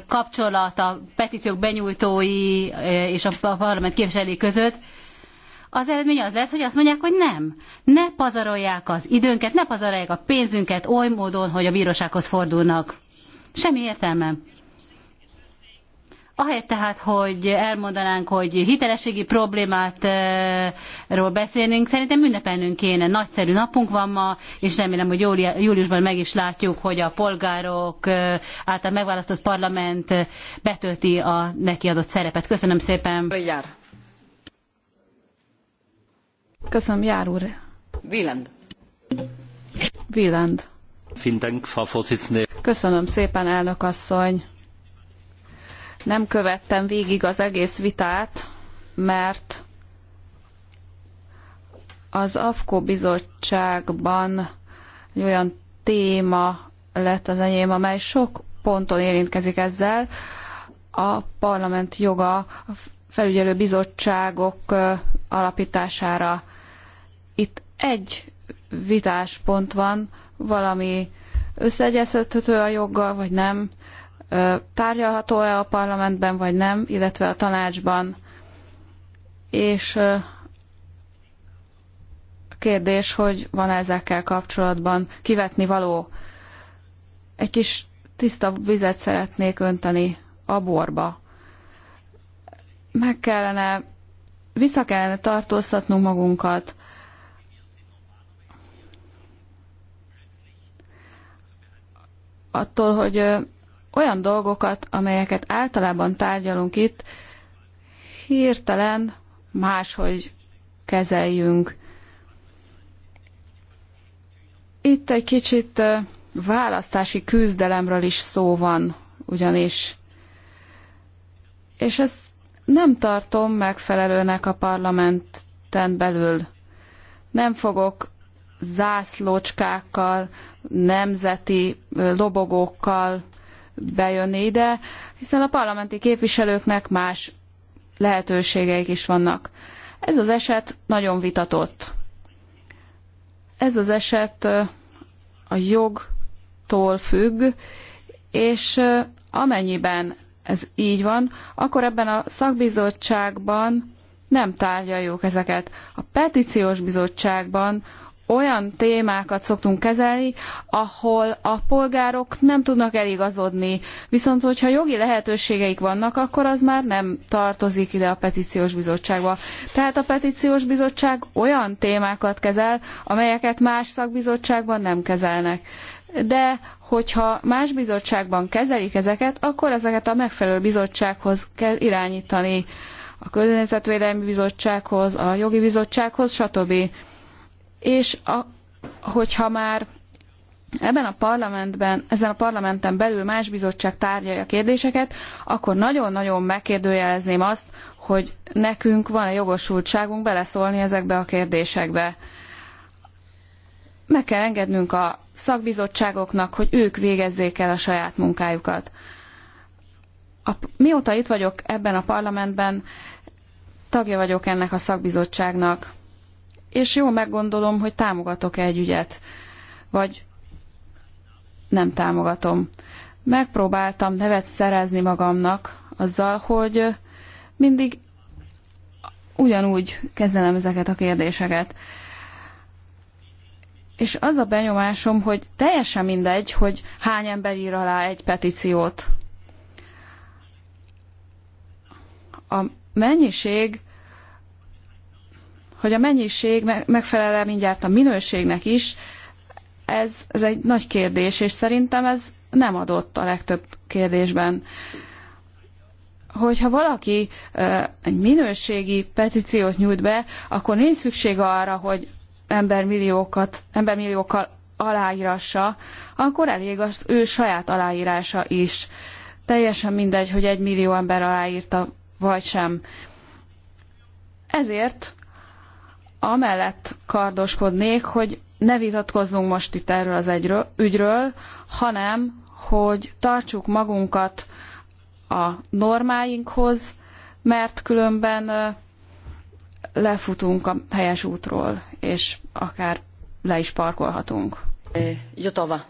kapcsolat a petíciók benyújtói és a parlament képviselői között, az eredmény az lesz, hogy azt mondják, hogy nem. Ne pazarolják az időnket, ne pazarolják a pénzünket oly módon, hogy a bírósághoz fordulnak. Semmi értelme. Ahelyett tehát, hogy elmondanánk, hogy hitelességi problémátról beszélnénk, szerintem ünnepelnünk kéne. Nagyszerű napunk van ma, és remélem, hogy júliusban meg is látjuk, hogy a polgárok által megválasztott parlament betölti a neki adott szerepet. Köszönöm szépen. Jár. Köszönöm, Jár úr. Wieland. Wieland. Köszönöm szépen, elnök asszony nem követtem végig az egész vitát, mert az AFKO bizottságban egy olyan téma lett az enyém, amely sok ponton érintkezik ezzel. A parlament joga a felügyelő bizottságok alapítására. Itt egy vitáspont van, valami összeegyeztethető a joggal, vagy nem tárgyalható-e a parlamentben, vagy nem, illetve a tanácsban. És a kérdés, hogy van -e ezekkel kapcsolatban kivetni való. Egy kis tiszta vizet szeretnék önteni a borba. Meg kellene, vissza kellene tartóztatnunk magunkat, attól, hogy olyan dolgokat, amelyeket általában tárgyalunk itt, hirtelen máshogy kezeljünk. Itt egy kicsit választási küzdelemről is szó van, ugyanis. És ezt nem tartom megfelelőnek a parlamenten belül. Nem fogok zászlócskákkal, nemzeti lobogókkal bejönni ide, hiszen a parlamenti képviselőknek más lehetőségeik is vannak. Ez az eset nagyon vitatott. Ez az eset a jogtól függ, és amennyiben ez így van, akkor ebben a szakbizottságban nem tárgyaljuk ezeket. A petíciós bizottságban olyan témákat szoktunk kezelni, ahol a polgárok nem tudnak eligazodni. Viszont, hogyha jogi lehetőségeik vannak, akkor az már nem tartozik ide a petíciós bizottságba. Tehát a petíciós bizottság olyan témákat kezel, amelyeket más szakbizottságban nem kezelnek. De hogyha más bizottságban kezelik ezeket, akkor ezeket a megfelelő bizottsághoz kell irányítani. A Környezetvédelmi Bizottsághoz, a Jogi Bizottsághoz, stb és a, hogyha már ebben a parlamentben, ezen a parlamenten belül más bizottság tárgyalja a kérdéseket, akkor nagyon-nagyon megkérdőjelezném azt, hogy nekünk van-e jogosultságunk beleszólni ezekbe a kérdésekbe. Meg kell engednünk a szakbizottságoknak, hogy ők végezzék el a saját munkájukat. A, mióta itt vagyok ebben a parlamentben, tagja vagyok ennek a szakbizottságnak és jó meggondolom, hogy támogatok-e egy ügyet, vagy nem támogatom. Megpróbáltam nevet szerezni magamnak azzal, hogy mindig ugyanúgy kezelem ezeket a kérdéseket. És az a benyomásom, hogy teljesen mindegy, hogy hány ember ír alá egy petíciót. A mennyiség hogy a mennyiség megfelel-e mindjárt a minőségnek is, ez, ez egy nagy kérdés, és szerintem ez nem adott a legtöbb kérdésben. Hogyha valaki egy minőségi petíciót nyújt be, akkor nincs szükség arra, hogy embermilliókat, embermilliókkal aláírassa, akkor elég az ő saját aláírása is. Teljesen mindegy, hogy egy millió ember aláírta, vagy sem. Ezért amellett kardoskodnék, hogy ne vitatkozzunk most itt erről az egyről, ügyről, hanem hogy tartsuk magunkat a normáinkhoz, mert különben lefutunk a helyes útról, és akár le is parkolhatunk. E, Jotova.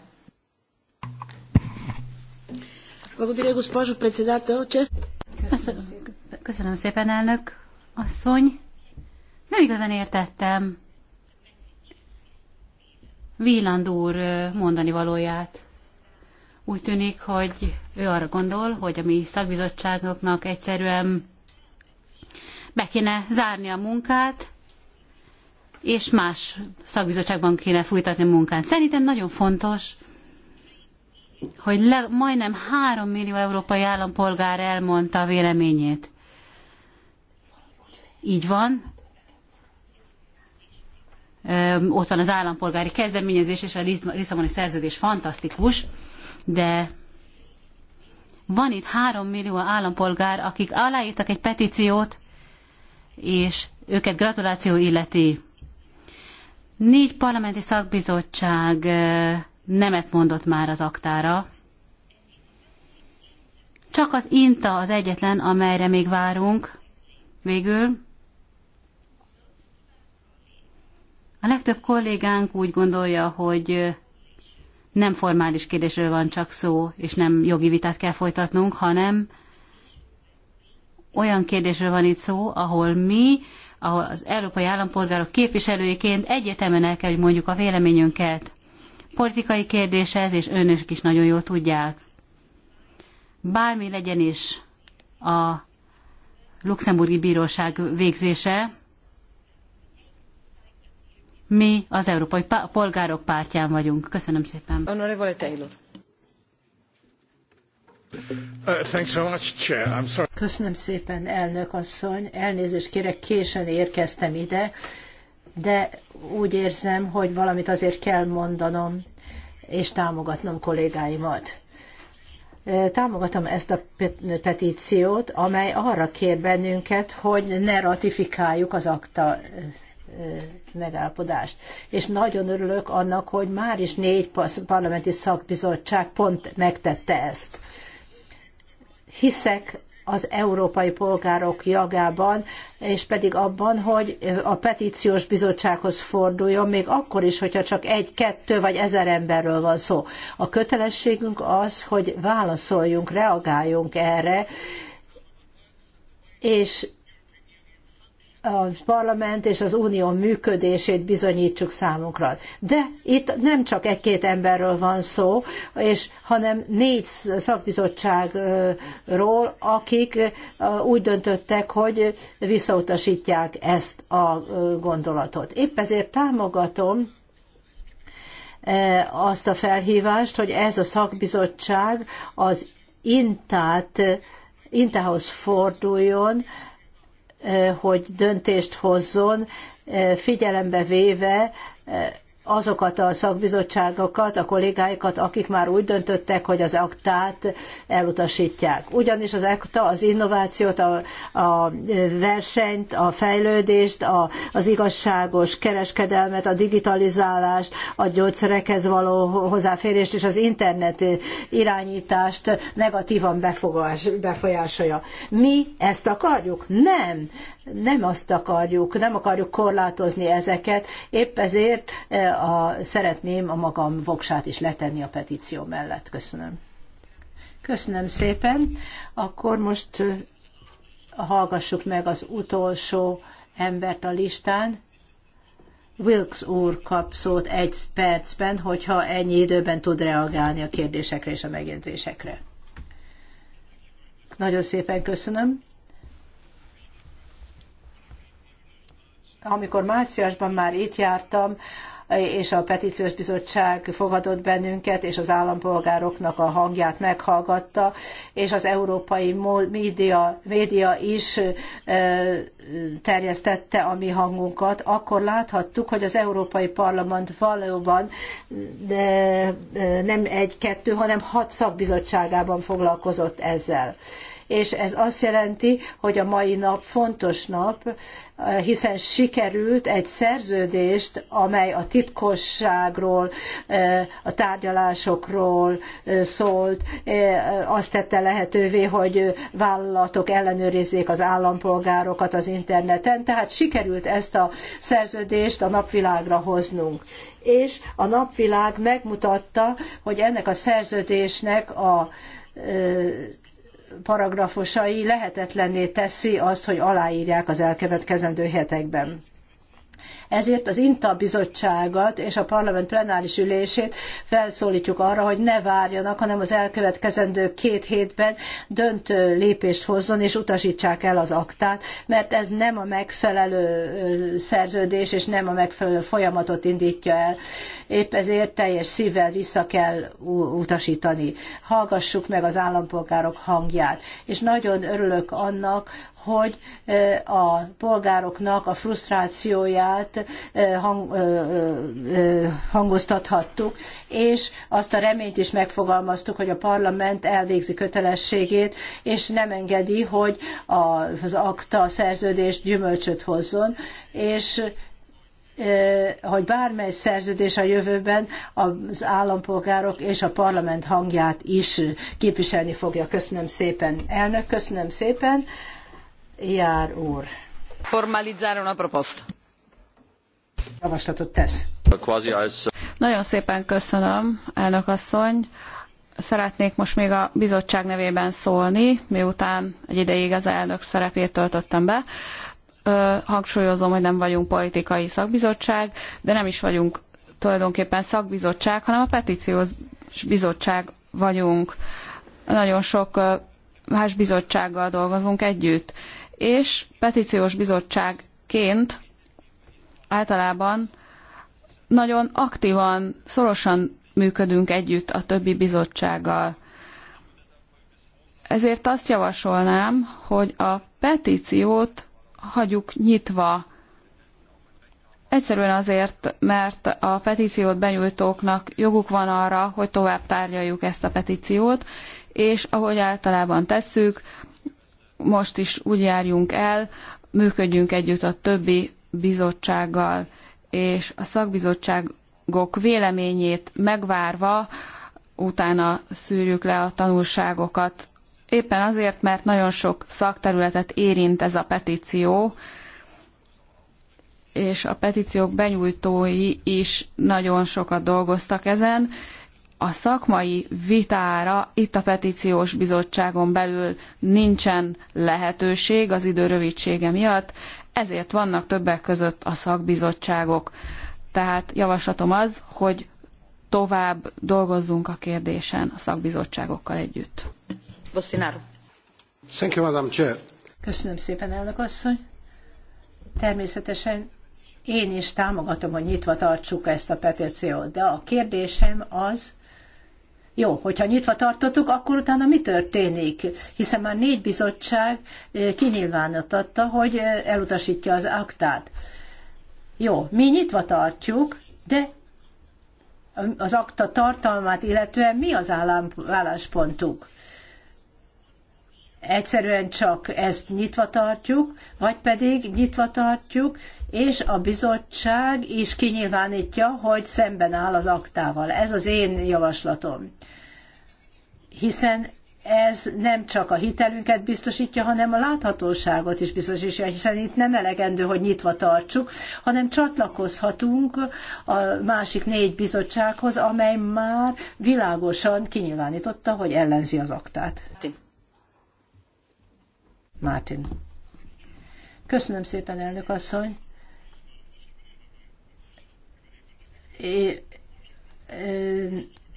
Köszönöm szépen, elnök asszony. Nem igazán értettem Wieland úr mondani valóját. Úgy tűnik, hogy ő arra gondol, hogy a mi szakbizottságoknak egyszerűen be kéne zárni a munkát, és más szakbizottságban kéne fújtatni a munkát. Szerintem nagyon fontos, hogy le, majdnem három millió európai állampolgár elmondta a véleményét. Így van, ott van az állampolgári kezdeményezés, és a Lisszaboni szerződés fantasztikus, de van itt három millió állampolgár, akik aláírtak egy petíciót, és őket gratuláció illeti. Négy parlamenti szakbizottság nemet mondott már az aktára. Csak az INTA az egyetlen, amelyre még várunk végül. A legtöbb kollégánk úgy gondolja, hogy nem formális kérdésről van csak szó, és nem jogi vitát kell folytatnunk, hanem olyan kérdésről van itt szó, ahol mi, ahol az európai állampolgárok képviselőiként egyetemen el kell, hogy mondjuk a véleményünket. Politikai kérdés ez, és önök is nagyon jól tudják. Bármi legyen is a luxemburgi bíróság végzése, mi az európai polgárok pártján vagyunk. Köszönöm szépen. Honorable Taylor. Uh, Köszönöm szépen, elnök asszony. Elnézést kérek, későn érkeztem ide, de úgy érzem, hogy valamit azért kell mondanom és támogatnom kollégáimat. Támogatom ezt a petíciót, amely arra kér bennünket, hogy ne ratifikáljuk az akta megállapodást. És nagyon örülök annak, hogy már is négy parlamenti szakbizottság pont megtette ezt. Hiszek az európai polgárok jagában, és pedig abban, hogy a petíciós bizottsághoz forduljon, még akkor is, hogyha csak egy, kettő vagy ezer emberről van szó. A kötelességünk az, hogy válaszoljunk, reagáljunk erre, és a parlament és az unió működését bizonyítsuk számunkra. De itt nem csak egy-két emberről van szó, és, hanem négy szakbizottságról, akik úgy döntöttek, hogy visszautasítják ezt a gondolatot. Épp ezért támogatom azt a felhívást, hogy ez a szakbizottság az intát, intához forduljon, hogy döntést hozzon, figyelembe véve azokat a szakbizottságokat, a kollégáikat, akik már úgy döntöttek, hogy az aktát elutasítják. Ugyanis az akta az innovációt, a, a versenyt, a fejlődést, a, az igazságos kereskedelmet, a digitalizálást, a gyógyszerekhez való hozzáférést és az internet irányítást negatívan befolyásolja. Mi ezt akarjuk? Nem nem azt akarjuk, nem akarjuk korlátozni ezeket, épp ezért eh, a, szeretném a magam voksát is letenni a petíció mellett. Köszönöm. Köszönöm szépen. Akkor most eh, hallgassuk meg az utolsó embert a listán. Wilkes úr kap szót egy percben, hogyha ennyi időben tud reagálni a kérdésekre és a megjegyzésekre. Nagyon szépen köszönöm. amikor márciusban már itt jártam, és a petíciós bizottság fogadott bennünket, és az állampolgároknak a hangját meghallgatta, és az európai média, média is terjesztette a mi hangunkat, akkor láthattuk, hogy az Európai Parlament valóban nem egy-kettő, hanem hat szakbizottságában foglalkozott ezzel és ez azt jelenti, hogy a mai nap fontos nap, hiszen sikerült egy szerződést, amely a titkosságról, e, a tárgyalásokról e, szólt, e, azt tette lehetővé, hogy vállalatok ellenőrizzék az állampolgárokat az interneten, tehát sikerült ezt a szerződést a napvilágra hoznunk. És a napvilág megmutatta, hogy ennek a szerződésnek a paragrafusai lehetetlenné teszi azt, hogy aláírják az elkövetkezendő hetekben. Ezért az INTA bizottságot és a parlament plenáris ülését felszólítjuk arra, hogy ne várjanak, hanem az elkövetkezendő két hétben döntő lépést hozzon és utasítsák el az aktát, mert ez nem a megfelelő szerződés és nem a megfelelő folyamatot indítja el. Épp ezért teljes szívvel vissza kell utasítani. Hallgassuk meg az állampolgárok hangját. És nagyon örülök annak, hogy a polgároknak a frusztrációját hang, hangoztathattuk, és azt a reményt is megfogalmaztuk, hogy a parlament elvégzi kötelességét, és nem engedi, hogy az akta szerződés gyümölcsöt hozzon, és hogy bármely szerződés a jövőben az állampolgárok és a parlament hangját is képviselni fogja. Köszönöm szépen, elnök, köszönöm szépen jár úr. proposta. Javaslatot tesz. Nagyon szépen köszönöm, elnök asszony. Szeretnék most még a bizottság nevében szólni, miután egy ideig az elnök szerepét töltöttem be. Ö, hangsúlyozom, hogy nem vagyunk politikai szakbizottság, de nem is vagyunk tulajdonképpen szakbizottság, hanem a petíciós bizottság vagyunk. Nagyon sok más bizottsággal dolgozunk együtt, és petíciós bizottságként általában nagyon aktívan, szorosan működünk együtt a többi bizottsággal. Ezért azt javasolnám, hogy a petíciót hagyjuk nyitva. Egyszerűen azért, mert a petíciót benyújtóknak joguk van arra, hogy tovább tárgyaljuk ezt a petíciót, és ahogy általában tesszük, most is úgy járjunk el, működjünk együtt a többi bizottsággal, és a szakbizottságok véleményét megvárva utána szűrjük le a tanulságokat. Éppen azért, mert nagyon sok szakterületet érint ez a petíció, és a petíciók benyújtói is nagyon sokat dolgoztak ezen, a szakmai vitára itt a petíciós bizottságon belül nincsen lehetőség az idő rövidsége miatt, ezért vannak többek között a szakbizottságok. Tehát javaslatom az, hogy tovább dolgozzunk a kérdésen a szakbizottságokkal együtt. Bosszináru. Thank you, Madam Chair. Köszönöm szépen, elnök asszony. Természetesen én is támogatom, hogy nyitva tartsuk ezt a petíciót, de a kérdésem az, jó, hogyha nyitva tartottuk, akkor utána mi történik? Hiszen már négy bizottság eh, kinyilvánította, hogy eh, elutasítja az aktát. Jó, mi nyitva tartjuk, de az akta tartalmát illetően mi az álláspontunk? egyszerűen csak ezt nyitva tartjuk, vagy pedig nyitva tartjuk, és a bizottság is kinyilvánítja, hogy szemben áll az aktával. Ez az én javaslatom. Hiszen ez nem csak a hitelünket biztosítja, hanem a láthatóságot is biztosítja, hiszen itt nem elegendő, hogy nyitva tartsuk, hanem csatlakozhatunk a másik négy bizottsághoz, amely már világosan kinyilvánította, hogy ellenzi az aktát. Martin. Köszönöm szépen, elnök asszony.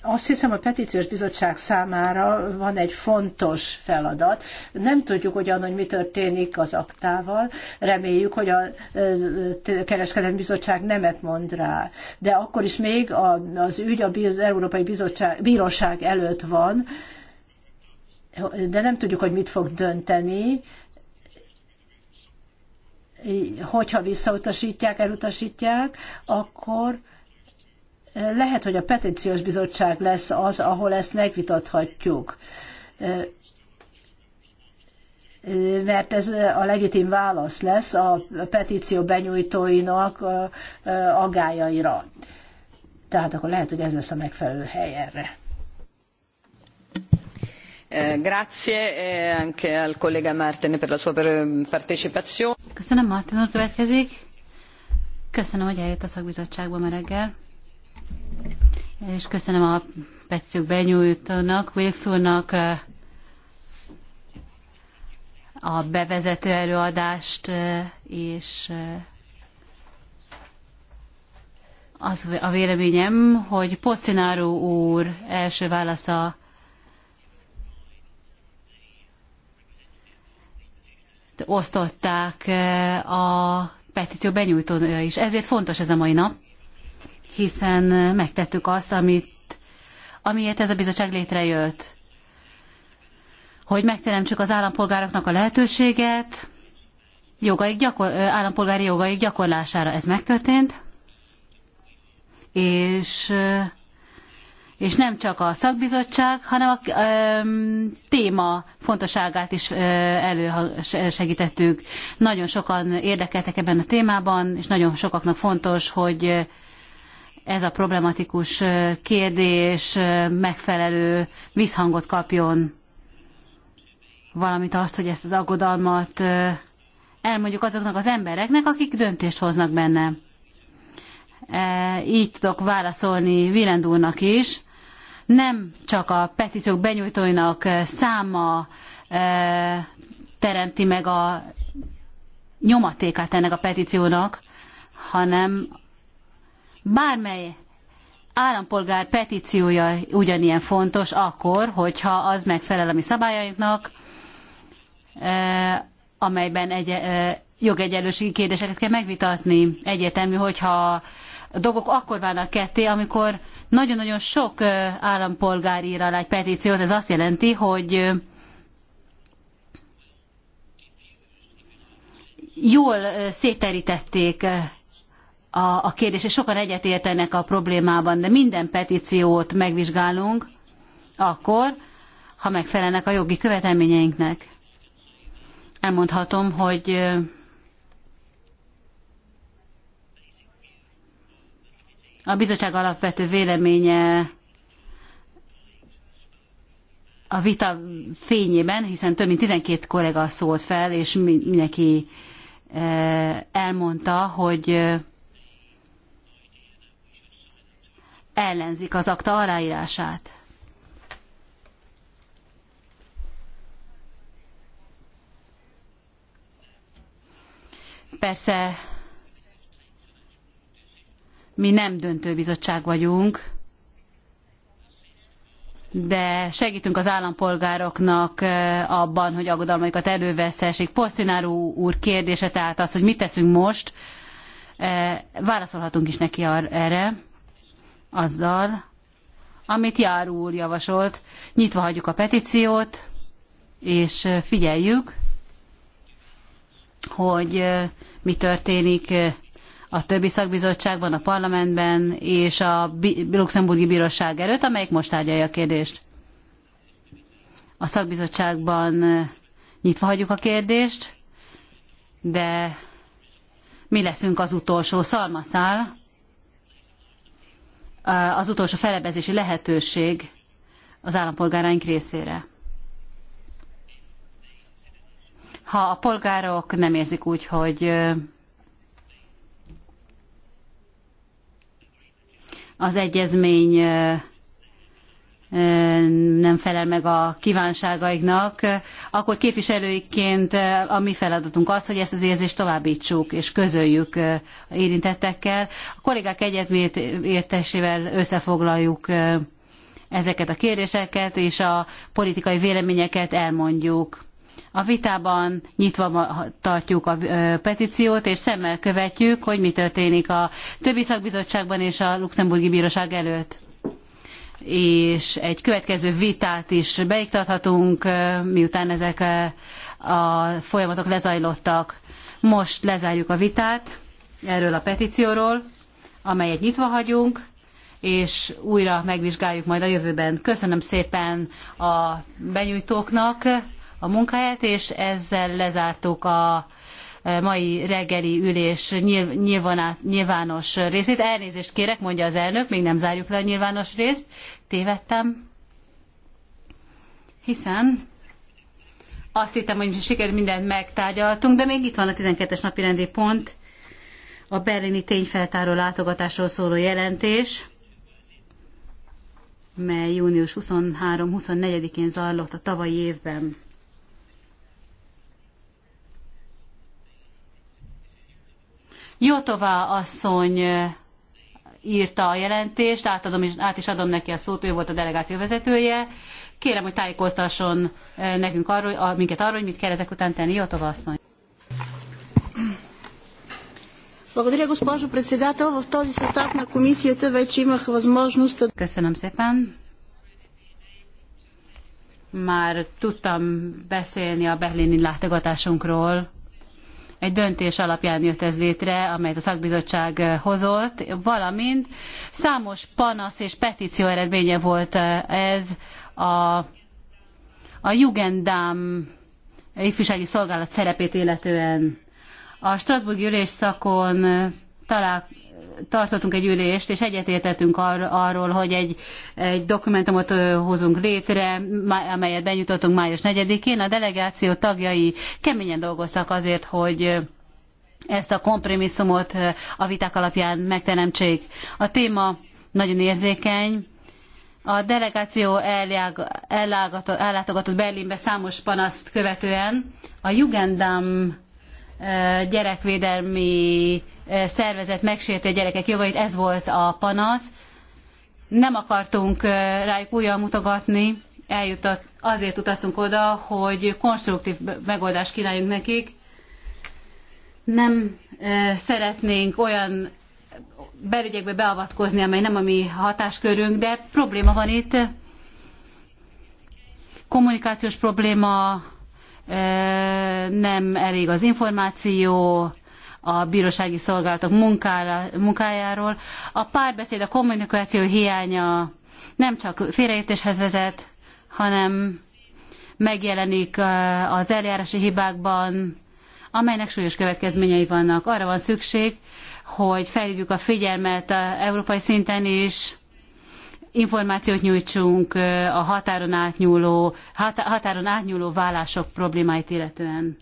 azt hiszem, a petíciós bizottság számára van egy fontos feladat. Nem tudjuk ugyan, hogy mi történik az aktával. Reméljük, hogy a e, kereskedelmi bizottság nemet mond rá. De akkor is még az ügy az Európai bizottság, Bíróság előtt van, de nem tudjuk, hogy mit fog dönteni, hogyha visszautasítják, elutasítják, akkor lehet, hogy a petíciós bizottság lesz az, ahol ezt megvitathatjuk. Mert ez a legitim válasz lesz a petíció benyújtóinak agájaira. Tehát akkor lehet, hogy ez lesz a megfelelő hely erre. Eh, grazie eh, anche al collega Martin per la sua partecipazione. Köszönöm, Martin úr következik. Köszönöm, hogy eljött a szakbizottságba ma reggel. És köszönöm a petíciók benyújtónak, Wilks úrnak eh, a bevezető előadást, és az a véleményem, hogy Pocináró úr első válasza osztották eh, a petíció benyújtója is. Ezért fontos ez a mai nap, hiszen megtettük azt, amit, amiért ez a bizottság létrejött. Hogy megteremtsük az állampolgároknak a lehetőséget, jogaik gyakor, eh, állampolgári jogaik gyakorlására. Ez megtörtént, és eh, és nem csak a szakbizottság, hanem a téma fontosságát is elősegítettük. Nagyon sokan érdekeltek ebben a témában, és nagyon sokaknak fontos, hogy ez a problematikus kérdés megfelelő visszhangot kapjon, valamint azt, hogy ezt az aggodalmat elmondjuk azoknak az embereknek, akik döntést hoznak benne. Így tudok válaszolni Vilend úrnak is, nem csak a petíciók benyújtóinak eh, száma eh, teremti meg a nyomatékát ennek a petíciónak, hanem bármely állampolgár petíciója ugyanilyen fontos akkor, hogyha az megfelel a mi szabályainknak, eh, amelyben egy, jogegyenlőségi kérdéseket kell megvitatni. Egyértelmű, hogyha a dolgok akkor válnak ketté, amikor nagyon-nagyon sok állampolgár ír alá egy petíciót, ez azt jelenti, hogy jól széterítették a, a kérdést, és sokan egyetértenek a problémában, de minden petíciót megvizsgálunk akkor, ha megfelelnek a jogi követelményeinknek. Elmondhatom, hogy A bizottság alapvető véleménye a vita fényében, hiszen több mint 12 kollega szólt fel, és mindenki e, elmondta, hogy e, ellenzik az akta aláírását. Persze mi nem döntőbizottság vagyunk, de segítünk az állampolgároknak abban, hogy aggodalmaikat elővesztessék. Posztináró úr kérdése tehát az, hogy mit teszünk most, válaszolhatunk is neki erre, azzal, amit Jár úr javasolt. Nyitva hagyjuk a petíciót, és figyeljük, hogy mi történik a többi szakbizottságban, a parlamentben és a luxemburgi bíróság előtt, amelyik most tárgyalja a kérdést. A szakbizottságban nyitva hagyjuk a kérdést, de mi leszünk az utolsó szalmaszál, az utolsó felebezési lehetőség az állampolgáraink részére. Ha a polgárok nem érzik úgy, hogy az egyezmény nem felel meg a kívánságaiknak, akkor képviselőiként a mi feladatunk az, hogy ezt az érzést továbbítsuk és közöljük érintettekkel. A kollégák egyetértésével összefoglaljuk ezeket a kérdéseket, és a politikai véleményeket elmondjuk a vitában nyitva tartjuk a petíciót, és szemmel követjük, hogy mi történik a többi szakbizottságban és a luxemburgi bíróság előtt és egy következő vitát is beiktathatunk, miután ezek a folyamatok lezajlottak. Most lezárjuk a vitát erről a petícióról, amelyet nyitva hagyunk, és újra megvizsgáljuk majd a jövőben. Köszönöm szépen a benyújtóknak, a munkáját, és ezzel lezártuk a eh, mai reggeli ülés nyilvános részét. Elnézést kérek, mondja az elnök, még nem zárjuk le a nyilvános részt. Tévedtem. Hiszen azt hittem, hogy sikerült mindent megtárgyaltunk, de még itt van a 12-es napi rendi pont, a berlini tényfeltáró látogatásról szóló jelentés, mely június 23-24-én zajlott a tavalyi évben. Jótová asszony írta a jelentést, átadom is, át is adom neki a szót, ő volt a delegáció vezetője. Kérem, hogy tájékoztasson nekünk arról, a, minket arról, hogy mit kell ezek után tenni. Jótova asszony. Благодаря, госпожо председател. В този състав на комисията вече имах възможност... Köszönöm szépen. Már tudtam beszélni a berlini látogatásunkról egy döntés alapján jött ez létre, amelyet a szakbizottság eh, hozott, valamint számos panasz és petíció eredménye volt eh, ez a, a Jugendám ifjúsági szolgálat szerepét illetően. A Strasburgi ülésszakon eh, talál, tartottunk egy ülést, és egyetértettünk ar- arról, hogy egy, egy dokumentumot hozunk létre, amelyet benyújtottunk május 4-én. A delegáció tagjai keményen dolgoztak azért, hogy ezt a kompromisszumot a viták alapján megteremtsék. A téma nagyon érzékeny, a delegáció ellátogatott Berlinbe számos panaszt követően a Jugendam gyerekvédelmi szervezet megsérti a gyerekek jogait, ez volt a panasz. Nem akartunk rájuk újra mutogatni, eljutott, azért utaztunk oda, hogy konstruktív megoldást kínáljunk nekik. Nem szeretnénk olyan belügyekbe beavatkozni, amely nem a mi hatáskörünk, de probléma van itt. Kommunikációs probléma, nem elég az információ, a bírósági szolgálatok munkára, munkájáról. A párbeszéd, a kommunikáció hiánya nem csak félreértéshez vezet, hanem megjelenik az eljárási hibákban, amelynek súlyos következményei vannak. Arra van szükség, hogy felhívjuk a figyelmet a európai szinten is, információt nyújtsunk a határon átnyúló, határon átnyúló vállások problémáit illetően.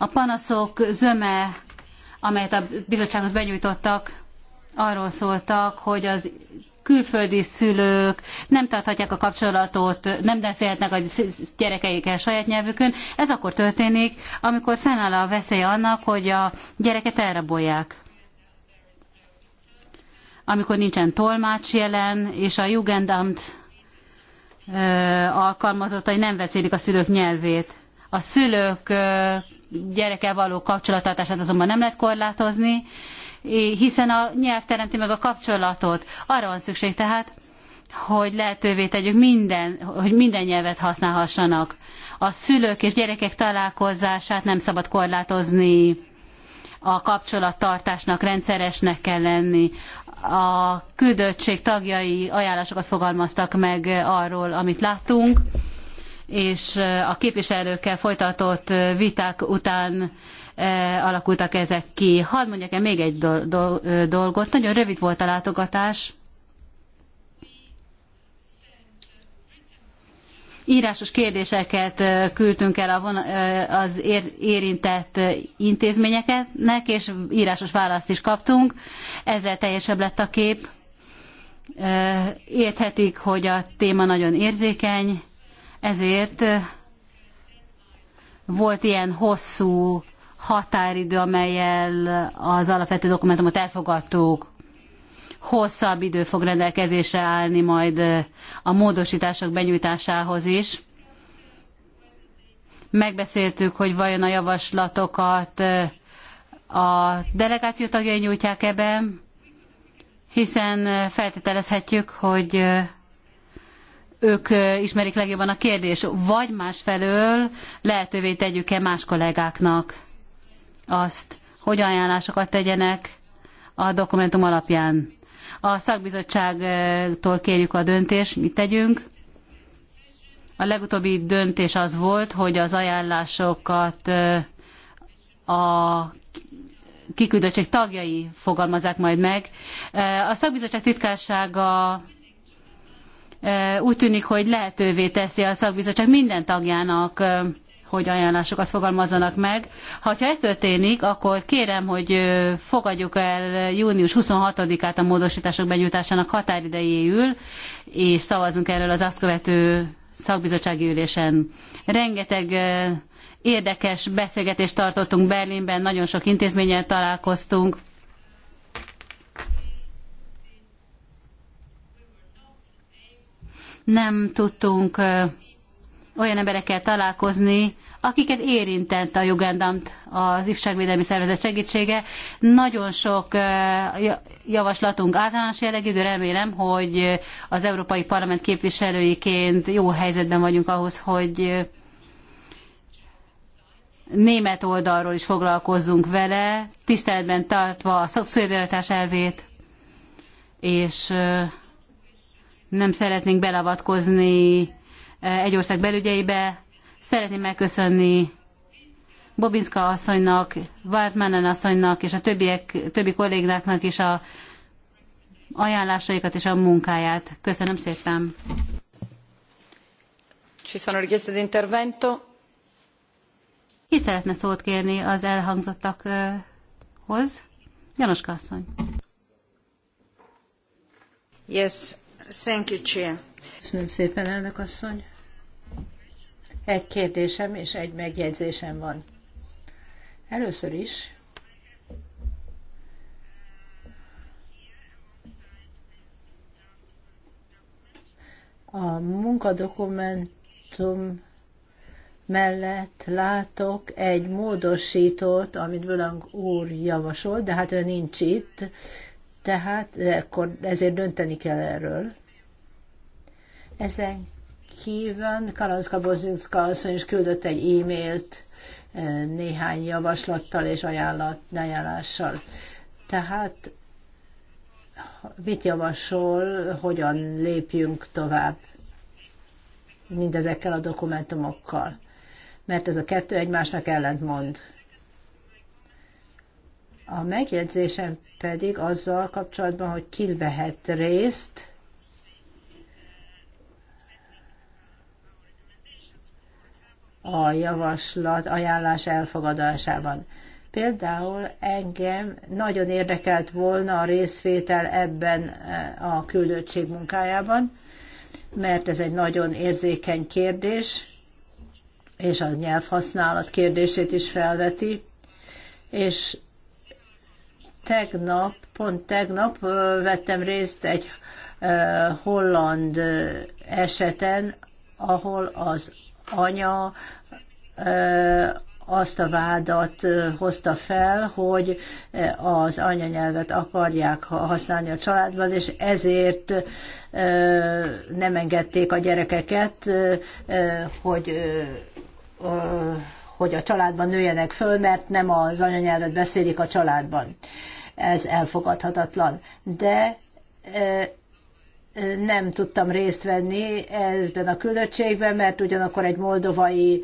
A panaszok zöme, amelyet a bizottsághoz benyújtottak, arról szóltak, hogy az külföldi szülők nem tarthatják a kapcsolatot, nem beszélhetnek a gyerekeikkel saját nyelvükön. Ez akkor történik, amikor fennáll a veszély annak, hogy a gyereket elrabolják. Amikor nincsen tolmács jelen, és a Jugendamt alkalmazottai nem beszélik a szülők nyelvét. A szülők gyerekkel való kapcsolattartását azonban nem lehet korlátozni, hiszen a nyelv teremti meg a kapcsolatot. Arra van szükség tehát, hogy lehetővé tegyük minden, hogy minden nyelvet használhassanak. A szülők és gyerekek találkozását nem szabad korlátozni, a kapcsolattartásnak rendszeresnek kell lenni. A küldöttség tagjai ajánlásokat fogalmaztak meg arról, amit láttunk és a képviselőkkel folytatott viták után alakultak ezek ki. Hadd mondjak el még egy dolgot. Nagyon rövid volt a látogatás. Írásos kérdéseket küldtünk el az érintett intézményeknek, és írásos választ is kaptunk. Ezzel teljesebb lett a kép. Érthetik, hogy a téma nagyon érzékeny, ezért eh, volt ilyen hosszú határidő, amelyel az alapvető dokumentumot elfogadtuk. Hosszabb idő fog rendelkezésre állni majd eh, a módosítások benyújtásához is. Megbeszéltük, hogy vajon a javaslatokat eh, a delegáció tagjai nyújtják ebben, hiszen feltételezhetjük, hogy ők ismerik legjobban a kérdést, vagy másfelől lehetővé tegyük-e más kollégáknak azt, hogy ajánlásokat tegyenek a dokumentum alapján. A szakbizottságtól kérjük a döntést, mit tegyünk. A legutóbbi döntés az volt, hogy az ajánlásokat a kiküldöttség tagjai fogalmazzák majd meg. A szakbizottság titkársága úgy tűnik, hogy lehetővé teszi a szakbizottság minden tagjának, hogy ajánlásokat fogalmazzanak meg. Ha ez történik, akkor kérem, hogy fogadjuk el június 26-át a módosítások benyújtásának határidejéül, és szavazunk erről az azt követő szakbizottsági ülésen. Rengeteg érdekes beszélgetést tartottunk Berlinben, nagyon sok intézménnyel találkoztunk, nem tudtunk olyan emberekkel találkozni, akiket érintett a Jugendamt, az ifjúságvédelmi szervezet segítsége. Nagyon sok javaslatunk általános jellegű, de remélem, hogy az Európai Parlament képviselőiként jó helyzetben vagyunk ahhoz, hogy német oldalról is foglalkozzunk vele, tiszteletben tartva a szubszidiaritás elvét, és nem szeretnénk belavatkozni eh, egy ország belügyeibe. Szeretném megköszönni Bobinska asszonynak, Wartmannen asszonynak és a többiek, többi kollégáknak is a ajánlásaikat és a munkáját. Köszönöm szépen. Ci sono richieste di intervento? Ki szeretne szót kérni az elhangzottakhoz? Janoska asszony. Yes, Thank you, Chair. Köszönöm szépen, elnök asszony. Egy kérdésem és egy megjegyzésem van. Először is a munkadokumentum mellett látok egy módosítót, amit Völang úr javasol, de hát ő nincs itt, tehát akkor ezért dönteni kell erről. Ezen kíván Kalanszka Bozinska asszony is küldött egy e-mailt eh, néhány javaslattal és ajánlat, ajánlással. Tehát mit javasol, hogyan lépjünk tovább mindezekkel a dokumentumokkal? Mert ez a kettő egymásnak ellentmond. mond a megjegyzésem pedig azzal kapcsolatban, hogy ki vehet részt, a javaslat ajánlás elfogadásában. Például engem nagyon érdekelt volna a részvétel ebben eh, a küldöttség munkájában, mert ez egy nagyon érzékeny kérdés, és a nyelvhasználat kérdését is felveti, és tegnap, pont tegnap vettem részt egy holland eseten, ahol az anya azt a vádat hozta fel, hogy az anyanyelvet akarják használni a családban, és ezért nem engedték a gyerekeket, hogy hogy a családban nőjenek föl, mert nem az anyanyelvet beszélik a családban. Ez elfogadhatatlan. De nem tudtam részt venni ebben a küldöttségben, mert ugyanakkor egy moldovai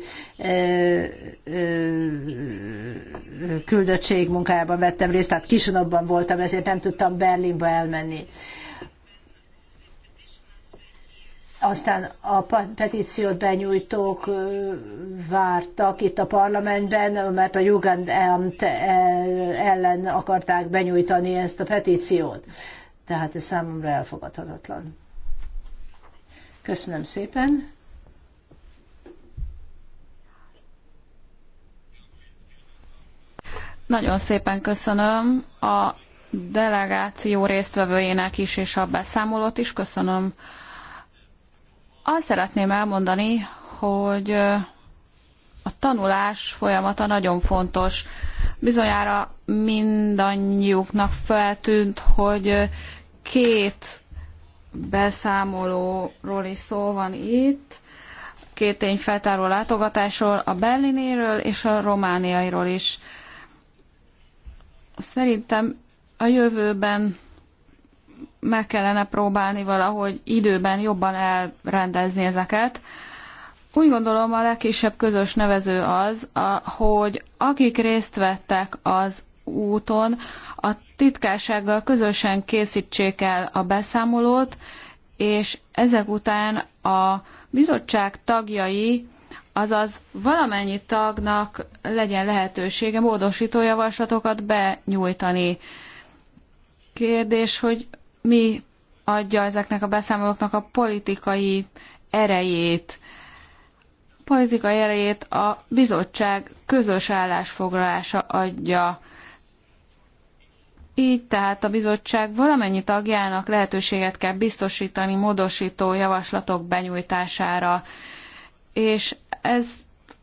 küldöttség munkájában vettem részt, tehát kisonabban voltam, ezért nem tudtam Berlinbe elmenni aztán a petíciót benyújtók vártak itt a parlamentben, mert a Jugendamt ellen akarták benyújtani ezt a petíciót. Tehát ez számomra elfogadhatatlan. Köszönöm szépen. Nagyon szépen köszönöm a delegáció résztvevőjének is, és a beszámolót is. Köszönöm azt szeretném elmondani, hogy a tanulás folyamata nagyon fontos. Bizonyára mindannyiuknak feltűnt, hogy két beszámolóról is szó van itt, két tényfeltáró látogatásról, a berlinéről és a romániairól is. Szerintem a jövőben meg kellene próbálni valahogy időben jobban elrendezni ezeket. Úgy gondolom a legkisebb közös nevező az, a hogy akik részt vettek az úton, a titkársággal közösen készítsék el a beszámolót, és ezek után a bizottság tagjai, azaz valamennyi tagnak legyen lehetősége módosító javaslatokat benyújtani. Kérdés, hogy mi adja ezeknek a beszámolóknak a politikai erejét. Politikai erejét a bizottság közös állásfoglalása adja. Így tehát a bizottság valamennyi tagjának lehetőséget kell biztosítani módosító javaslatok benyújtására, és ez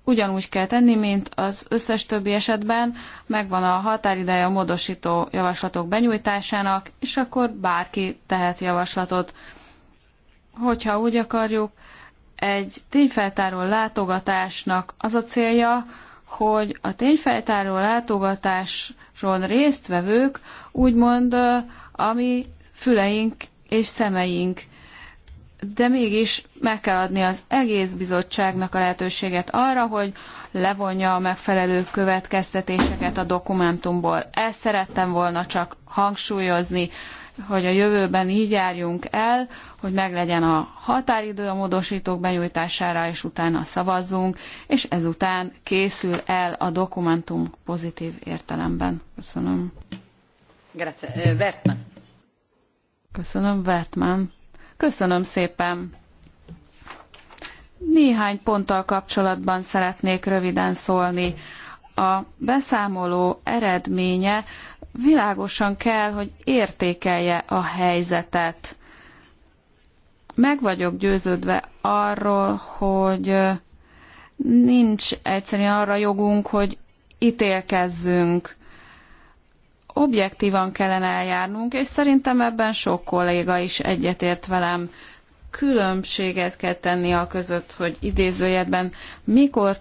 ugyanúgy kell tenni, mint az összes többi esetben, megvan a határideje a módosító javaslatok benyújtásának, és akkor bárki tehet javaslatot. Hogyha úgy akarjuk, egy tényfeltáró látogatásnak az a célja, hogy a tényfeltáró látogatáson résztvevők úgymond a mi füleink és szemeink de mégis meg kell adni az egész bizottságnak a lehetőséget arra, hogy levonja a megfelelő következtetéseket a dokumentumból. Ezt szerettem volna csak hangsúlyozni, hogy a jövőben így járjunk el, hogy meglegyen a határidő a módosítók benyújtására, és utána szavazzunk, és ezután készül el a dokumentum pozitív értelemben. Köszönöm. Grazie. Eh, Köszönöm, Vertman Köszönöm szépen! Néhány ponttal kapcsolatban szeretnék röviden szólni. A beszámoló eredménye világosan kell, hogy értékelje a helyzetet. Meg vagyok győződve arról, hogy nincs egyszerűen arra jogunk, hogy ítélkezzünk objektívan kellene eljárnunk, és szerintem ebben sok kolléga is egyetért velem. Különbséget kell tenni a között, hogy idézőjedben mikor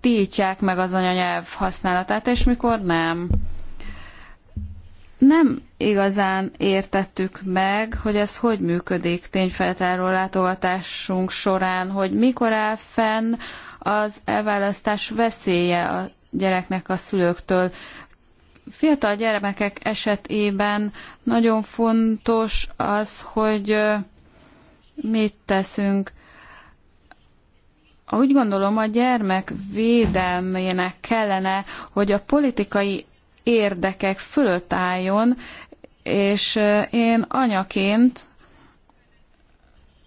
tiltják meg az anyanyelv használatát, és mikor nem. Nem igazán értettük meg, hogy ez hogy működik tényfeltáró látogatásunk során, hogy mikor áll fenn az elválasztás veszélye a gyereknek a szülőktől fiatal gyermekek esetében nagyon fontos az, hogy mit teszünk. Úgy gondolom, a gyermek védelmének kellene, hogy a politikai érdekek fölött álljon, és én anyaként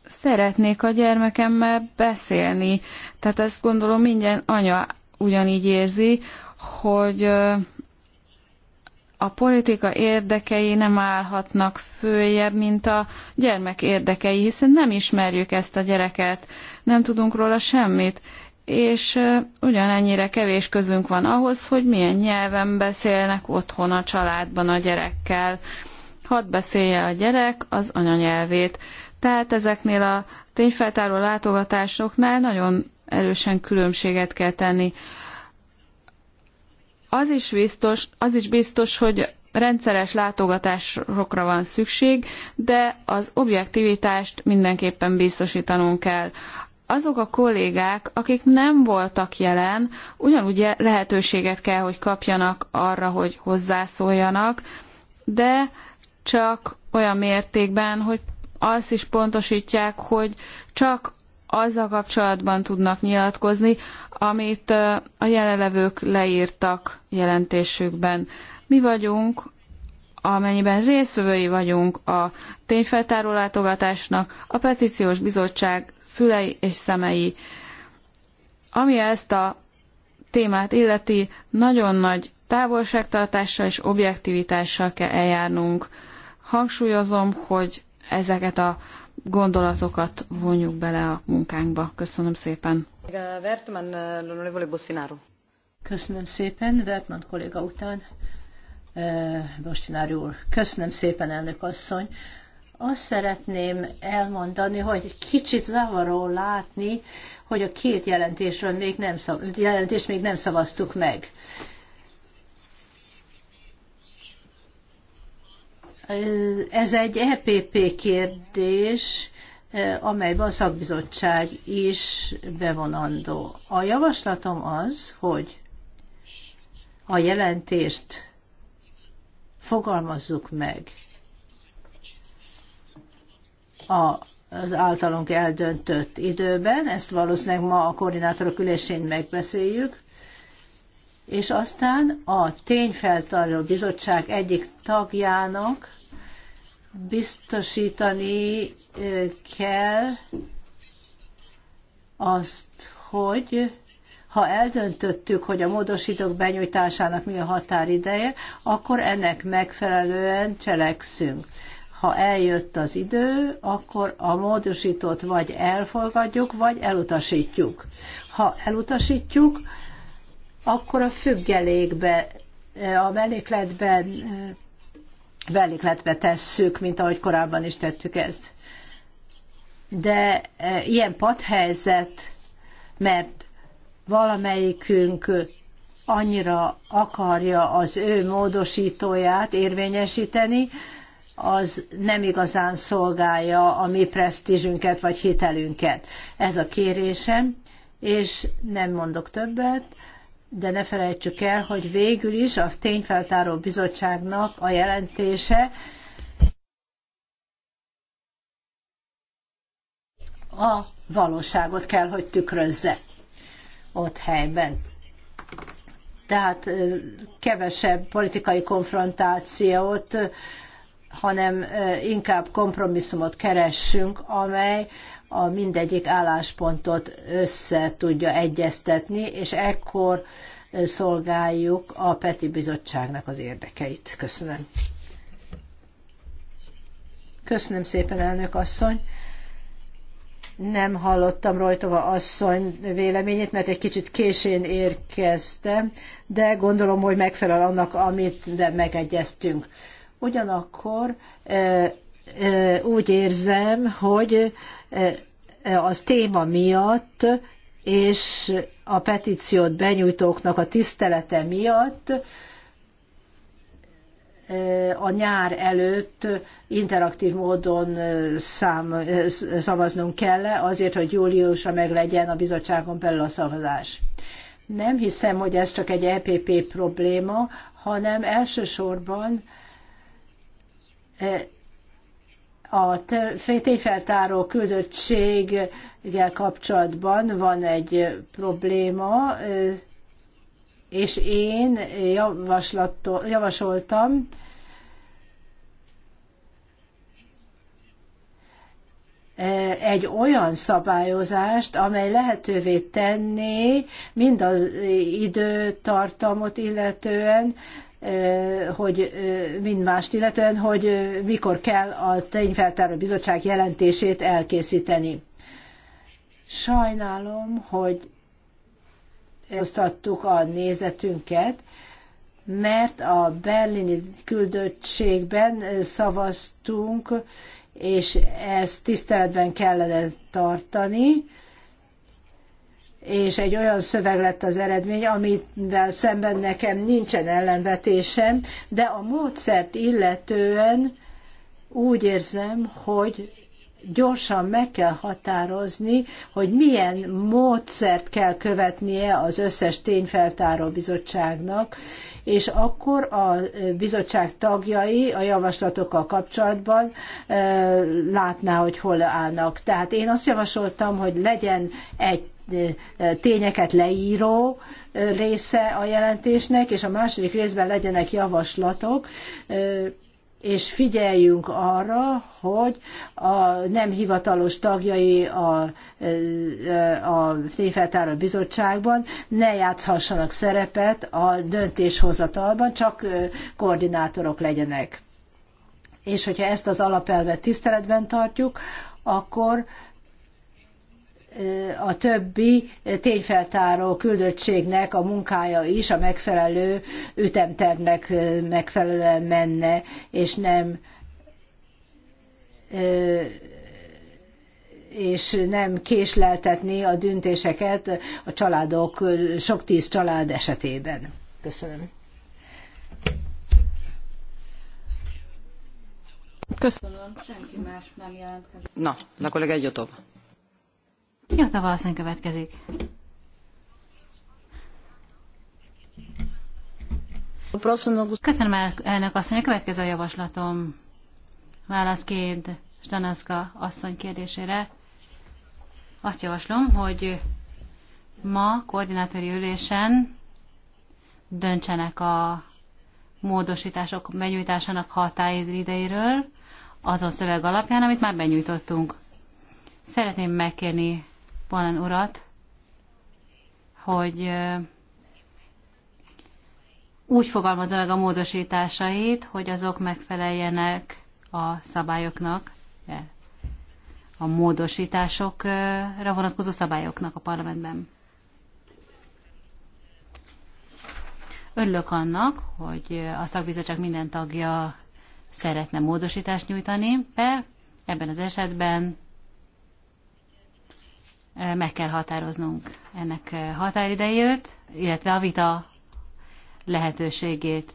szeretnék a gyermekemmel beszélni. Tehát ezt gondolom minden anya ugyanígy érzi, hogy a politika érdekei nem állhatnak följebb, mint a gyermek érdekei, hiszen nem ismerjük ezt a gyereket, nem tudunk róla semmit, és ugyanennyire kevés közünk van ahhoz, hogy milyen nyelven beszélnek otthon a családban a gyerekkel. Hadd beszélje a gyerek az anyanyelvét. Tehát ezeknél a tényfeltáró látogatásoknál nagyon erősen különbséget kell tenni az is biztos, az is biztos hogy rendszeres látogatásokra van szükség, de az objektivitást mindenképpen biztosítanunk kell. Azok a kollégák, akik nem voltak jelen, ugyanúgy lehetőséget kell, hogy kapjanak arra, hogy hozzászóljanak, de csak olyan mértékben, hogy azt is pontosítják, hogy csak azzal kapcsolatban tudnak nyilatkozni, amit a jelenlevők leírtak jelentésükben. Mi vagyunk, amennyiben részvevői vagyunk a tényfeltáró látogatásnak, a petíciós bizottság fülei és szemei. Ami ezt a témát illeti, nagyon nagy távolságtartással és objektivitással kell eljárnunk. Hangsúlyozom, hogy ezeket a gondolatokat vonjuk bele a munkánkba. Köszönöm szépen. Köszönöm szépen, Vertman kolléga után. Eh, Bostinár úr, köszönöm szépen, elnök asszony. Azt szeretném elmondani, hogy egy kicsit zavaró látni, hogy a két jelentésről még nem, szav, jelentést még nem szavaztuk meg. Ez egy EPP kérdés, eh, amelyben a szakbizottság is bevonandó. A javaslatom az, hogy a jelentést fogalmazzuk meg a, az általunk eldöntött időben, ezt valószínűleg ma a koordinátorok ülésén megbeszéljük, és aztán a tényfeltáró bizottság egyik tagjának biztosítani kell azt, hogy ha eldöntöttük, hogy a módosítók benyújtásának mi a határideje, akkor ennek megfelelően cselekszünk. Ha eljött az idő, akkor a módosítót vagy elfogadjuk, vagy elutasítjuk. Ha elutasítjuk, akkor a függelékbe, a mellékletben mellékletbe tesszük, mint ahogy korábban is tettük ezt. De e, ilyen padhelyzet, mert valamelyikünk annyira akarja az ő módosítóját érvényesíteni, az nem igazán szolgálja a mi presztízsünket vagy hitelünket. Ez a kérésem, és nem mondok többet, de ne felejtsük el, hogy végül is a tényfeltáró bizottságnak a jelentése a valóságot kell, hogy tükrözze ott helyben. Tehát kevesebb politikai konfrontációt, hanem inkább kompromisszumot keressünk, amely a mindegyik álláspontot össze tudja egyeztetni, és ekkor szolgáljuk a Peti Bizottságnak az érdekeit. Köszönöm. Köszönöm szépen, elnök asszony. Nem hallottam Rojtova asszony véleményét, mert egy kicsit későn érkeztem, de gondolom, hogy megfelel annak, amit megegyeztünk. Ugyanakkor úgy érzem, hogy E, az téma miatt és a petíciót benyújtóknak a tisztelete miatt e, a nyár előtt interaktív módon e, szám, szavaznunk kell -e azért, hogy júliusra meglegyen a bizottságon belül a szavazás. Nem hiszem, hogy ez csak egy EPP probléma, hanem elsősorban a tényfeltáró küldöttséggel kapcsolatban van egy probléma, és én javasoltam, egy olyan szabályozást, amely lehetővé tenné mind az időtartamot illetően, hogy mind mást illetően, hogy mikor kell a tényfeltáró bizottság jelentését elkészíteni. Sajnálom, hogy osztattuk a nézetünket, mert a berlini küldöttségben szavaztunk, és ezt tiszteletben kellene tartani, és egy olyan szöveg lett az eredmény, amivel szemben nekem nincsen ellenvetésem, de a módszert illetően úgy érzem, hogy gyorsan meg kell határozni, hogy milyen módszert kell követnie az összes tényfeltáró bizottságnak, és akkor a bizottság tagjai a javaslatokkal kapcsolatban látná, hogy hol állnak. Tehát én azt javasoltam, hogy legyen egy tényeket leíró része a jelentésnek, és a második részben legyenek javaslatok, és figyeljünk arra, hogy a nem hivatalos tagjai a, a tényfeltáró bizottságban ne játszhassanak szerepet a döntéshozatalban, csak koordinátorok legyenek. És hogyha ezt az alapelvet tiszteletben tartjuk, akkor a többi tényfeltáró küldöttségnek a munkája is a megfelelő ütemtervnek megfelelően menne, és nem és nem késleltetni a döntéseket a családok, sok tíz család esetében. Köszönöm. Köszönöm, senki más nem jelentkezik. Na, akkor egy Fiatava valószínű következik. Köszönöm el, elnök asszony, a következő javaslatom válaszként Stanaszka asszony kérdésére. Azt javaslom, hogy ma koordinátori ülésen döntsenek a módosítások benyújtásának határidejéről, azon szöveg alapján, amit már benyújtottunk. Szeretném megkérni Balan urat, hogy úgy fogalmazza meg a módosításait, hogy azok megfeleljenek a szabályoknak, e, a módosításokra vonatkozó szabályoknak a parlamentben. Örülök annak, hogy a szakbizottság minden tagja szeretne módosítást nyújtani, de ebben az esetben meg kell határoznunk ennek határidejét, illetve a vita lehetőségét.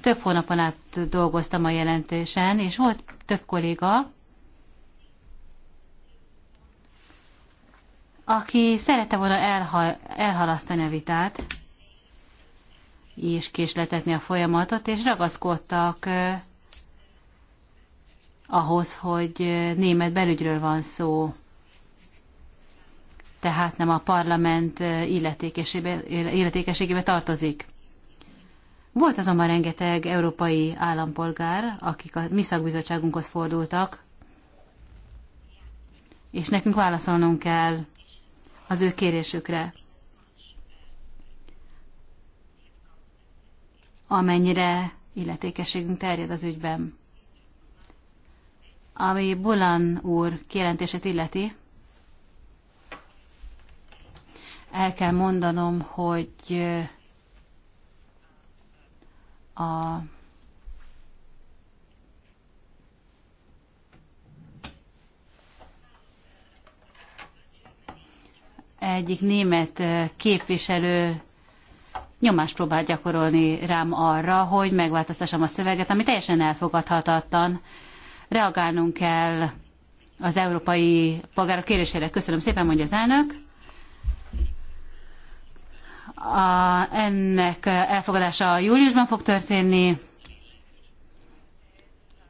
Több hónapon át dolgoztam a jelentésen, és volt több kolléga, aki szerette volna elha- elhalasztani a vitát, és késletetni a folyamatot, és ragaszkodtak ahhoz, hogy német belügyről van szó tehát nem a parlament illetékességébe tartozik. Volt azonban rengeteg európai állampolgár, akik a mi szakbizottságunkhoz fordultak, és nekünk válaszolnunk kell az ő kérésükre. amennyire illetékességünk terjed az ügyben. Ami Bulan úr kielentését illeti, el kell mondanom, hogy a egyik német képviselő nyomást próbált gyakorolni rám arra, hogy megváltoztassam a szöveget, ami teljesen elfogadhatatlan. Reagálnunk kell az európai polgárok kérésére. Köszönöm szépen, mondja az elnök a, ennek elfogadása júliusban fog történni.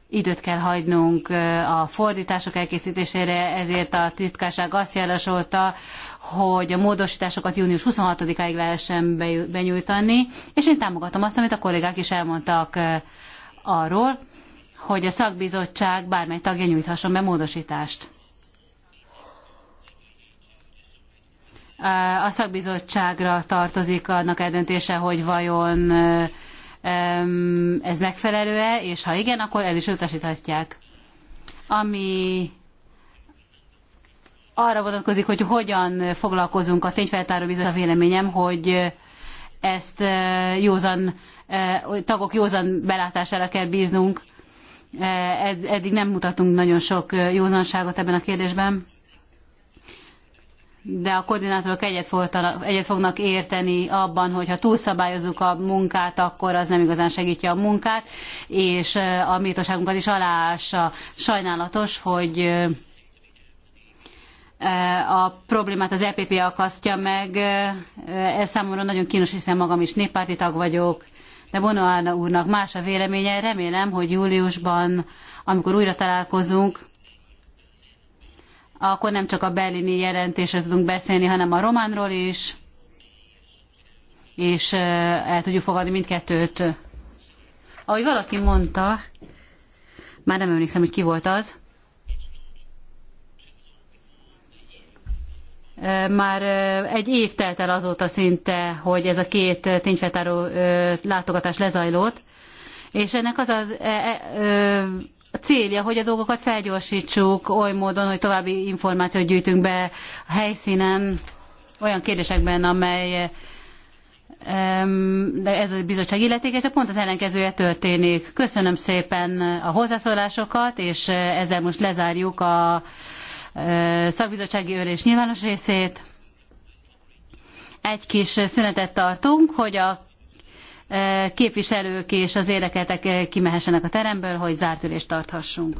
Időt kell hagynunk a fordítások elkészítésére, ezért a titkárság azt javasolta, hogy a módosításokat június 26-áig lehessen benyújtani, és én támogatom azt, amit a kollégák is elmondtak arról, hogy a szakbizottság bármely tagja nyújthasson be módosítást. a szakbizottságra tartozik annak eldöntése, hogy vajon ez megfelelő-e, és ha igen, akkor el is utasíthatják. Ami arra vonatkozik, hogy hogyan foglalkozunk a tényfeltáró bizottság véleményem, hogy ezt eh, józan, eh, tagok józan belátására kell bíznunk. Eh, eddig nem mutatunk nagyon sok józanságot ebben a kérdésben de a koordinátorok egyet, fogtanak, egyet fognak érteni abban, hogy ha túlszabályozzuk a munkát, akkor az nem igazán segíti a munkát, és a méltóságunkat is aláássa. Sajnálatos, hogy a problémát az EPP akasztja meg. Ez számomra nagyon kínos, hiszen magam is néppárti tag vagyok, de Bonoána úrnak más a véleménye. Remélem, hogy júliusban, amikor újra találkozunk, akkor nem csak a berlini jelentésről tudunk beszélni, hanem a románról is, és el tudjuk fogadni mindkettőt. Ahogy valaki mondta, már nem emlékszem, hogy ki volt az, Már egy év telt el azóta szinte, hogy ez a két tényfeltáró látogatás lezajlott, és ennek az az e, e, a célja, hogy a dolgokat felgyorsítsuk oly módon, hogy további információt gyűjtünk be a helyszínen olyan kérdésekben, amely de ez a bizottság illetékes, de pont az ellenkezője történik. Köszönöm szépen a hozzászólásokat, és ezzel most lezárjuk a e, szakbizottsági ülés nyilvános részét. Egy kis szünetet tartunk, hogy a képviselők és az érdekeltek kimehessenek a teremből, hogy zárt ülést tarthassunk.